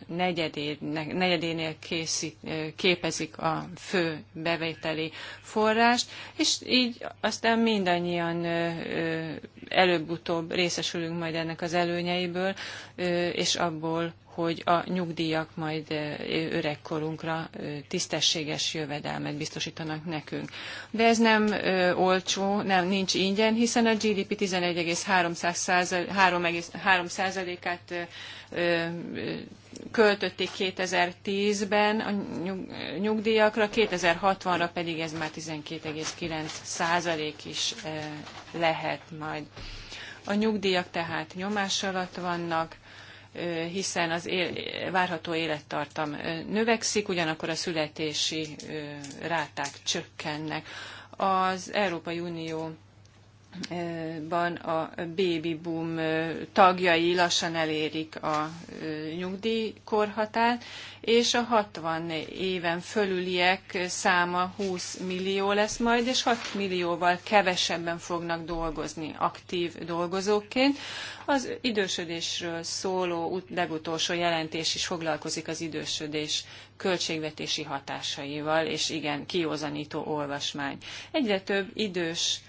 S2: negyedének, negyedénél készít, képezik a fő bevételi forrást, és így aztán mindannyian előbb-utóbb részesülünk majd ennek az előnyeiből, és abból, hogy a nyugdíjak majd öregkorunkra tisztességes jövedelmet biztosítanak nekünk. De ez nem olcsó, nem nincs ingyen, hiszen a GDP 11,3%-át költötték 2010-ben a nyugdíjakra, 2060-ra pedig ez már 12,9% is lehet majd. A nyugdíjak tehát nyomás alatt vannak, hiszen az él, várható élettartam növekszik, ugyanakkor a születési ráták csökkennek. Az Európai Unió ban a baby boom tagjai lassan elérik a nyugdíjkorhatárt, és a 60 éven fölüliek száma 20 millió lesz majd, és 6 millióval kevesebben fognak dolgozni aktív dolgozóként. Az idősödésről szóló legutolsó jelentés is foglalkozik az idősödés költségvetési hatásaival, és igen, kiózanító olvasmány. Egyre több idős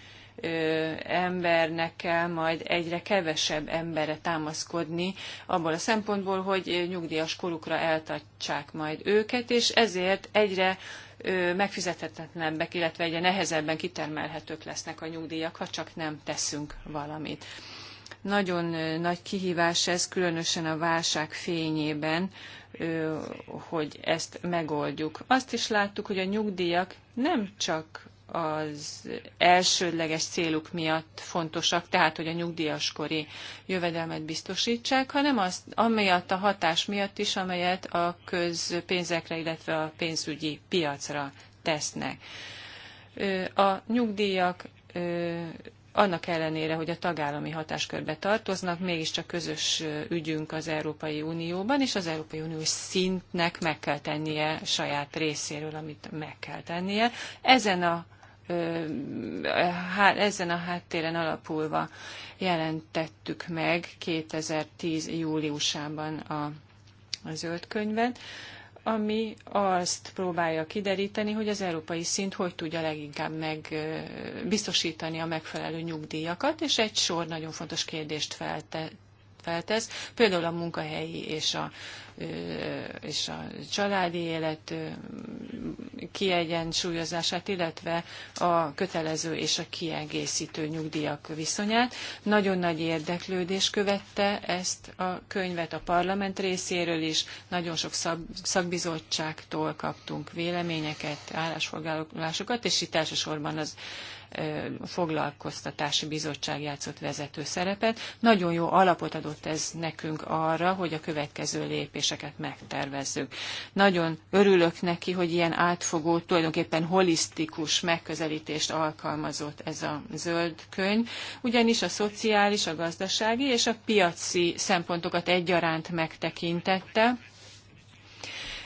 S2: embernek kell majd egyre kevesebb emberre támaszkodni, abból a szempontból, hogy nyugdíjas korukra eltartsák majd őket, és ezért egyre megfizethetetlenebbek, illetve egyre nehezebben kitermelhetők lesznek a nyugdíjak, ha csak nem teszünk valamit. Nagyon nagy kihívás ez, különösen a válság fényében, hogy ezt megoldjuk. Azt is láttuk, hogy a nyugdíjak nem csak az elsődleges céluk miatt fontosak, tehát hogy a nyugdíjaskori jövedelmet biztosítsák, hanem az amiatt a hatás miatt is, amelyet a közpénzekre, illetve a pénzügyi piacra tesznek. A nyugdíjak annak ellenére, hogy a tagállami hatáskörbe tartoznak, mégiscsak közös ügyünk az Európai Unióban, és az Európai Uniós szintnek meg kell tennie saját részéről, amit meg kell tennie. Ezen a ezen a háttéren alapulva jelentettük meg 2010. júliusában a, a zöld könyvet, ami azt próbálja kideríteni, hogy az európai szint hogy tudja leginkább meg, biztosítani a megfelelő nyugdíjakat, és egy sor nagyon fontos kérdést feltett. feltesz, például a munkahelyi és a és a családi élet kiegyensúlyozását, illetve a kötelező és a kiegészítő nyugdíjak viszonyát. Nagyon nagy érdeklődés követte ezt a könyvet a parlament részéről is, nagyon sok szakbizottságtól kaptunk véleményeket, állásfoglalásokat, és itt elsősorban az foglalkoztatási bizottság játszott vezető szerepet. Nagyon jó alapot adott ez nekünk arra, hogy a következő lépés lépéseket megtervezzük. Nagyon örülök neki, hogy ilyen átfogó, tulajdonképpen holisztikus megközelítést alkalmazott ez a zöld könyv, ugyanis a szociális, a gazdasági és a piaci szempontokat egyaránt megtekintette,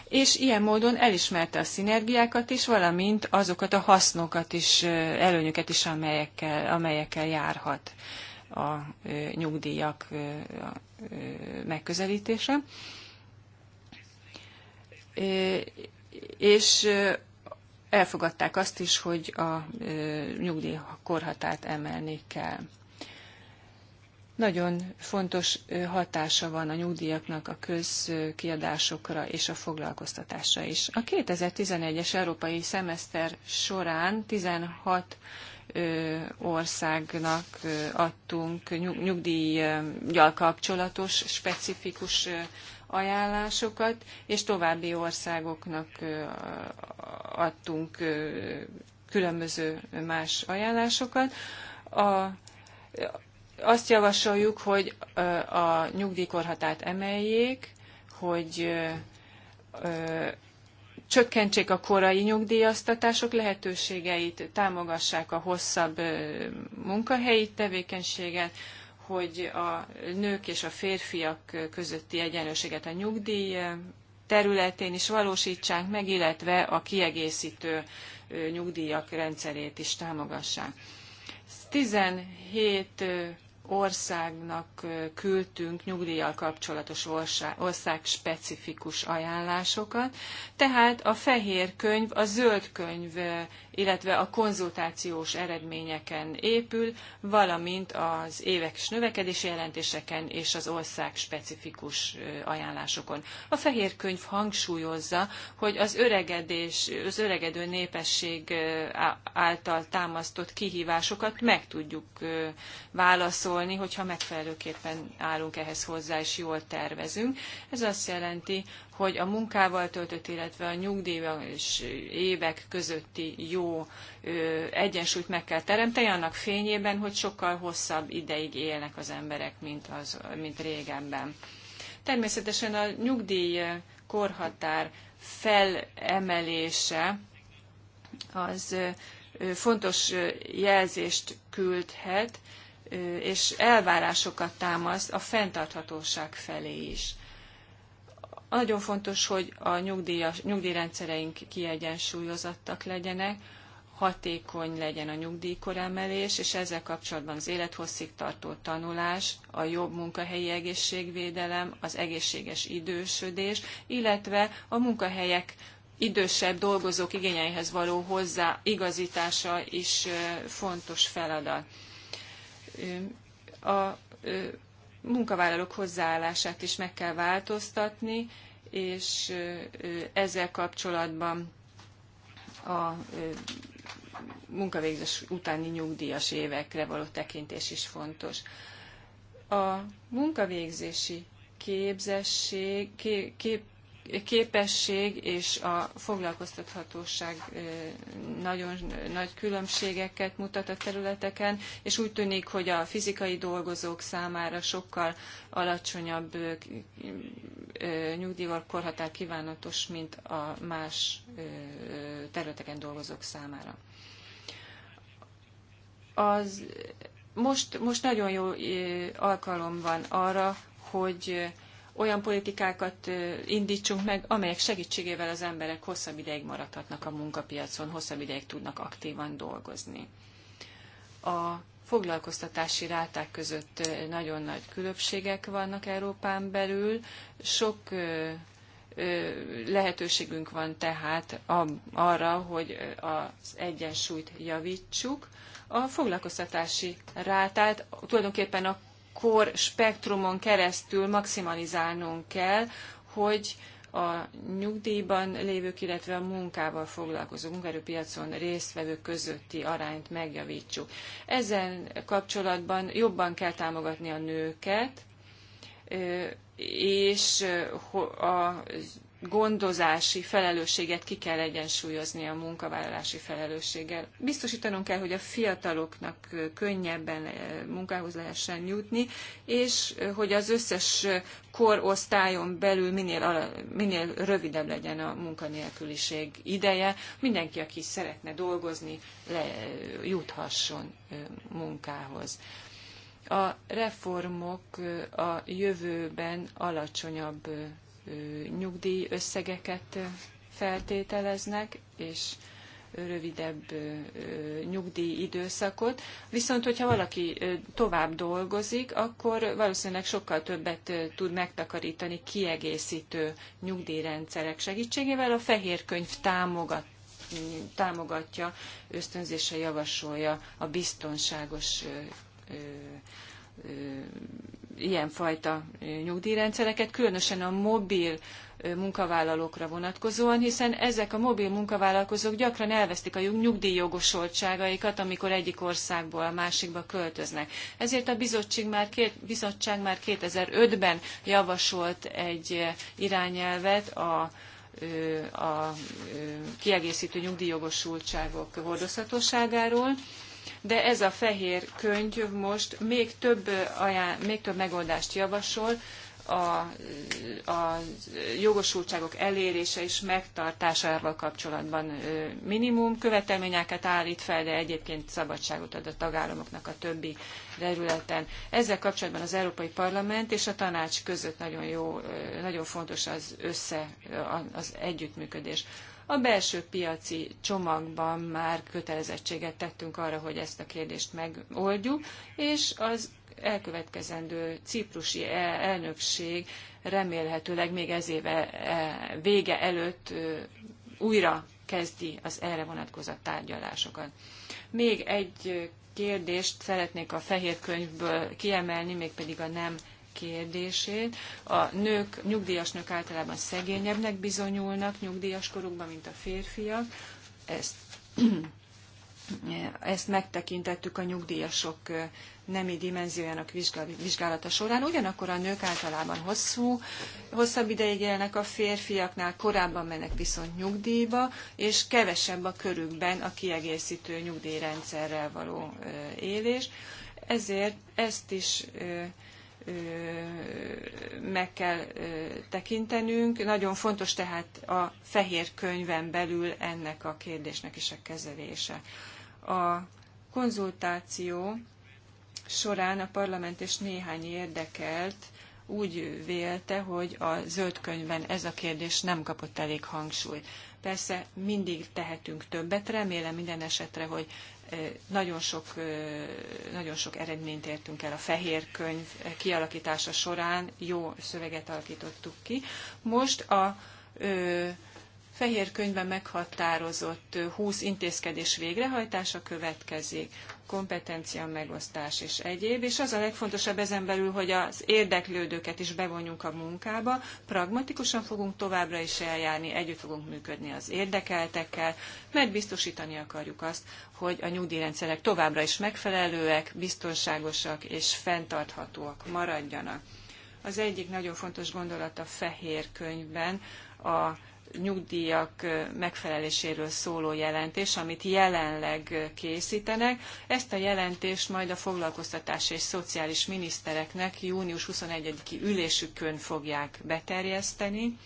S2: és ilyen módon elismerte a szinergiákat is, valamint azokat a hasznokat is, előnyöket is, amelyekkel, amelyekkel járhat a nyugdíjak megközelítése és elfogadták azt is, hogy a nyugdíjkorhatárt emelni kell. Nagyon fontos hatása van a nyugdíjaknak a közkiadásokra és a foglalkoztatásra is. A 2011-es európai szemeszter során 16 országnak adtunk nyugdíjjal kapcsolatos specifikus ajánlásokat, és további országoknak adtunk különböző más ajánlásokat. A, azt javasoljuk, hogy a nyugdíjkorhatát emeljék, hogy csökkentsék a korai nyugdíjaztatások lehetőségeit, támogassák a hosszabb munkahelyi tevékenységet, hogy a nők és a férfiak közötti egyenlőséget a nyugdíj területén is valósítsák meg, illetve a kiegészítő nyugdíjak rendszerét is támogassák. 17 országnak küldtünk nyugdíjjal kapcsolatos ország, ország specifikus ajánlásokat. Tehát a fehér könyv, a zöld könyv illetve a konzultációs eredményeken épül, valamint az éves növekedési jelentéseken és az ország specifikus ajánlásokon. A fehér könyv hangsúlyozza, hogy az öregedés, az öregedő népesség által támasztott kihívásokat meg tudjuk válaszolni, hogyha megfelelőképpen állunk ehhez hozzá és jól tervezünk. Ez azt jelenti, hogy a munkával töltött, illetve a nyugdíjban és évek közötti jó egyensúlyt meg kell teremteni, annak fényében, hogy sokkal hosszabb ideig élnek az emberek, mint, az, mint régebben. Természetesen a nyugdíj korhatár felemelése az fontos jelzést küldhet, és elvárásokat támaszt a fenntarthatóság felé is. Nagyon fontos, hogy a nyugdíjas, nyugdíjrendszereink kiegyensúlyozottak legyenek, hatékony legyen a nyugdíjkoremelés, és ezzel kapcsolatban az élethosszig tartó tanulás, a jobb munkahelyi egészségvédelem, az egészséges idősödés, illetve a munkahelyek idősebb dolgozók igényeihez való hozzáigazítása is fontos feladat. A munkavállalók hozzáállását is meg kell változtatni, és ezzel kapcsolatban a munkavégzés utáni nyugdíjas évekre való tekintés is fontos. A munkavégzési képzesség, kép, képesség és a foglalkoztathatóság nagyon nagy különbségeket mutat a területeken, és úgy tűnik, hogy a fizikai dolgozók számára sokkal alacsonyabb nyugdíjval korhatár kívánatos, mint a más területeken dolgozók számára. Az, most, most nagyon jó alkalom van arra, hogy olyan politikákat indítsunk meg, amelyek segítségével az emberek hosszabb ideig maradhatnak a munkapiacon, hosszabb ideig tudnak aktívan dolgozni. A foglalkoztatási ráták között nagyon nagy különbségek vannak Európán belül. Sok lehetőségünk van tehát arra, hogy az egyensúlyt javítsuk. A foglalkoztatási rátát tulajdonképpen a kor spektrumon keresztül maximalizálnunk kell, hogy a nyugdíjban lévők, illetve a munkával foglalkozó munkaerőpiacon résztvevők közötti arányt megjavítsuk. Ezen kapcsolatban jobban kell támogatni a nőket, és a gondozási felelősséget ki kell egyensúlyozni a munkavállalási felelősséggel. Biztosítanunk kell, hogy a fiataloknak könnyebben eh, munkához lehessen jutni, és eh, hogy az összes korosztályon belül minél, ala, minél rövidebb legyen a munkanélküliség ideje. Mindenki, aki szeretne dolgozni, le, juthasson eh, munkához a reformok a jövőben alacsonyabb nyugdíj összegeket feltételeznek, és rövidebb nyugdíj időszakot. Viszont, hogyha valaki tovább dolgozik, akkor valószínűleg sokkal többet tud megtakarítani kiegészítő nyugdíjrendszerek segítségével. A fehér könyv támogat, támogatja, ösztönzése javasolja a biztonságos ilyenfajta nyugdíjrendszereket, különösen a mobil munkavállalókra vonatkozóan, hiszen ezek a mobil munkavállalkozók gyakran elvesztik a nyugdíjjogosultságaikat, amikor egyik országból a másikba költöznek. Ezért a bizottság már, két, bizottság már 2005-ben javasolt egy irányelvet a a kiegészítő nyugdíjjogosultságok hordozhatóságáról, de ez a fehér könyv most még több, aján, még több megoldást javasol, a, a jogosultságok elérése és megtartásával kapcsolatban minimum követelményeket állít fel, de egyébként szabadságot ad a tagállamoknak a többi területen. Ezzel kapcsolatban az Európai Parlament és a tanács között nagyon jó, nagyon fontos az össze, az együttműködés. A belső piaci csomagban már kötelezettséget tettünk arra, hogy ezt a kérdést megoldjuk, és az elkövetkezendő ciprusi e- elnökség remélhetőleg még ez éve e- vége előtt újra kezdi az erre vonatkozott tárgyalásokat. Még egy kérdést szeretnék a fehér könyvből kiemelni, mégpedig a nem kérdését. A nők, nyugdíjas nők általában szegényebbnek bizonyulnak nyugdíjas korukban, mint a férfiak. Ezt, ezt megtekintettük a nyugdíjasok nemi dimenziójának vizsgálata során. Ugyanakkor a nők általában hosszú, hosszabb ideig élnek a férfiaknál, korábban mennek viszont nyugdíjba, és kevesebb a körükben a kiegészítő nyugdíjrendszerrel való élés. Ezért ezt is meg kell tekintenünk. Nagyon fontos tehát a fehér könyven belül ennek a kérdésnek is a kezelése. A konzultáció során a parlament és néhány érdekelt úgy vélte, hogy a zöld könyvben ez a kérdés nem kapott elég hangsúlyt. Persze mindig tehetünk többet, remélem minden esetre, hogy nagyon sok, nagyon sok eredményt értünk el a fehér könyv kialakítása során, jó szöveget alakítottuk ki. Most a fehér könyvben meghatározott 20 intézkedés végrehajtása következik kompetencia megosztás és egyéb, és az a legfontosabb ezen belül, hogy az érdeklődőket is bevonjunk a munkába, pragmatikusan fogunk továbbra is eljárni, együtt fogunk működni az érdekeltekkel, mert biztosítani akarjuk azt, hogy a nyugdíjrendszerek továbbra is megfelelőek, biztonságosak és fenntarthatóak maradjanak. Az egyik nagyon fontos gondolat a fehér könyvben a nyugdíjak megfeleléséről szóló jelentés, amit jelenleg készítenek. Ezt a jelentést majd a foglalkoztatás és szociális minisztereknek június 21-i ülésükön fogják beterjeszteni,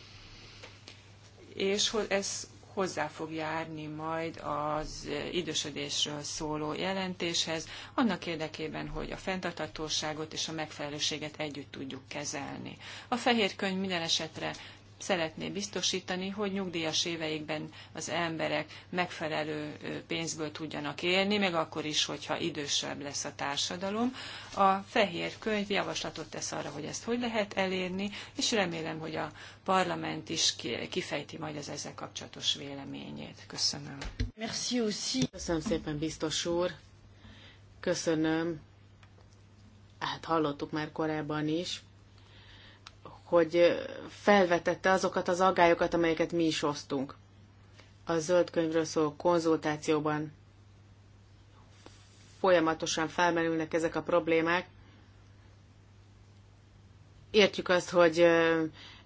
S2: és ez hozzá fog járni majd az idősödésről szóló jelentéshez, annak érdekében, hogy a fenntarthatóságot és a megfelelőséget együtt tudjuk kezelni. A fehér könyv minden esetre szeretné biztosítani, hogy nyugdíjas éveikben az emberek megfelelő pénzből tudjanak élni, még akkor is, hogyha idősebb lesz a társadalom. A fehér könyv javaslatot tesz arra, hogy ezt hogy lehet elérni, és remélem, hogy a parlament is kifejti majd az ezzel kapcsolatos véleményét. Köszönöm.
S3: Merci Köszönöm szépen, biztos úr. Köszönöm. Hát hallottuk már korábban is, hogy felvetette azokat az aggályokat, amelyeket mi is osztunk. A zöld könyvről szóló konzultációban folyamatosan felmerülnek ezek a problémák. Értjük azt, hogy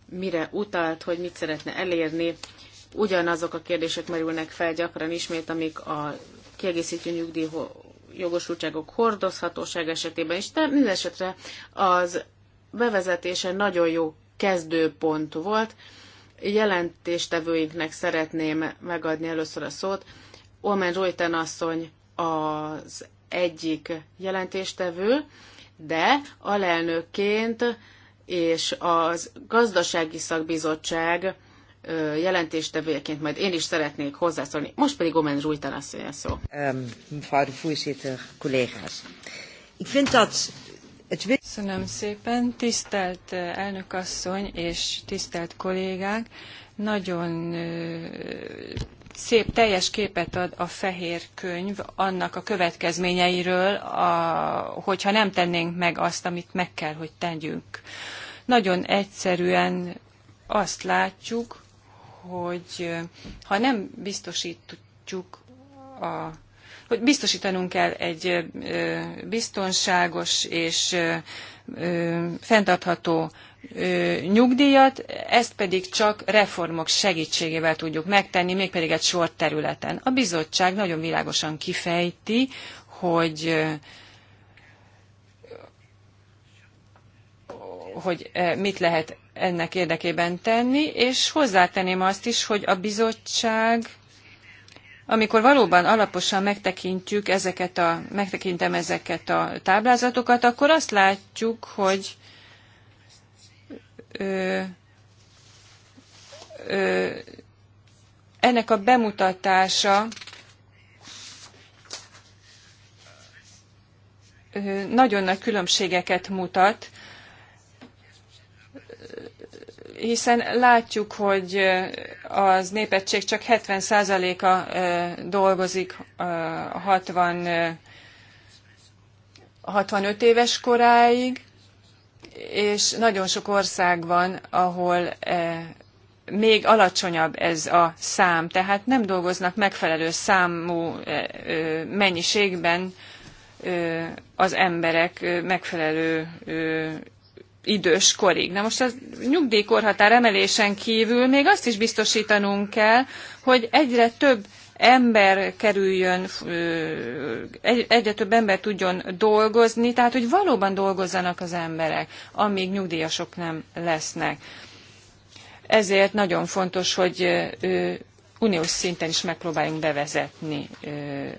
S3: mire utalt, hogy mit szeretne elérni. Ugyanazok a kérdések merülnek fel gyakran ismét, amik a kiegészítő nyugdíj jogosultságok hordozhatóság esetében is, de mindesetre az bevezetése nagyon jó kezdőpont volt. Jelentéstevőinknek szeretném megadni először a szót. Olmen Rojten asszony az egyik jelentéstevő, de alelnökként és az gazdasági szakbizottság jelentéstevőjeként majd én is szeretnék hozzászólni. Most pedig Omen Zsújtan asszony szó. Um,
S2: mevrouw de voorzitter, collega's. Ik vind dat Köszönöm szépen. Tisztelt eh, elnökasszony és tisztelt kollégák, nagyon eh, szép teljes képet ad a fehér könyv annak a következményeiről, a, hogyha nem tennénk meg azt, amit meg kell, hogy tegyünk. Nagyon egyszerűen azt látjuk, hogy eh, ha nem biztosítjuk a hogy biztosítanunk kell egy biztonságos és fenntartható nyugdíjat, ezt pedig csak reformok segítségével tudjuk megtenni, mégpedig egy sor területen. A bizottság nagyon világosan kifejti, hogy hogy mit lehet ennek érdekében tenni, és hozzátenném azt is, hogy a bizottság amikor valóban alaposan megtekintjük ezeket a, megtekintem ezeket a táblázatokat, akkor azt látjuk, hogy ö, ö, ennek a bemutatása nagyon nagy különbségeket mutat, hiszen látjuk, hogy az népesség csak 70%-a dolgozik 60, 65 éves koráig, és nagyon sok ország van, ahol még alacsonyabb ez a szám, tehát nem dolgoznak megfelelő számú mennyiségben az emberek megfelelő idős korig. Na most a nyugdíjkorhatár emelésen kívül még azt is biztosítanunk kell, hogy egyre több ember kerüljön, egyre több ember tudjon dolgozni, tehát hogy valóban dolgozzanak az emberek, amíg nyugdíjasok nem lesznek. Ezért nagyon fontos, hogy uniós szinten is megpróbáljunk bevezetni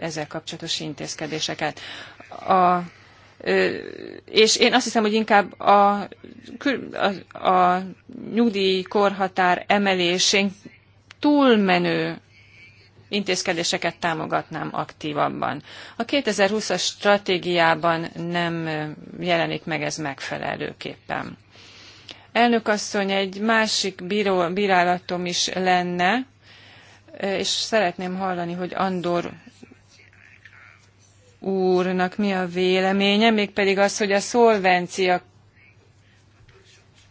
S2: ezzel kapcsolatos intézkedéseket. A és én azt hiszem, hogy inkább a, a, a nyugdíj korhatár emelésén túlmenő intézkedéseket támogatnám aktívabban. A 2020-as stratégiában nem jelenik meg ez megfelelőképpen. Elnök asszony, egy másik bíró, bírálatom is lenne, és szeretném hallani, hogy Andor úrnak mi a véleménye, mégpedig az, hogy a szolvencia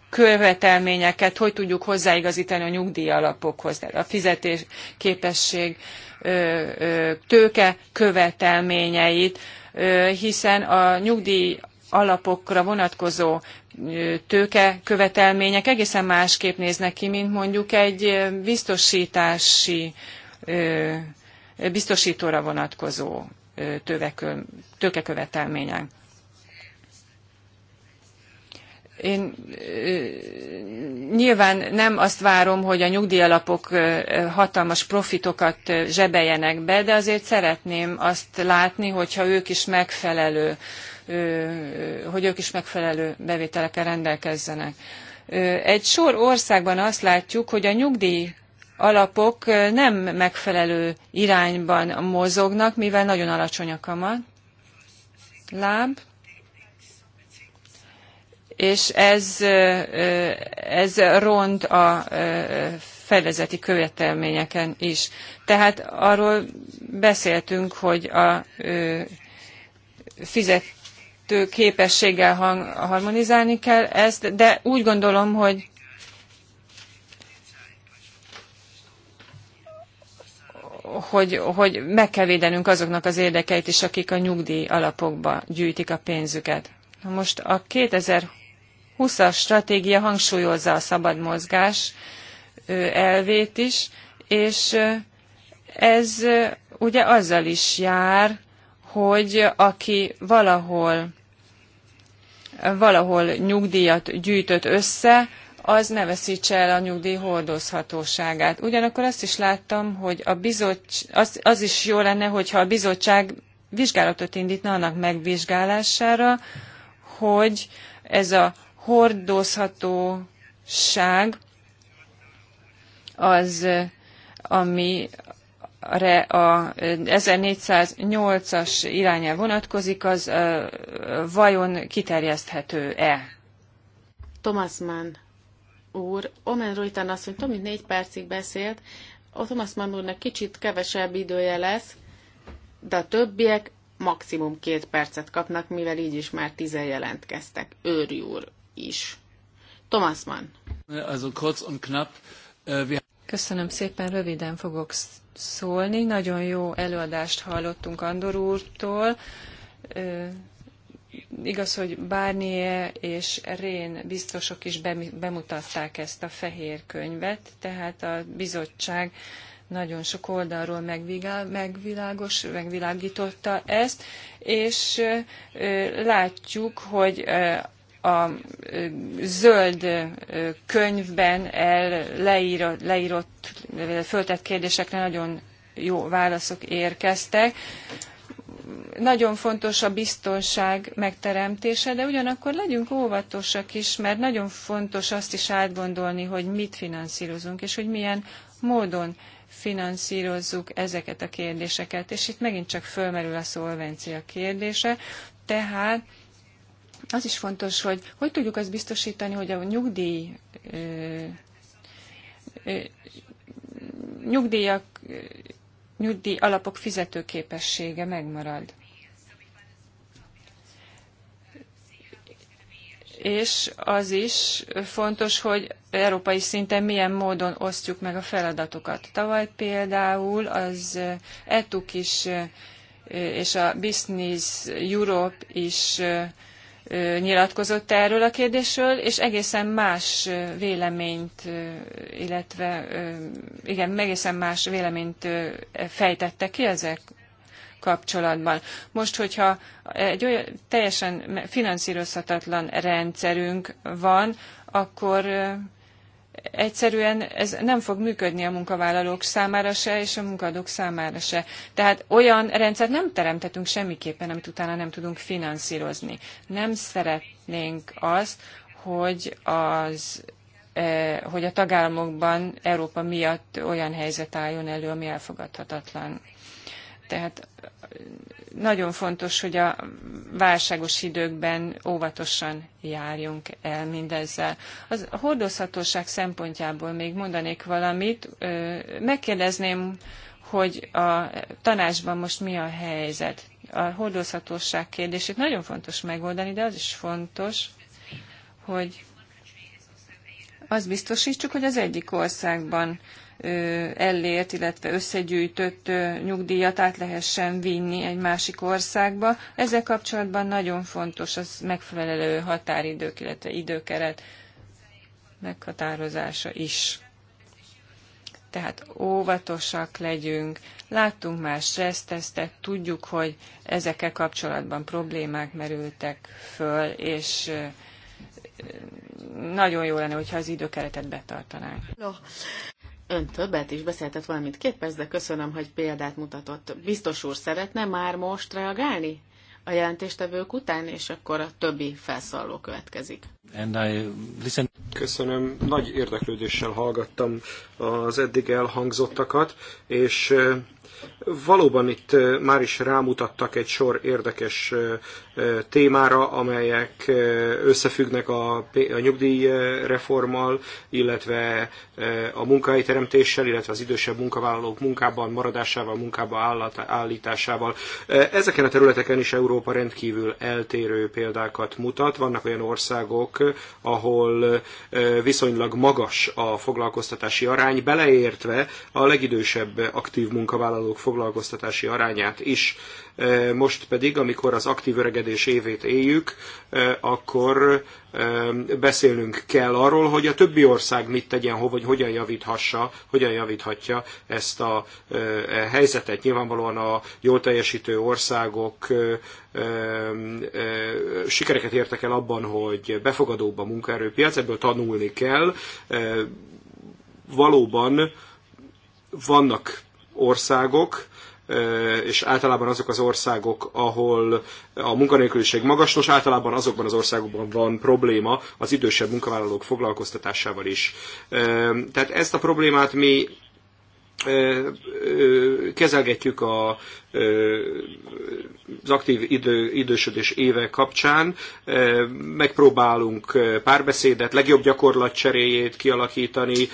S2: követelményeket hogy tudjuk hozzáigazítani a nyugdíjalapokhoz, tehát a fizetésképesség tőke követelményeit, hiszen a nyugdíj alapokra vonatkozó tőke követelmények egészen másképp néznek ki, mint mondjuk egy biztosítási biztosítóra vonatkozó tőkekövetelményen. Én nyilván nem azt várom, hogy a nyugdíjalapok hatalmas profitokat zsebeljenek be, de azért szeretném azt látni, hogyha ők is megfelelő, hogy ők is megfelelő bevételekkel rendelkezzenek. Egy sor országban azt látjuk, hogy a nyugdíj alapok nem megfelelő irányban mozognak, mivel nagyon alacsony a kamat, láb, és ez, ez ront a fedezeti követelményeken is. Tehát arról beszéltünk, hogy a fizető képességgel harmonizálni kell ezt, de úgy gondolom, hogy hogy, hogy meg kell védenünk azoknak az érdekeit is, akik a nyugdíj alapokba gyűjtik a pénzüket. Na most a 2020-as stratégia hangsúlyozza a szabad mozgás elvét is, és ez ugye azzal is jár, hogy aki valahol valahol nyugdíjat gyűjtött össze, az ne veszítse el a nyugdíj hordozhatóságát. Ugyanakkor azt is láttam, hogy a bizottság, az, az is jó lenne, hogyha a bizottság vizsgálatot indítna annak megvizsgálására, hogy ez a hordozhatóság az, ami a 1408-as irányel vonatkozik, az vajon kiterjeszthető-e?
S3: Thomas Mann úr, Omen Ruitán azt mondja, hogy négy percig beszélt, a Thomas Mann úrnak kicsit kevesebb idője lesz, de a többiek maximum két percet kapnak, mivel így is már tizen jelentkeztek. Őri
S2: úr is. Thomas Mann.
S6: Also kurz und knapp. Äh,
S2: Köszönöm szépen, röviden fogok szólni. Nagyon jó előadást hallottunk Andor úrtól Igaz, hogy Barnier és Rén biztosok is bemutatták ezt a fehér könyvet, tehát a bizottság nagyon sok oldalról megvigál, megvilágos, megvilágította ezt, és látjuk, hogy a zöld könyvben el leírott, leírott föltett kérdésekre nagyon jó válaszok érkeztek nagyon fontos a biztonság megteremtése, de ugyanakkor legyünk óvatosak is, mert nagyon fontos azt is átgondolni, hogy mit finanszírozunk, és hogy milyen módon finanszírozzuk ezeket a kérdéseket. És itt megint csak fölmerül a szolvencia kérdése, tehát az is fontos, hogy hogy tudjuk azt biztosítani, hogy a nyugdíj ö, ö, nyugdíjak nyugdíj alapok fizetőképessége megmarad. és az is fontos, hogy európai szinten milyen módon osztjuk meg a feladatokat. Tavaly például az ETUK is és a Business Europe is nyilatkozott erről a kérdésről, és egészen más véleményt, illetve igen, egészen más véleményt fejtette ki ezek kapcsolatban. Most, hogyha egy olyan teljesen finanszírozhatatlan rendszerünk van, akkor egyszerűen ez nem fog működni a munkavállalók számára se, és a munkadók számára se. Tehát olyan rendszert nem teremtetünk semmiképpen, amit utána nem tudunk finanszírozni. Nem szeretnénk azt, hogy az e, hogy a tagállamokban Európa miatt olyan helyzet álljon elő, ami elfogadhatatlan. Tehát nagyon fontos, hogy a válságos időkben óvatosan járjunk el mindezzel. Az a hordozhatóság szempontjából még mondanék valamit. Megkérdezném, hogy a tanácsban most mi a helyzet. A hordozhatóság kérdését nagyon fontos megoldani, de az is fontos, hogy azt biztosítsuk, hogy az egyik országban ellért, illetve összegyűjtött nyugdíjat át lehessen vinni egy másik országba. Ezzel kapcsolatban nagyon fontos az megfelelő határidők, illetve időkeret meghatározása is. Tehát óvatosak legyünk. Láttunk már stressztesztet, tudjuk, hogy ezekkel kapcsolatban problémák merültek föl, és nagyon jó lenne, hogyha az időkeretet betartanánk. No.
S3: Ön többet is beszéltet valamit. két perc, de köszönöm, hogy példát mutatott. Biztos úr szeretne már most reagálni a jelentéstevők után, és akkor a többi felszalló következik.
S5: Listen... Köszönöm, nagy érdeklődéssel hallgattam az eddig elhangzottakat, és eh, Valóban itt már is rámutattak egy sor érdekes témára, amelyek összefüggnek a, a nyugdíjreformmal, illetve a teremtéssel, illetve az idősebb munkavállalók munkában maradásával, munkába állításával. Ezeken a területeken is Európa rendkívül eltérő példákat mutat. Vannak olyan országok, ahol viszonylag magas a foglalkoztatási arány, beleértve a legidősebb aktív munkavállalók munkavállalók foglalkoztatási arányát is. E, most pedig, amikor az aktív öregedés évét éljük, e, akkor e, beszélnünk kell arról, hogy a többi ország mit tegyen, hogy hogyan javíthassa, hogyan javíthatja ezt a helyzetet. Nyilvánvalóan a jól teljesítő országok sikereket értek el abban, hogy befogadóbb a munkaerőpiac, ebből tanulni kell. Valóban vannak országok, e, és általában azok az országok, ahol a munkanélküliség magas, nos általában azokban az országokban van probléma az idősebb munkavállalók foglalkoztatásával is. E, tehát ezt a problémát mi kezelgetjük a, az aktív idő, idősödés éve kapcsán. Megpróbálunk párbeszédet, legjobb gyakorlat cseréjét kialakítani,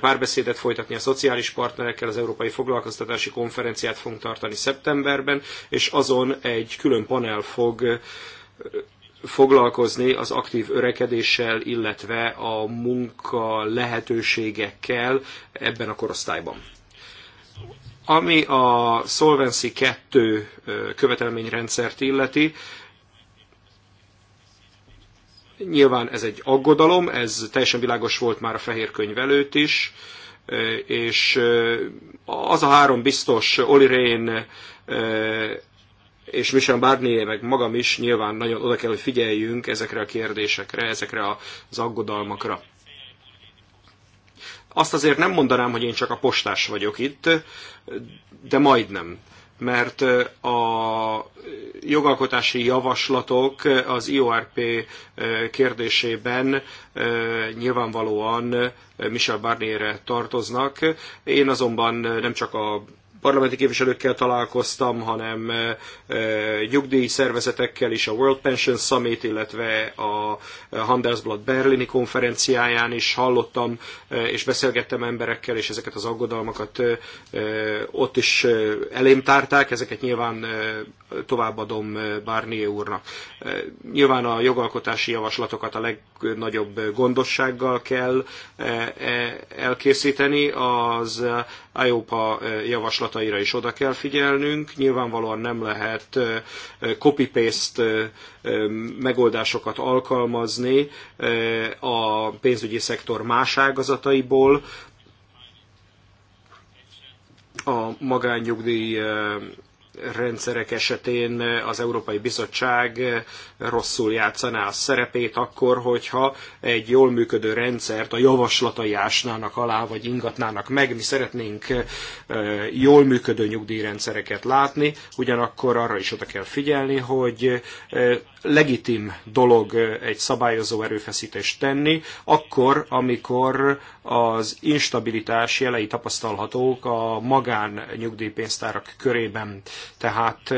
S5: párbeszédet folytatni a szociális partnerekkel, az Európai Foglalkoztatási Konferenciát fogunk tartani szeptemberben, és azon egy külön panel fog foglalkozni az aktív örekedéssel, illetve a munka lehetőségekkel ebben a korosztályban. Ami a Solvency 2 követelményrendszert illeti, nyilván ez egy aggodalom, ez teljesen világos volt már a fehér könyv előtt is, és az a három biztos, Oli Rain és Michel Barnier, meg magam is nyilván nagyon oda kell, hogy figyeljünk ezekre a kérdésekre, ezekre az aggodalmakra. Azt azért nem mondanám, hogy én csak a postás vagyok itt, de majdnem mert a jogalkotási javaslatok az IORP kérdésében nyilvánvalóan Michel Barnierre tartoznak. Én azonban nem csak a parlamenti képviselőkkel találkoztam, hanem nyugdíj szervezetekkel is, a World Pension Summit, illetve a Handelsblatt berlini konferenciáján is hallottam, és beszélgettem emberekkel, és ezeket az aggodalmakat ott is elém tárták, ezeket nyilván továbbadom Barnier úrnak. Nyilván a jogalkotási javaslatokat a legnagyobb gondossággal kell e, elkészíteni, az IOPA javaslat mozdulataira is oda kell figyelnünk. Nyilvánvalóan nem lehet copy-paste megoldásokat alkalmazni a pénzügyi szektor más ágazataiból, a magánnyugdíj rendszerek esetén az Európai Bizottság rosszul játszaná a szerepét akkor, hogyha egy jól működő rendszert a javaslatai ásnának alá, vagy ingatnának meg. Mi szeretnénk jól működő nyugdíjrendszereket látni, ugyanakkor arra is oda kell figyelni, hogy legitim dolog egy szabályozó erőfeszítést tenni, akkor, amikor az instabilitás jelei tapasztalhatók a magán nyugdíjpénztárak körében. Tehát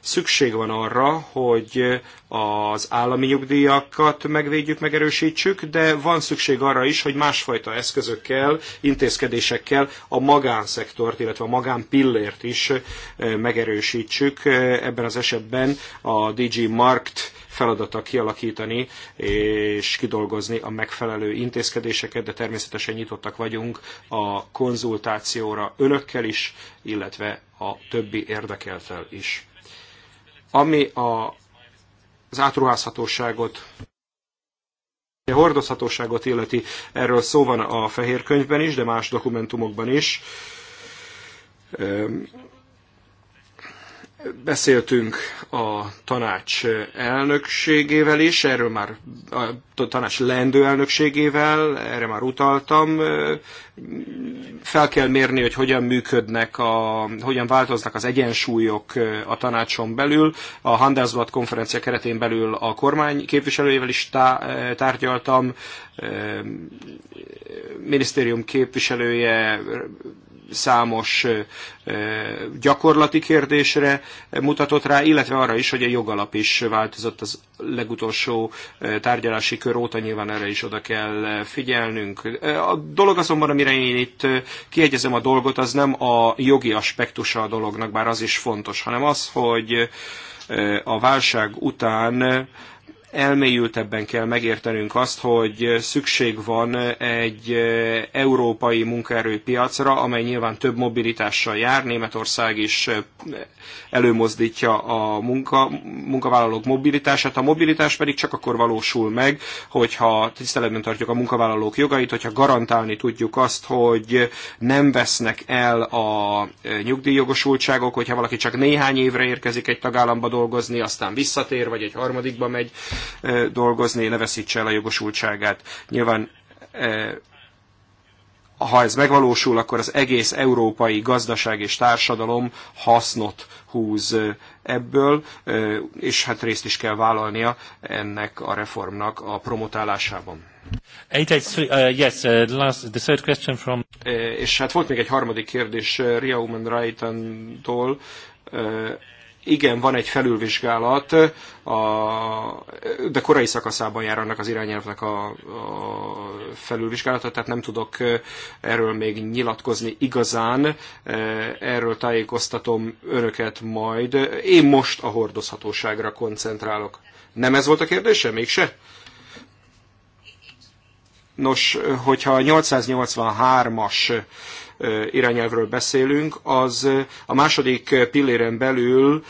S5: szükség van arra, hogy az állami nyugdíjakat megvédjük, megerősítsük, de van szükség arra is, hogy másfajta eszközökkel, intézkedésekkel a magánszektort, illetve a magánpillért is megerősítsük. Ebben az esetben a DG Markt feladata kialakítani és kidolgozni a megfelelő intézkedéseket, de természetesen nyitottak vagyunk a konzultációra önökkel is, illetve a többi érdekeltel is. Ami a, az átruházhatóságot a hordozhatóságot illeti, erről szó van a fehér könyvben is, de más dokumentumokban is. Beszéltünk a tanács elnökségével is, erről már a tanács lendő elnökségével, erre már utaltam. Fel kell mérni, hogy hogyan működnek, a, hogyan változnak az egyensúlyok a tanácson belül. A Handelsblatt konferencia keretén belül a kormány képviselőjével is tá, tárgyaltam, minisztérium képviselője számos gyakorlati kérdésre mutatott rá, illetve arra is, hogy a jogalap is változott az legutolsó tárgyalási kör óta, nyilván erre is oda kell figyelnünk. A dolog azonban, amire én itt kiegyezem a dolgot, az nem a jogi aspektusa a dolognak, bár az is fontos, hanem az, hogy a válság után elmélyültebben kell megértenünk azt, hogy szükség van egy európai munkaerőpiacra, amely nyilván több mobilitással jár. Németország is előmozdítja a munka, munkavállalók mobilitását. A mobilitás pedig csak akkor valósul meg, hogyha tiszteletben tartjuk a munkavállalók jogait, hogyha garantálni tudjuk azt, hogy nem vesznek el a nyugdíjjogosultságok, hogyha valaki csak néhány évre érkezik egy tagállamba dolgozni, aztán visszatér, vagy egy harmadikba megy, dolgozni, ne veszítse el a jogosultságát. Nyilván ha ez megvalósul, akkor az egész európai gazdaság és társadalom hasznot húz ebből, és hát részt is kell vállalnia ennek a reformnak a promotálásában.
S4: three, uh, yes, uh, last, the third question from...
S5: És hát volt még egy harmadik kérdés Ria Human Right-tól, igen, van egy felülvizsgálat, a, de korai szakaszában jár annak az irányelvnek a, a felülvizsgálata, tehát nem tudok erről még nyilatkozni igazán, erről tájékoztatom önöket majd. Én most a hordozhatóságra koncentrálok. Nem ez volt a kérdése? Mégse? Nos, hogyha 883-as irányelvről beszélünk, az a második pilléren belül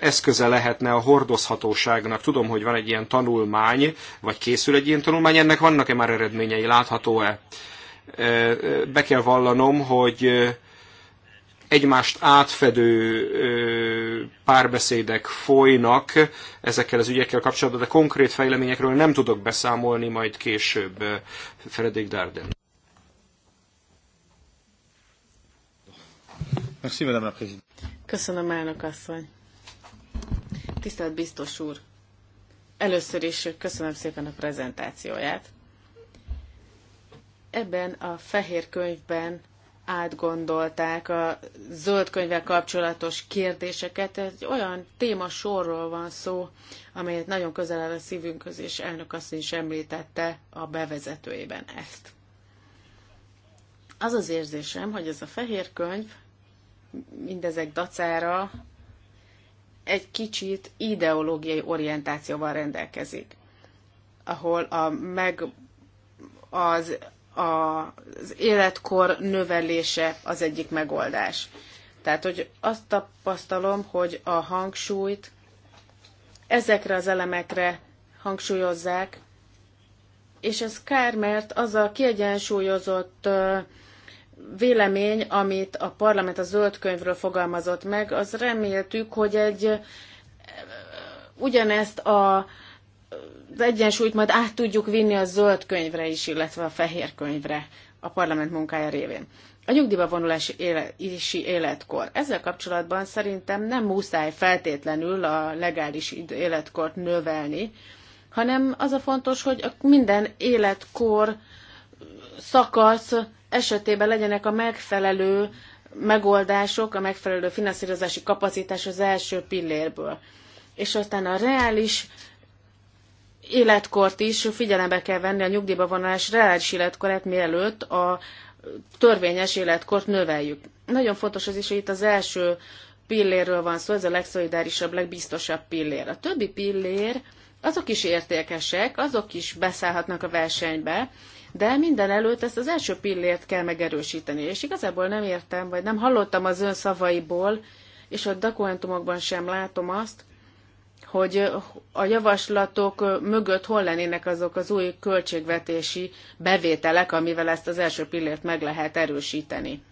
S5: eszköze lehetne a hordozhatóságnak. Tudom, hogy van egy ilyen tanulmány, vagy készül egy ilyen tanulmány, ennek vannak-e már eredményei, látható-e? Be kell vallanom, hogy egymást átfedő párbeszédek folynak ezekkel az ügyekkel kapcsolatban, de konkrét fejleményekről nem tudok beszámolni majd később Fredrik Darden.
S4: Merci, Madame la Présidente.
S3: Köszönöm, elnök asszony. Tisztelt biztos úr, először is köszönöm szépen a prezentációját. Ebben a fehér könyvben átgondolták a zöld könyvvel kapcsolatos kérdéseket. Egy olyan téma sorról van szó, amelyet nagyon közel áll a szívünkhöz, és elnök asszony is említette a bevezetőjében ezt. Az az érzésem, hogy ez a fehér könyv mindezek dacára egy kicsit ideológiai orientációval rendelkezik, ahol a meg az, a, az életkor növelése az egyik megoldás. Tehát, hogy azt tapasztalom, hogy a hangsúlyt ezekre az elemekre hangsúlyozzák, és ez kár, mert az a kiegyensúlyozott vélemény, amit a parlament a zöld könyvről fogalmazott meg, az reméltük, hogy egy ugyanezt a, az egyensúlyt majd át tudjuk vinni a zöld könyvre is, illetve a fehér könyvre a parlament munkája révén. A nyugdíjba vonulási életkor. Ezzel kapcsolatban szerintem nem muszáj feltétlenül a legális életkort növelni, hanem az a fontos, hogy minden életkor szakasz esetében legyenek a megfelelő megoldások, a megfelelő finanszírozási kapacitás az első pillérből. És aztán a reális életkort is figyelembe kell venni a nyugdíjba vonás reális életkorát, mielőtt a törvényes életkort növeljük. Nagyon fontos az is, hogy itt az első pillérről van szó, ez a legszolidárisabb, legbiztosabb pillér. A többi pillér azok is értékesek, azok is beszállhatnak a versenybe, de minden előtt ezt az első pillért kell megerősíteni. És igazából nem értem, vagy nem hallottam az ön szavaiból, és a dokumentumokban sem látom azt, hogy a javaslatok mögött hol lennének azok az új költségvetési bevételek, amivel ezt az első pillért meg lehet erősíteni.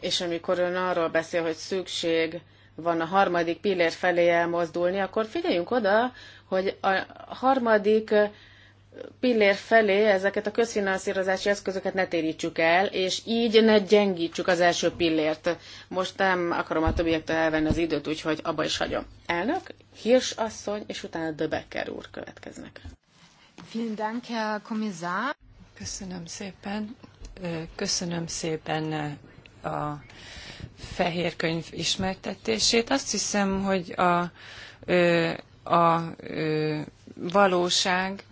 S3: És amikor ön arról beszél, hogy szükség van a harmadik pillér felé elmozdulni, akkor figyeljünk oda, hogy a harmadik pillér felé ezeket a közfinanszírozási eszközöket ne térítsük el, és így ne gyengítsük az első pillért. Most nem akarom a többiektől elvenni az időt, úgyhogy abba is hagyom. Elnök, Hirs asszony, és utána Döbecker úr következnek.
S2: Vielen Dank, Herr Kommissar. Köszönöm szépen. Köszönöm szépen a fehér könyv ismertetését. Azt hiszem, hogy a, a, a valóság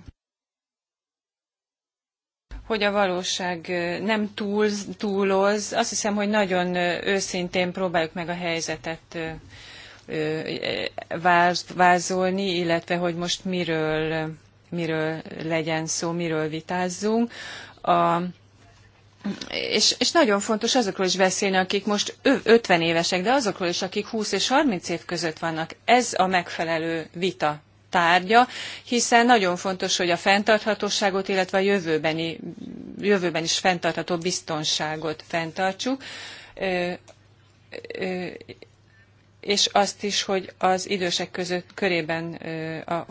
S2: hogy a valóság nem túl, túloz. Azt hiszem, hogy nagyon őszintén próbáljuk meg a helyzetet vázolni, illetve hogy most miről, miről legyen szó, miről vitázzunk. A, és, és nagyon fontos azokról is beszélni, akik most 50 évesek, de azokról is, akik 20 és 30 év között vannak. Ez a megfelelő vita tárgya, hiszen nagyon fontos, hogy a fenntarthatóságot, illetve a jövőbeni, jövőben is fenntartható biztonságot fenntartsuk és azt is, hogy az idősek között körében a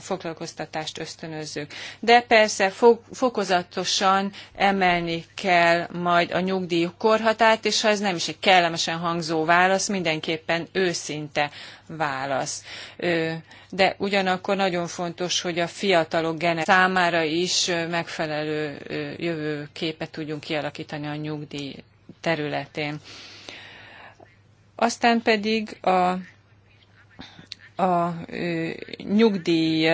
S2: foglalkoztatást ösztönözzük. De persze fokozatosan emelni kell majd a nyugdíj korhatárt, és ha ez nem is egy kellemesen hangzó válasz, mindenképpen őszinte válasz. De ugyanakkor nagyon fontos, hogy a fiatalok gener számára is megfelelő jövőképet tudjunk kialakítani a nyugdíj területén aztán pedig a a nyugdíj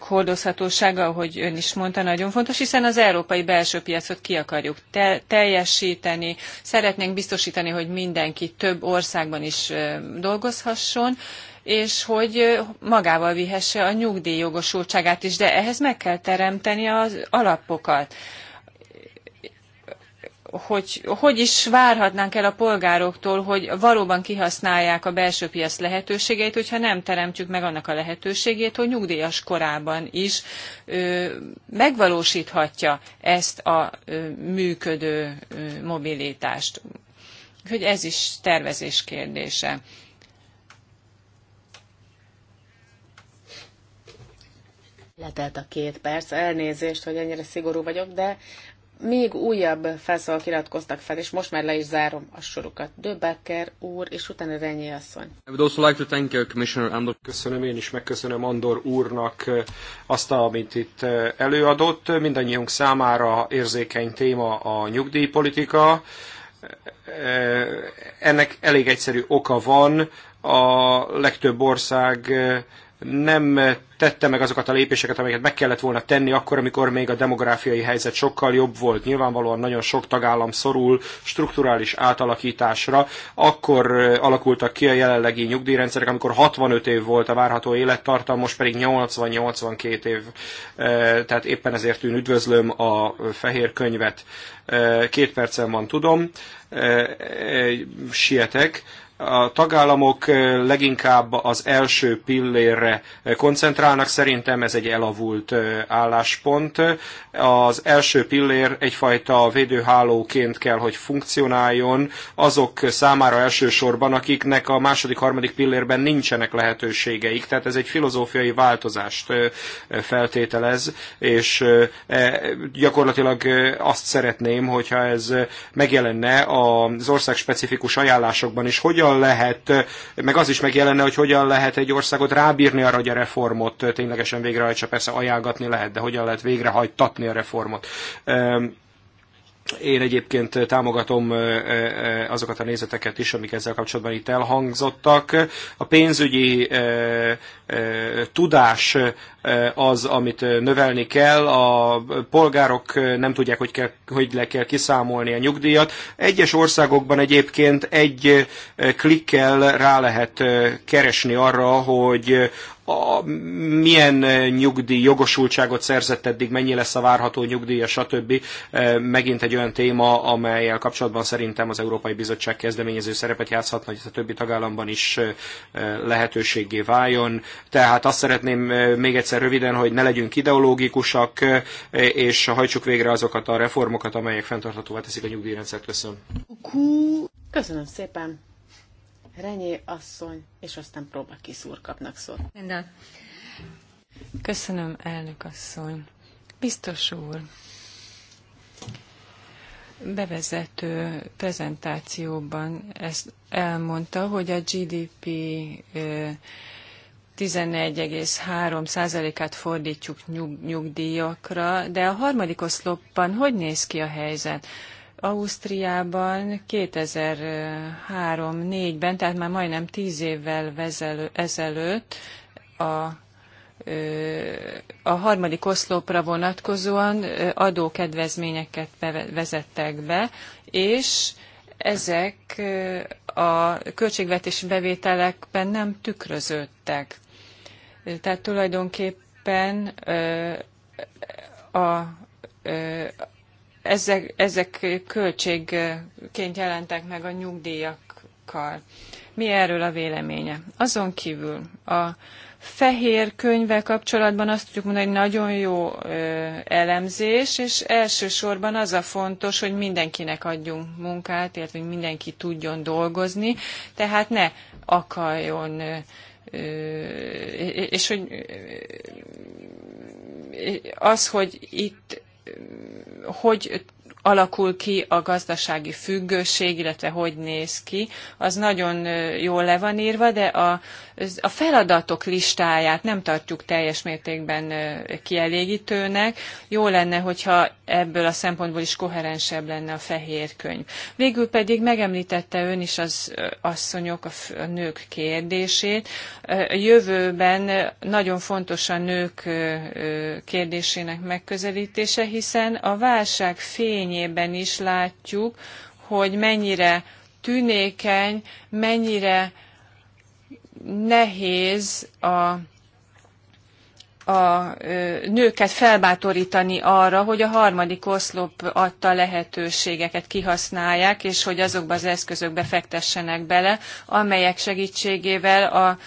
S2: hordozhatósága, ahogy ön is mondta, nagyon fontos, hiszen az európai belső piacot ki akarjuk te- teljesíteni, szeretnénk biztosítani, hogy mindenki több országban is dolgozhasson, és hogy magával vihesse a nyugdíjjogosultságát is, de ehhez meg kell teremteni az alapokat hogy hogy is várhatnánk el a polgároktól, hogy valóban kihasználják a belső piac lehetőségeit, hogyha nem teremtjük meg annak a lehetőségét, hogy nyugdíjas korában is ö, megvalósíthatja ezt a ö, működő ö, mobilitást. Hogy ez is tervezés kérdése.
S3: Letelt a két perc, elnézést, hogy ennyire szigorú vagyok, de még újabb felszólalók iratkoztak fel, és most már le is zárom a sorukat. Döbbekker úr, és utána Renyi
S5: asszony. Uh, Köszönöm, én is megköszönöm Andor úrnak uh, azt, amit itt uh, előadott. Mindannyiunk számára érzékeny téma a nyugdíjpolitika. Ennek elég egyszerű oka van, a legtöbb ország nem tette meg azokat a lépéseket, amelyeket meg kellett volna tenni akkor, amikor még a demográfiai helyzet sokkal jobb volt. Nyilvánvalóan nagyon sok tagállam szorul strukturális átalakításra. Akkor alakultak ki a jelenlegi nyugdíjrendszerek, amikor 65 év volt a várható élettartam, most pedig 80-82 év. Tehát éppen ezért én üdvözlöm a fehér könyvet. Két percen van, tudom. Sietek a tagállamok eh, leginkább az első pillérre eh, koncentrálnak, szerintem ez egy elavult eh, álláspont. Az első pillér egyfajta védőhálóként kell, hogy funkcionáljon azok számára elsősorban, akiknek a második, harmadik pillérben nincsenek lehetőségeik. Tehát ez egy filozófiai változást feltételez, és gyakorlatilag azt szeretném, hogyha ez megjelenne az specifikus ajánlásokban is, hogyan hogyan lehet, meg az is megjelenne, hogy hogyan lehet egy országot rábírni arra, hogy a reformot ténylegesen végrehajtsa, persze ajánlgatni lehet, de hogyan lehet végrehajtatni a reformot. Én egyébként támogatom azokat a nézeteket is, amik ezzel kapcsolatban itt elhangzottak. A pénzügyi tudás Eh, az, amit eh, növelni kell. A polgárok eh, nem tudják, hogy, kell, hogy le kell kiszámolni a nyugdíjat. Egyes országokban egyébként egy klikkel rá lehet keresni arra, hogy a, milyen nyugdíj jogosultságot szerzett eddig, mennyi lesz a várható nyugdíja, stb. Megint egy olyan téma, amelyel kapcsolatban szerintem az Európai Bizottság kezdeményező szerepet játszhatna, hogy ez a többi tagállamban is lehetőségé váljon. Tehát azt szeretném még egyszer egészen röviden, hogy ne legyünk ideológikusak, eh, és hajtsuk végre azokat a reformokat, amelyek fenntarthatóvá teszik a nyugdíjrendszert. Köszönöm.
S3: Köszönöm szépen. Renyé asszony, és aztán próba kiszúr kapnak szót.
S2: Minden. Köszönöm, elnök asszony. Biztos úr, bevezető prezentációban ezt elmondta, hogy a GDP eh, 11,3%-át fordítjuk nyug, nyugdíjakra, de a harmadik oszlopban hogy néz ki a helyzet? Ausztriában 2003-4-ben, tehát már majdnem 10 évvel vezelő, ezelőtt a a harmadik oszlopra vonatkozóan adókedvezményeket vezettek be, és ezek a költségvetési bevételekben nem tükröződtek. Tehát tulajdonképpen a, ezek, ezek költségként jelentek meg a nyugdíjakkal. Mi erről a véleménye? Azon kívül a fehér könyvvel kapcsolatban azt tudjuk mondani, hogy nagyon jó elemzés, és elsősorban az a fontos, hogy mindenkinek adjunk munkát, illetve hogy mindenki tudjon dolgozni, tehát ne akarjon és hogy az, hogy itt hogy alakul ki a gazdasági függőség, illetve hogy néz ki, az nagyon jól le van írva, de a, a feladatok listáját nem tartjuk teljes mértékben kielégítőnek. Jó lenne, hogyha ebből a szempontból is koherensebb lenne a fehér könyv. Végül pedig megemlítette ön is az asszonyok, a nők kérdését. A jövőben nagyon fontos a nők kérdésének megközelítése, hiszen a válság fény fényében is látjuk, hogy mennyire tünékeny, mennyire nehéz a a nőket felbátorítani arra, hogy a harmadik oszlop adta lehetőségeket kihasználják, és hogy azokba az eszközökbe fektessenek bele, amelyek segítségével a,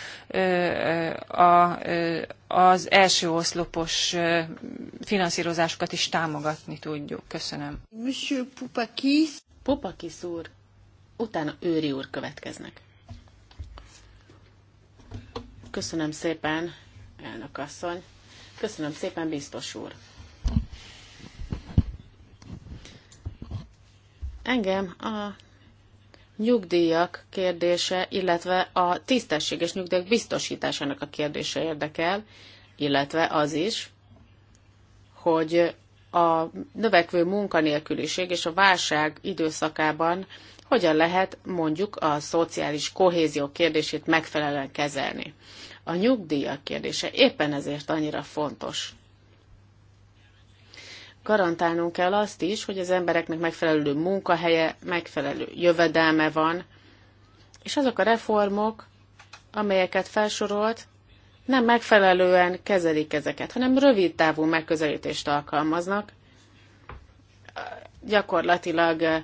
S2: a, a, az első oszlopos finanszírozásokat is támogatni tudjuk. Köszönöm.
S1: Monsieur Pupakis.
S3: Pupakis úr. Utána Őri úr következnek. Köszönöm szépen, elnök asszony. Köszönöm szépen, biztos úr. Engem a nyugdíjak kérdése, illetve a tisztességes nyugdíjak biztosításának a kérdése érdekel, illetve az is, hogy a növekvő munkanélküliség és a válság időszakában hogyan lehet mondjuk a szociális kohézió kérdését megfelelően kezelni. A nyugdíjak kérdése éppen ezért annyira fontos garantálnunk kell azt is, hogy az embereknek megfelelő munkahelye, megfelelő jövedelme van, és azok a reformok, amelyeket felsorolt, nem megfelelően kezelik ezeket, hanem rövid távú megközelítést alkalmaznak, gyakorlatilag eh,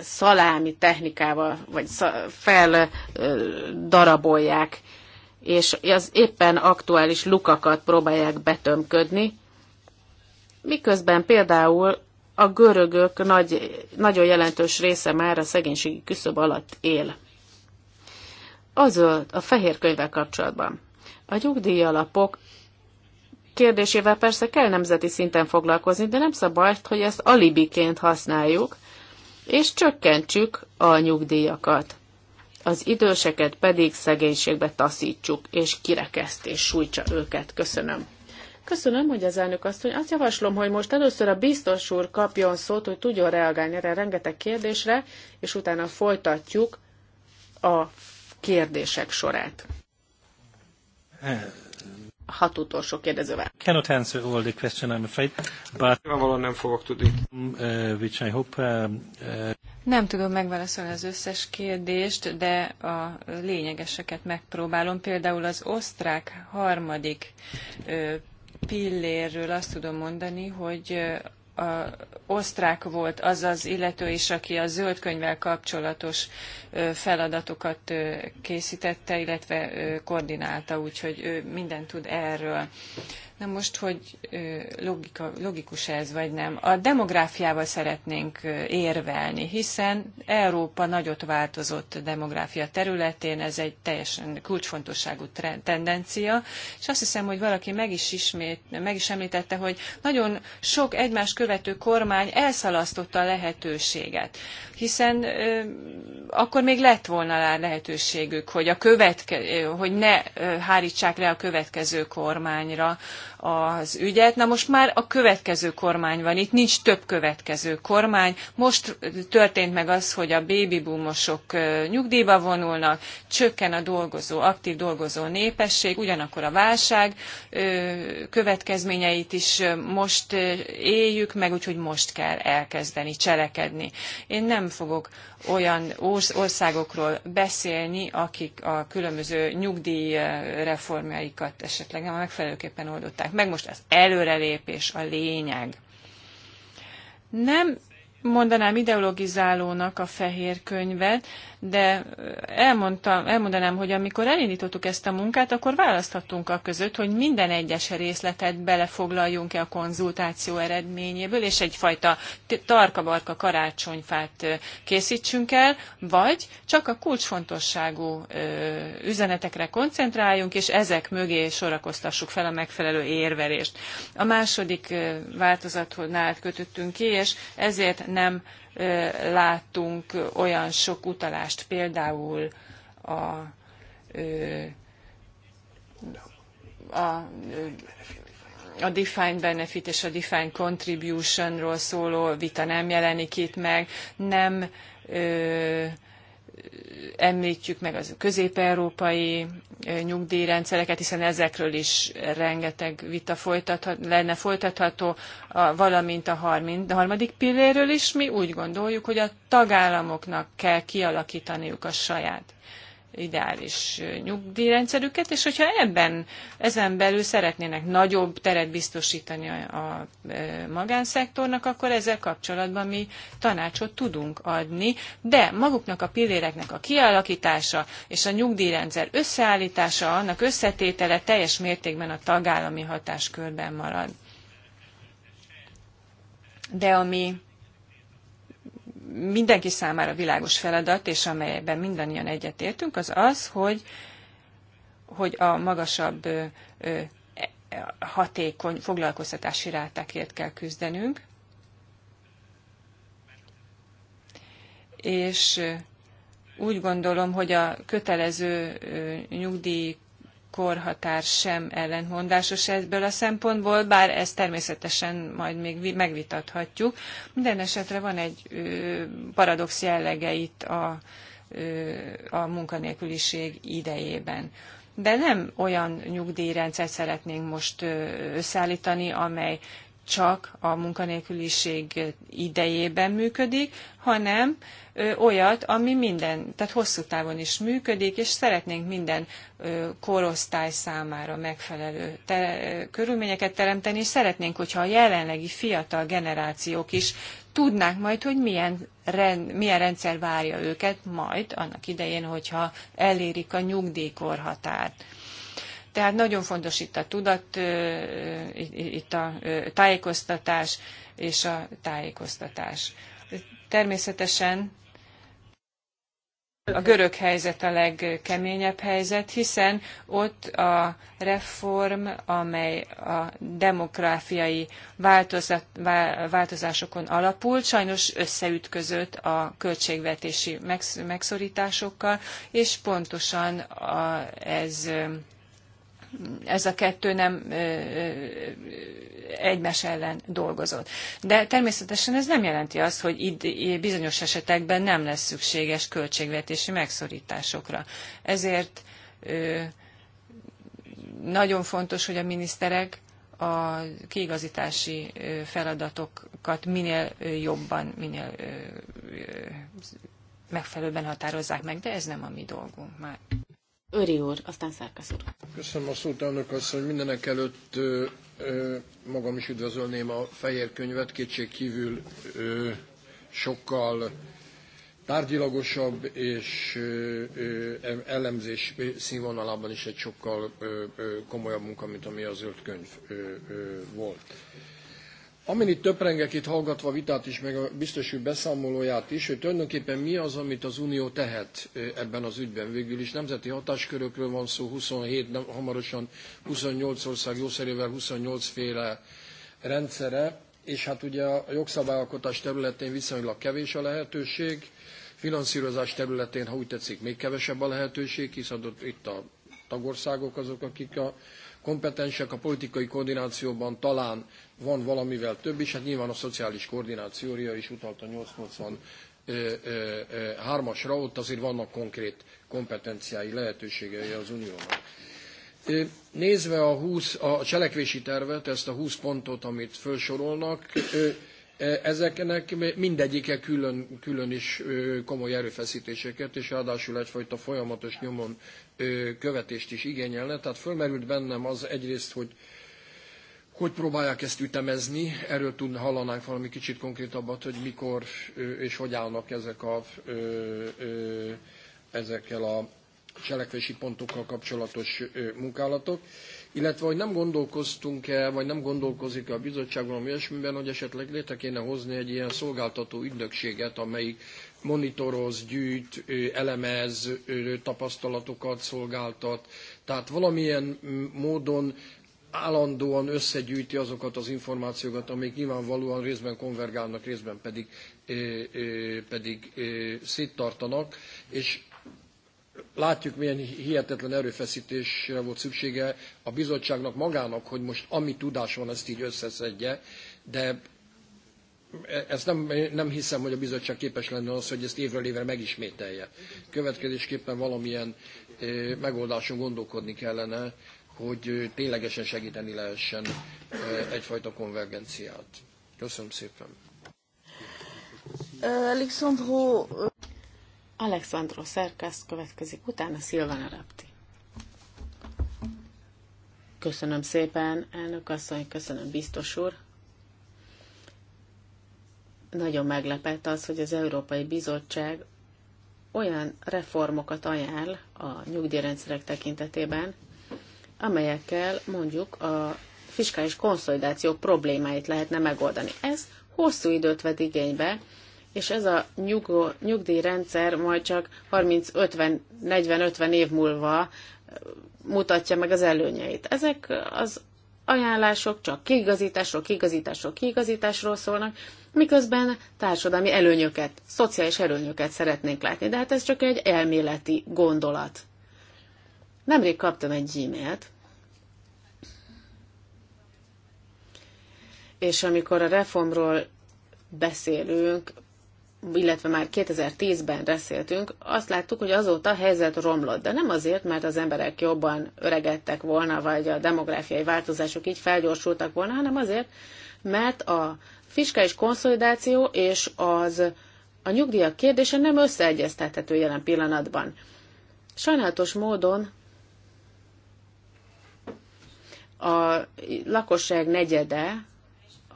S3: szalámi technikával, vagy feldarabolják, eh, és az éppen aktuális lukakat próbálják betömködni, Miközben például a görögök nagy, nagyon jelentős része már a szegénységi küszöb alatt él. Az a fehér könyvvel kapcsolatban. A nyugdíjalapok kérdésével persze kell nemzeti szinten foglalkozni, de nem szabad, hogy ezt alibiként használjuk, és csökkentsük a nyugdíjakat. Az időseket pedig szegénységbe taszítsuk, és kirekesztés sújtsa őket. Köszönöm. Köszönöm, hogy az elnök asszony. Azt javaslom, hogy most először a biztos úr kapjon szót, hogy tudjon reagálni erre rengeteg kérdésre, és utána folytatjuk a kérdések sorát. Hat utolsó kérdezővel.
S4: Cannot answer all the question, I'm afraid, but... nem fogok tudni. Um, uh, which I hope, uh,
S1: uh...
S2: Nem tudom megválaszolni az összes kérdést, de a lényegeseket megpróbálom. Például az osztrák harmadik pillérről azt tudom mondani, hogy a, osztrák volt az az illető is, aki a zöld könyvvel kapcsolatos feladatokat készítette, illetve koordinálta, úgyhogy ő mindent tud erről. Na most, hogy logika, logikus ez vagy nem. A demográfiával szeretnénk érvelni, hiszen Európa nagyot változott demográfia területén, ez egy teljesen kulcsfontosságú trend, tendencia, és azt hiszem, hogy valaki meg is, ismét, meg is említette, hogy nagyon sok egymás követő kormány elszalasztotta a lehetőséget, hiszen ö, akkor még lett volna rá lehetőségük, hogy, a követke, hogy ne hárítsák le a következő kormányra, az ügyet. Na most már a következő kormány van, itt nincs több következő kormány. Most történt meg az, hogy a baby boomosok nyugdíjba vonulnak, csökken a dolgozó, aktív dolgozó népesség, ugyanakkor a válság következményeit is most éljük meg, úgyhogy most kell elkezdeni cselekedni. Én nem fogok olyan országokról beszélni, akik a különböző nyugdíj esetleg nem megfelelőképpen oldották meg. Most az előrelépés a lényeg. Nem mondanám ideologizálónak a fehér könyvet, de elmondtam, elmondanám, hogy amikor elindítottuk ezt a munkát, akkor választhattunk a között, hogy minden egyes részletet belefoglaljunk-e a konzultáció eredményéből, és egyfajta tarkabarka karácsonyfát készítsünk el, vagy csak a kulcsfontosságú üzenetekre koncentráljunk, és ezek mögé sorakoztassuk fel a megfelelő érverést. A második változathoz kötöttünk ki, és ezért nem láttunk olyan sok utalást például a, a a defined benefit és a defined contributionról szóló vita nem jelenik itt meg, nem ö, említjük meg az közép-európai nyugdíjrendszereket, hiszen ezekről is rengeteg vita folytathat, lenne folytatható, a, valamint a harmadik pilléről is. Mi úgy gondoljuk, hogy a tagállamoknak kell kialakítaniuk a saját ideális nyugdíjrendszerüket, és hogyha ebben, ezen belül szeretnének nagyobb teret biztosítani a, e, magánszektornak, akkor ezzel kapcsolatban mi tanácsot tudunk adni, de maguknak a pilléreknek a kialakítása és a nyugdíjrendszer összeállítása, annak összetétele teljes mértékben a tagállami hatáskörben marad. De ami mindenki számára világos feladat, és amelyben mindannyian egyetértünk, az az, hogy, hogy a magasabb e, hatékony foglalkoztatási rátákért kell küzdenünk. És úgy gondolom, hogy a kötelező nyugdíj korhatár sem ellentmondásos ebből a szempontból, bár ezt természetesen majd még megvitathatjuk. Minden esetre van egy paradox jellege itt a, a munkanélküliség idejében. De nem olyan nyugdíjrendszert szeretnénk most összeállítani, amely csak a munkanélküliség idejében működik, hanem olyat, ami minden, tehát hosszú távon is működik, és szeretnénk minden korosztály számára megfelelő te- körülményeket teremteni, és szeretnénk, hogyha a jelenlegi fiatal generációk is tudnák majd, hogy milyen, rend, milyen rendszer várja őket majd annak idején, hogyha elérik a nyugdíjkorhatárt. Tehát nagyon fontos itt a tudat, itt a tájékoztatás és a tájékoztatás. Természetesen a görög helyzet a legkeményebb helyzet, hiszen ott a reform, amely a demográfiai változásokon alapul, sajnos összeütközött a költségvetési megszorításokkal, és pontosan ez ez a kettő nem egymás ellen dolgozott. De természetesen ez nem jelenti azt, hogy itt bizonyos esetekben nem lesz szükséges költségvetési megszorításokra. Ezért nagyon fontos, hogy a miniszterek a kiigazítási feladatokat minél jobban, minél megfelelőben határozzák meg, de ez nem a mi dolgunk már. Öri úr, aztán Szerkesz úr.
S1: Köszönöm a szót, elnök asszony. Mindenek előtt ö, ö, magam is üdvözölném a fehér könyvet. Kétség kívül ö, sokkal tárgyilagosabb és elemzés színvonalában is egy sokkal komolyabb munka, mint ami a zöld könyv volt. Amennyit töprengek itt hallgatva a vitát is, meg a biztos úr beszámolóját is, hogy tulajdonképpen mi az, amit az Unió tehet ebben az ügyben végül is. Nemzeti hatáskörökről van szó, 27, nem, hamarosan 28 ország, jószerével 28 féle rendszere, és hát ugye a jogszabályalkotás területén viszonylag kevés a lehetőség, finanszírozás területén, ha úgy tetszik, még kevesebb a lehetőség, hisz adott itt a tagországok azok, akik a kompetensek a politikai koordinációban talán van valamivel több is, hát nyilván a szociális koordinációja is utalt a 883-asra, ott azért vannak konkrét kompetenciái, lehetőségei az uniónak. Nézve a, 20, a cselekvési tervet, ezt a 20 pontot, amit felsorolnak, ezeknek mindegyike külön, külön is komoly erőfeszítéseket, és ráadásul egyfajta folyamatos nyomon követést is igényelne. Tehát fölmerült bennem az egyrészt, hogy hogy próbálják ezt ütemezni, erről tudna hallanánk valami kicsit konkrétabbat, hogy mikor és hogy állnak ezek a, ezekkel a cselekvési pontokkal kapcsolatos munkálatok, illetve hogy nem gondolkoztunk-e, vagy nem gondolkozik -e a bizottság valami olyasmiben, hogy esetleg létre kéne hozni egy ilyen szolgáltató ügynökséget, amelyik monitoroz, gyűjt, elemez, tapasztalatokat szolgáltat, tehát valamilyen módon állandóan összegyűjti azokat az információkat, amik nyilvánvalóan részben konvergálnak, részben pedig, pedig széttartanak, és látjuk, milyen hihetetlen erőfeszítésre volt szüksége a bizottságnak magának, hogy most ami tudás van, ezt így összeszedje, de e, ezt nem, nem hiszem, hogy a bizottság képes lenne az, hogy ezt évről évre megismételje. Következésképpen valamilyen megoldáson gondolkodni kellene, hogy ténylegesen segíteni lehessen egyfajta konvergenciát. Köszönöm szépen.
S3: Alexandro... Alexandro Szerkász következik, utána Szilvana Rapti. Köszönöm szépen, elnök asszony, köszönöm biztos úr. Nagyon meglepett az, hogy az Európai Bizottság olyan reformokat ajánl a nyugdíjrendszerek tekintetében, amelyekkel mondjuk a fiskális konszolidáció problémáit lehetne megoldani. Ez hosszú időt vett igénybe, és ez a nyugó, nyugdíjrendszer majd csak 30-50-40-50 év múlva mutatja meg az előnyeit. Ezek az ajánlások csak kiigazításról, kiigazításról, kiigazításról szólnak, miközben társadalmi előnyöket, szociális előnyöket szeretnénk látni. De hát ez csak egy elméleti gondolat. Nemrég kaptam egy e-mailt, és amikor a reformról beszélünk, illetve már 2010-ben beszéltünk, azt láttuk, hogy azóta a helyzet romlott, de nem azért, mert az emberek jobban öregedtek volna, vagy a demográfiai változások így felgyorsultak volna, hanem azért, mert a fiskális konszolidáció és az a nyugdíjak kérdése nem összeegyeztethető jelen pillanatban. Sajnálatos módon a lakosság negyede,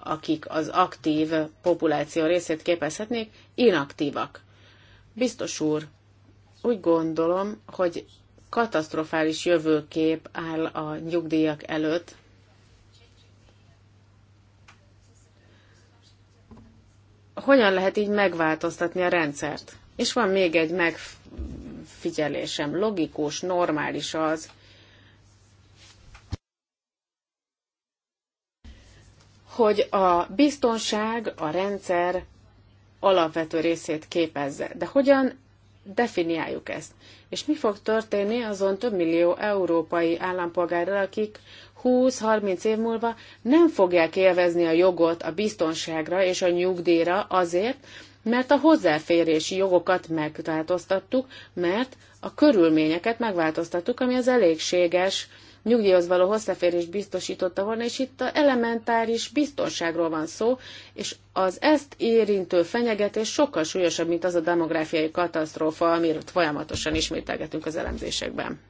S3: akik az aktív populáció részét képezhetnék, inaktívak. Biztos úr, úgy gondolom, hogy katasztrofális jövőkép áll a nyugdíjak előtt, hogyan lehet így megváltoztatni a rendszert? És van még egy megfigyelésem. Logikus, normális az, hogy a biztonság a rendszer alapvető részét képezze. De hogyan definiáljuk ezt? És mi fog történni azon több millió európai állampolgárral, akik 20-30 év múlva nem fogják élvezni a jogot a biztonságra és a nyugdíjra azért, mert a hozzáférési jogokat megváltoztattuk, mert a körülményeket megváltoztattuk, ami az elégséges nyugdíjhoz való hozzáférést biztosította volna, és itt a elementáris biztonságról van szó, és az ezt érintő fenyegetés sokkal súlyosabb, mint az a demográfiai katasztrófa, amiről folyamatosan ismételgetünk az elemzésekben.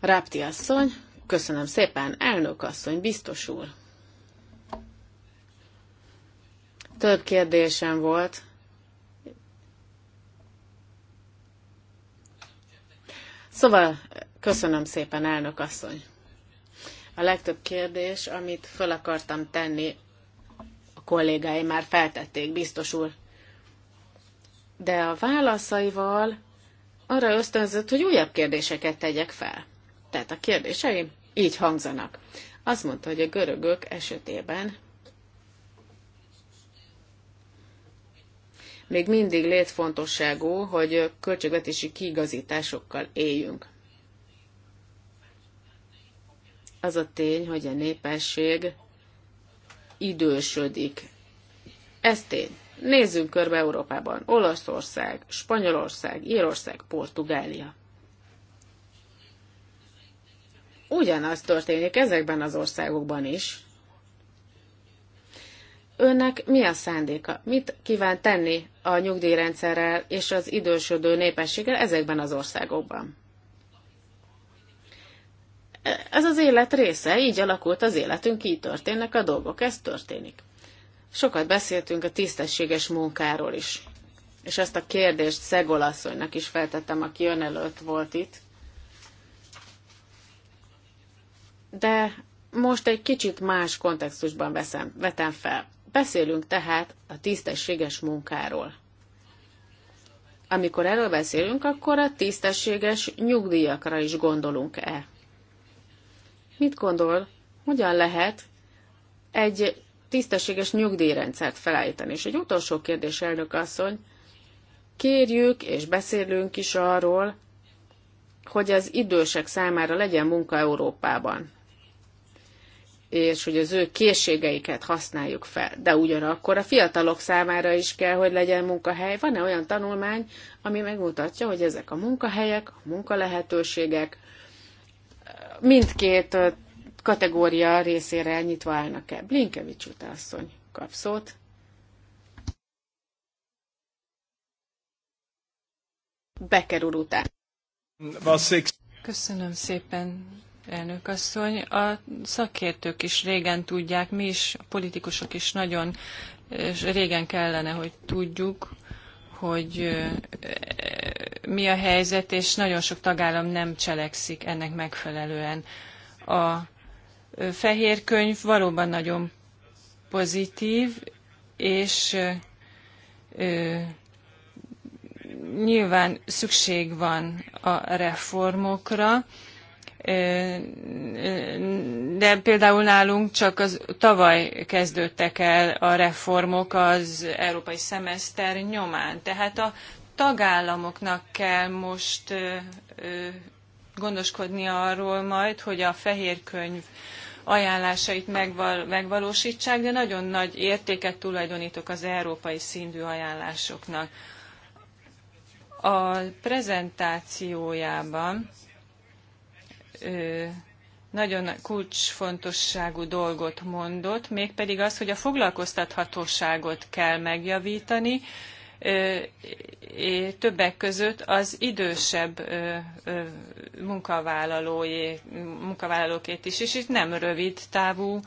S3: Rápti asszony, köszönöm szépen, elnök asszony, biztos úr. Több kérdésem volt, Szóval Köszönöm szépen, elnök asszony. A legtöbb kérdés, amit föl akartam tenni, a kollégáim már feltették, biztos úr. De a válaszaival arra ösztönzött, hogy újabb kérdéseket tegyek fel. Tehát a kérdéseim így hangzanak. Azt mondta, hogy a görögök esetében még mindig létfontosságú, hogy költségvetési kiigazításokkal éljünk. az a tény, hogy a népesség idősödik. Ez tény. Nézzünk körbe Európában. Olaszország, Spanyolország, Írország, Portugália. Ugyanaz történik ezekben az országokban is. Önnek mi a szándéka? Mit kíván tenni a nyugdíjrendszerrel és az idősödő népességgel ezekben az országokban? Ez az élet része, így alakult az életünk, így történnek a dolgok, ez történik. Sokat beszéltünk a tisztességes munkáról is. És ezt a kérdést Szegolasszonynak is feltettem, aki ön előtt volt itt. De most egy kicsit más kontextusban veszem, vetem fel. Beszélünk tehát a tisztességes munkáról. Amikor erről beszélünk, akkor a tisztességes nyugdíjakra is gondolunk-e? Mit gondol, hogyan lehet egy tisztességes nyugdíjrendszert felállítani? És egy utolsó kérdés, elnök asszony, kérjük és beszélünk is arról, hogy az idősek számára legyen munka Európában, és hogy az ő készségeiket használjuk fel. De ugyanakkor a fiatalok számára is kell, hogy legyen munkahely. Van-e olyan tanulmány, ami megmutatja, hogy ezek a munkahelyek, a munkalehetőségek mindkét kategória részére nyitva állnak-e. Blinkevics utászony kap szót.
S2: Becker úr után. Köszönöm szépen, elnök asszony. A szakértők is régen tudják, mi is, a politikusok is nagyon régen kellene, hogy tudjuk, hogy mi a helyzet, és nagyon sok tagállam nem cselekszik ennek megfelelően. A fehér könyv valóban nagyon pozitív, és nyilván szükség van a reformokra, de például nálunk csak az tavaly kezdődtek el a reformok az európai szemeszter nyomán. Tehát a tagállamoknak kell most gondoskodni arról majd, hogy a fehér könyv ajánlásait megval, megvalósítsák, de nagyon nagy értéket tulajdonítok az európai szintű ajánlásoknak. A prezentációjában nagyon kulcsfontosságú dolgot mondott, mégpedig az, hogy a foglalkoztathatóságot kell megjavítani, többek között az idősebb munkavállalói, munkavállalókét is, és itt nem rövid távú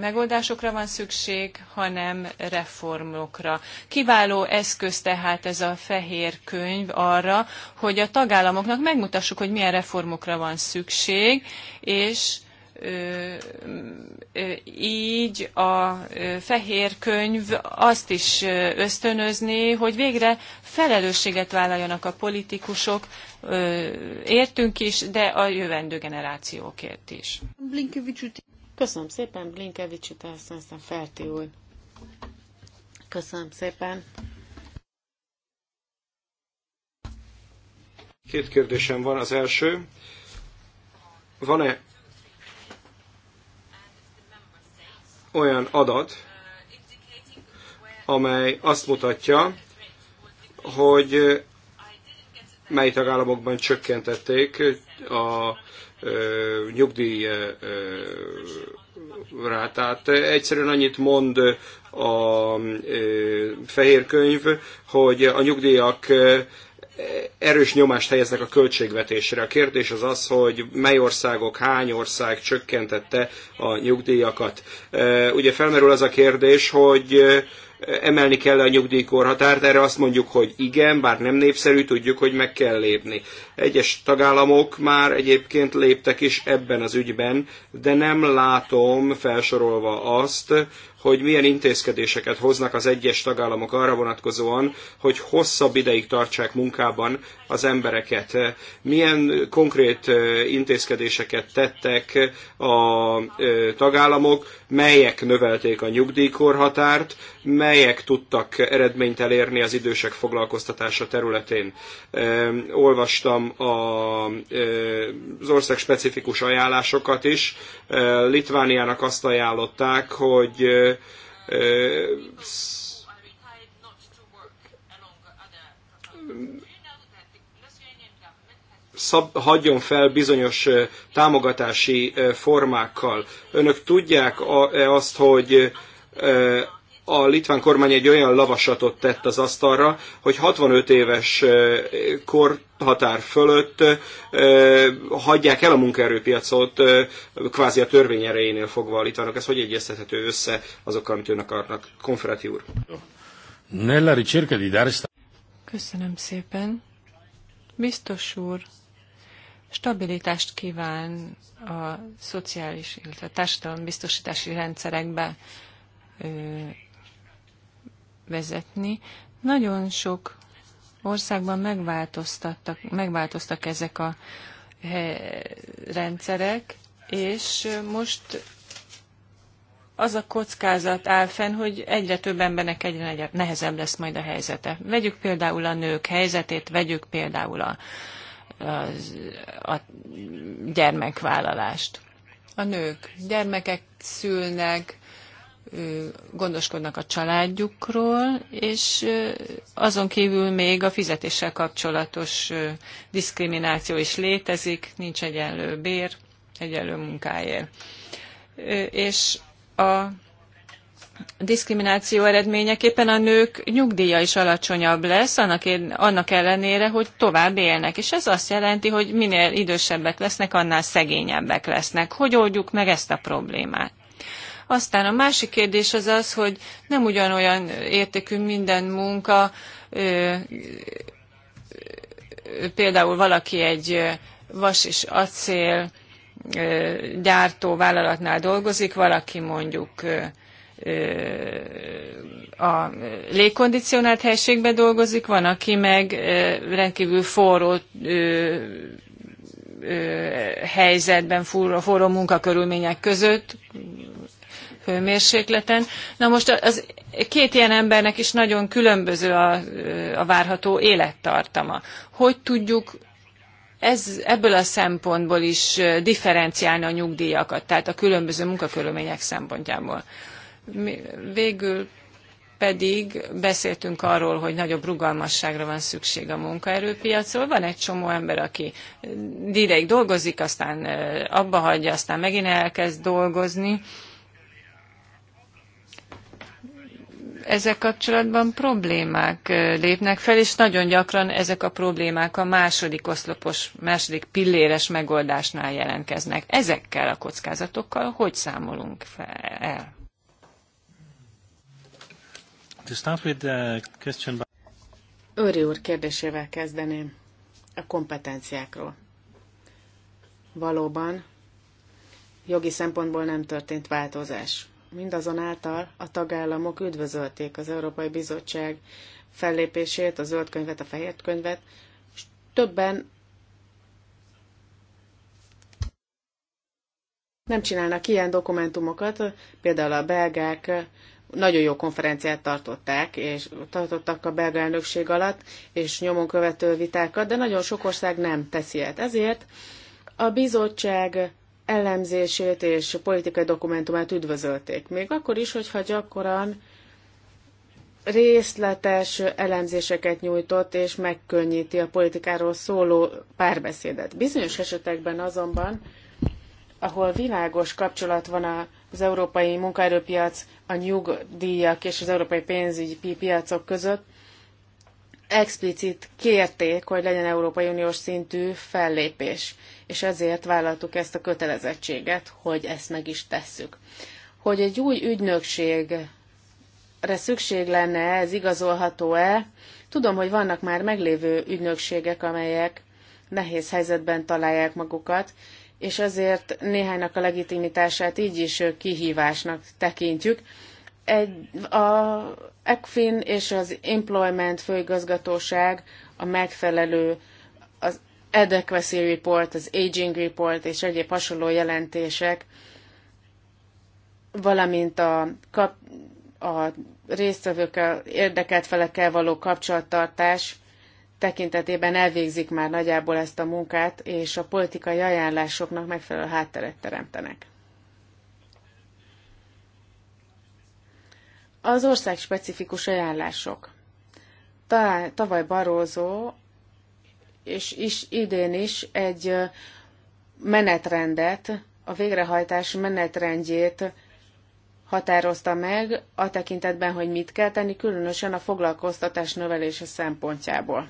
S2: megoldásokra van szükség, hanem reformokra. Kiváló eszköz tehát ez a fehér könyv arra, hogy a tagállamoknak megmutassuk, hogy milyen reformokra van szükség, és így a fehér könyv azt is ösztönözni, hogy végre felelősséget vállaljanak a politikusok, értünk is, de a jövendő generációkért is.
S3: Köszönöm szépen, Blinkevics aztán Ferti úr. Köszönöm szépen.
S5: Két kérdésem van. Az első, van-e olyan adat, amely azt mutatja, hogy mely tagállamokban csökkentették a nyugdíj rátát. Egyszerűen annyit mond a fehér könyv, hogy a nyugdíjak erős nyomást helyeznek a költségvetésre. A kérdés az az, hogy mely országok, hány ország csökkentette a nyugdíjakat. Ugye felmerül az a kérdés, hogy emelni kell a nyugdíjkorhatárt, erre azt mondjuk, hogy igen, bár nem népszerű, tudjuk, hogy meg kell lépni. Egyes tagállamok már egyébként léptek is ebben az ügyben, de nem látom felsorolva azt, hogy milyen intézkedéseket hoznak az egyes tagállamok arra vonatkozóan, hogy hosszabb ideig tartsák munkában az embereket. Milyen konkrét intézkedéseket tettek a tagállamok, melyek növelték a nyugdíjkorhatárt, mely melyek tudtak eredményt elérni az idősek foglalkoztatása területén. Olvastam a, az ország specifikus ajánlásokat is. Litvániának azt ajánlották, hogy szab, hagyjon fel bizonyos támogatási formákkal. Önök tudják e azt, hogy a litván kormány egy olyan lavasatot tett az asztalra, hogy 65 éves kor határ fölött hagyják el a munkaerőpiacot kvázi a törvény erejénél fogva a litvánok. Ez hogy egyeztethető össze azokkal, amit önök akarnak? Konferati úr.
S1: Nella ricerca
S2: di Köszönöm szépen. Biztos úr, stabilitást kíván a szociális, illetve társadalombiztosítási rendszerekbe vezetni. Nagyon sok országban megváltoztattak, megváltoztak ezek a eh, rendszerek, és most az a kockázat áll fenn, hogy egyre több embernek egyre nehezebb lesz majd a helyzete. Vegyük például a nők helyzetét, vegyük például a, a, a gyermekvállalást. A nők gyermekek szülnek, gondoskodnak a családjukról, és azon kívül még a fizetéssel kapcsolatos diszkrimináció is létezik, nincs egyenlő bér, egyenlő munkáért. És a diszkrimináció eredményeképpen a nők nyugdíja is alacsonyabb lesz, annak, annak ellenére, hogy tovább élnek. És ez azt jelenti, hogy minél idősebbek lesznek, annál szegényebbek lesznek. Hogy oldjuk meg ezt a problémát? Aztán a másik kérdés az az, hogy nem ugyanolyan értékű minden munka, például valaki egy vas és acél gyártó vállalatnál dolgozik, valaki mondjuk a légkondicionált helységben dolgozik, van, aki meg rendkívül forró helyzetben, forró, forró munkakörülmények között hőmérsékleten. Na most az két ilyen embernek is nagyon különböző a, a várható élettartama. Hogy tudjuk ez, ebből a szempontból is differenciálni a nyugdíjakat, tehát a különböző munkakörülmények szempontjából. Mi, végül pedig beszéltünk arról, hogy nagyobb rugalmasságra van szükség a munkaerőpiacról. Van egy csomó ember, aki ideig dolgozik, aztán abba hagyja, aztán megint elkezd dolgozni. ezzel kapcsolatban problémák lépnek fel, és nagyon gyakran ezek a problémák a második oszlopos, második pilléres megoldásnál jelentkeznek. Ezekkel a kockázatokkal hogy számolunk fel el?
S3: Őri úr kérdésével kezdeném a kompetenciákról. Valóban jogi szempontból nem történt változás mindazonáltal a tagállamok üdvözölték az Európai Bizottság fellépését, a zöld könyvet, a fehér könyvet, és többen nem csinálnak ilyen dokumentumokat, például a belgák nagyon jó konferenciát tartották, és tartottak a belga elnökség alatt, és nyomon követő vitákat, de nagyon sok ország nem teszi ilyet. Ezért a bizottság elemzését és politikai dokumentumát üdvözölték. Még akkor is, hogyha gyakran részletes elemzéseket nyújtott és megkönnyíti a politikáról szóló párbeszédet. Bizonyos esetekben azonban, ahol világos kapcsolat van az európai munkaerőpiac, a nyugdíjak és az európai pénzügyi piacok között, explicit kérték, hogy legyen Európai Uniós szintű fellépés és ezért vállaltuk ezt a kötelezettséget, hogy ezt meg is tesszük. Hogy egy új ügynökségre szükség lenne, ez igazolható-e? Tudom, hogy vannak már meglévő ügynökségek, amelyek nehéz helyzetben találják magukat, és azért néhánynak a legitimitását így is kihívásnak tekintjük. Egy, a ECFIN és az Employment főigazgatóság a megfelelő adequacy report, az aging report és egyéb hasonló jelentések, valamint a, kap, a résztvevőkkel, érdekelt felekkel való kapcsolattartás tekintetében elvégzik már nagyjából ezt a munkát, és a politikai ajánlásoknak megfelelő hátteret teremtenek. Az ország specifikus ajánlások. Tavaly Barózó és is, idén is egy menetrendet, a végrehajtás menetrendjét határozta meg a tekintetben, hogy mit kell tenni, különösen a foglalkoztatás növelése szempontjából.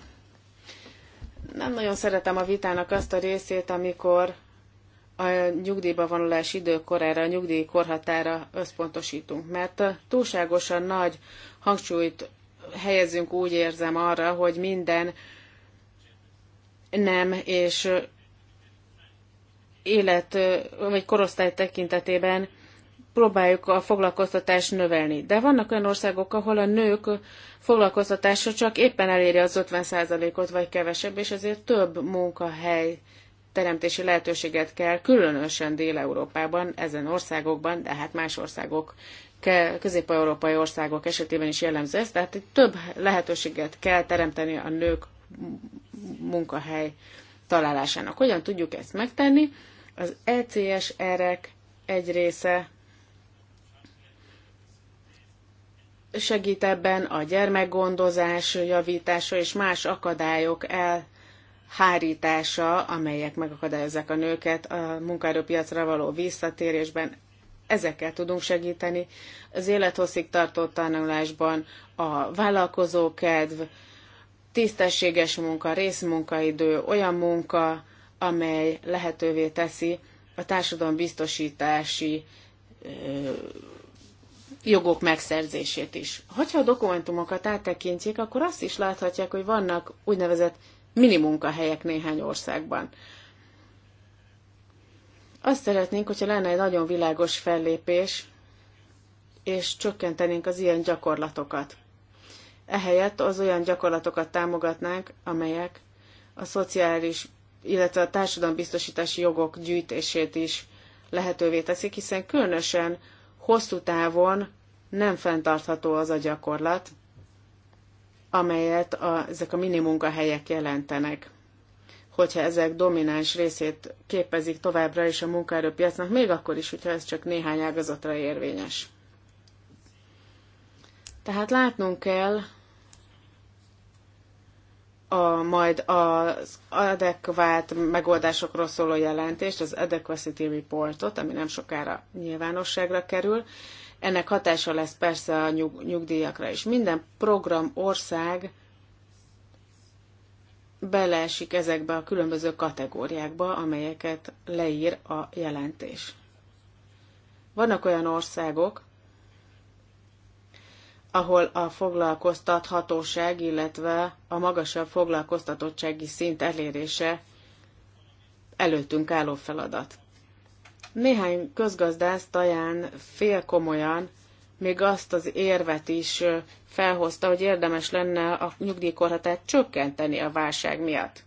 S3: Nem nagyon szeretem a vitának azt a részét, amikor a nyugdíjba vonulás időkorára, a nyugdíj korhatára összpontosítunk, mert túlságosan nagy hangsúlyt helyezünk úgy érzem arra, hogy minden nem és élet vagy korosztály tekintetében próbáljuk a foglalkoztatást növelni. De vannak olyan országok, ahol a nők foglalkoztatása csak éppen eléri az 50%-ot vagy kevesebb, és ezért több munkahely teremtési lehetőséget kell, különösen Dél-Európában, ezen országokban, de hát más országok, közép-európai országok esetében is jellemző ez, tehát több lehetőséget kell teremteni a nők munkahely találásának. Hogyan tudjuk ezt megtenni? Az ECS erek egy része segít ebben a gyermekgondozás javítása és más akadályok elhárítása, amelyek megakadályozzák a nőket a munkaerőpiacra való visszatérésben. Ezekkel tudunk segíteni. Az élethosszig tartó tanulásban a vállalkozókedv, tisztességes munka, részmunkaidő, olyan munka, amely lehetővé teszi a társadalom biztosítási jogok megszerzését is. Hogyha a dokumentumokat áttekintjék, akkor azt is láthatják, hogy vannak úgynevezett minimunkahelyek néhány országban. Azt szeretnénk, hogyha lenne egy nagyon világos fellépés, és csökkentenénk az ilyen gyakorlatokat. Ehelyett az olyan gyakorlatokat támogatnánk, amelyek a szociális, illetve a társadalombiztosítási jogok gyűjtését is lehetővé teszik, hiszen különösen hosszú távon nem fenntartható az a gyakorlat, amelyet a, ezek a minimunkahelyek jelentenek. Hogyha ezek domináns részét képezik továbbra is a munkaerőpiacnak, még akkor is, hogyha ez csak néhány ágazatra érvényes. Tehát látnunk kell, a, majd az adekvát megoldásokról szóló jelentést, az Adequacy Reportot, ami nem sokára nyilvánosságra kerül. Ennek hatása lesz persze a nyug, nyugdíjakra is. Minden program ország beleesik ezekbe a különböző kategóriákba, amelyeket leír a jelentés. Vannak olyan országok, ahol a foglalkoztathatóság, illetve a magasabb foglalkoztatottsági szint elérése előttünk álló feladat. Néhány közgazdász talán fél komolyan még azt az érvet is felhozta, hogy érdemes lenne a nyugdíjkorhatát csökkenteni a válság miatt.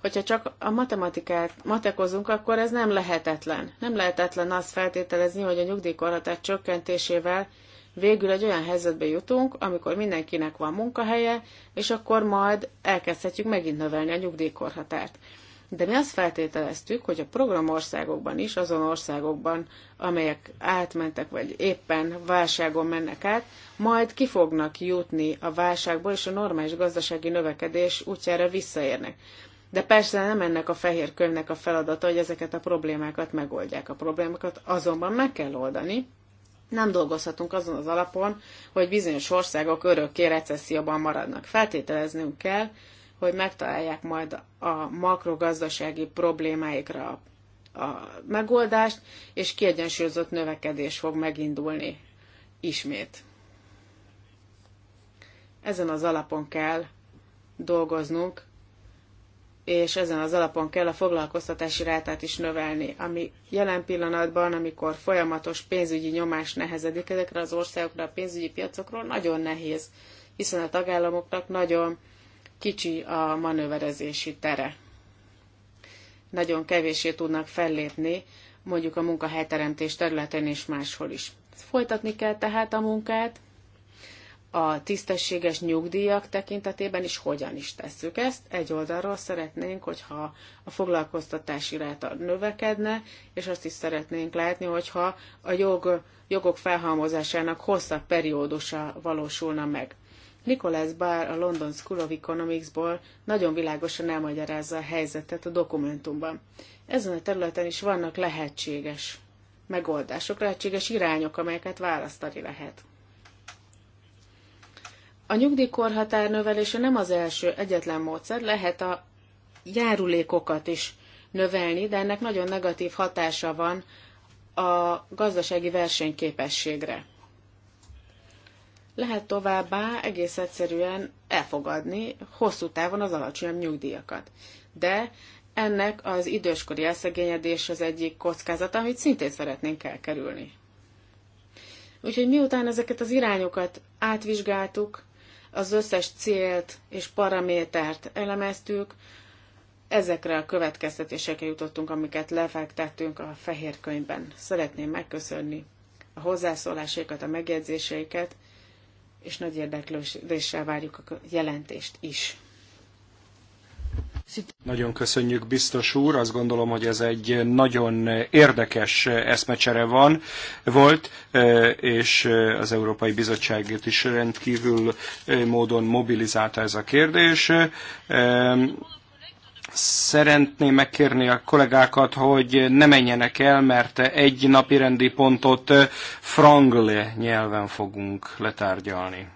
S3: Hogyha csak a matematikát matekozunk, akkor ez nem lehetetlen. Nem lehetetlen azt feltételezni, hogy a nyugdíjkorhatár csökkentésével végül egy olyan helyzetbe jutunk, amikor mindenkinek van munkahelye, és akkor majd elkezdhetjük megint növelni a nyugdíjkorhatárt. De mi azt feltételeztük, hogy a programországokban is, azon országokban, amelyek átmentek, vagy éppen válságon mennek át, majd ki fognak jutni a válságból, és a normális gazdasági növekedés útjára visszaérnek. De persze nem ennek a fehér könyvnek a feladata, hogy ezeket a problémákat megoldják. A problémákat azonban meg kell oldani, nem dolgozhatunk azon az alapon, hogy bizonyos országok örökké recesszióban maradnak. Feltételeznünk kell, hogy megtalálják majd a makrogazdasági problémáikra a megoldást, és kiegyensúlyozott növekedés fog megindulni ismét. Ezen az alapon kell dolgoznunk, és ezen az alapon kell a foglalkoztatási rátát is növelni, ami jelen pillanatban, amikor folyamatos pénzügyi nyomás nehezedik ezekre az országokra, a pénzügyi piacokról, nagyon nehéz, hiszen a tagállamoknak nagyon kicsi a manőverezési tere. Nagyon kevésé tudnak fellépni, mondjuk a munkahelyteremtés területén és máshol is. Folytatni kell tehát a munkát, a tisztességes nyugdíjak tekintetében is hogyan is tesszük ezt. Egy oldalról szeretnénk, hogyha a foglalkoztatási ráta növekedne, és azt is szeretnénk látni, hogyha a jog, jogok felhalmozásának hosszabb periódusa valósulna meg. Nicholas Barr a London School of Economics-ból nagyon világosan elmagyarázza a helyzetet a dokumentumban. Ezen a területen is vannak lehetséges megoldások, lehetséges irányok, amelyeket választani lehet a nyugdíjkorhatár növelése nem az első egyetlen módszer, lehet a járulékokat is növelni, de ennek nagyon negatív hatása van a gazdasági versenyképességre. Lehet továbbá egész egyszerűen elfogadni hosszú távon az alacsonyabb nyugdíjakat. De ennek az időskori elszegényedés az egyik kockázata, amit szintén szeretnénk elkerülni. Úgyhogy miután ezeket az irányokat átvizsgáltuk, az összes célt és paramétert elemeztük, ezekre a következtetésekre jutottunk, amiket lefektettünk a fehér könyvben. Szeretném megköszönni a hozzászólásaikat, a megjegyzéseiket, és nagy érdeklődéssel várjuk a jelentést is.
S5: Nagyon köszönjük, biztos úr. Azt gondolom, hogy ez egy nagyon érdekes eszmecsere van, volt, e, és az Európai Bizottságot is rendkívül e, módon mobilizálta ez a kérdés e, szeretném megkérni a kollégákat, hogy ne menjenek el, mert egy napi rendi pontot frangle nyelven fogunk letárgyalni.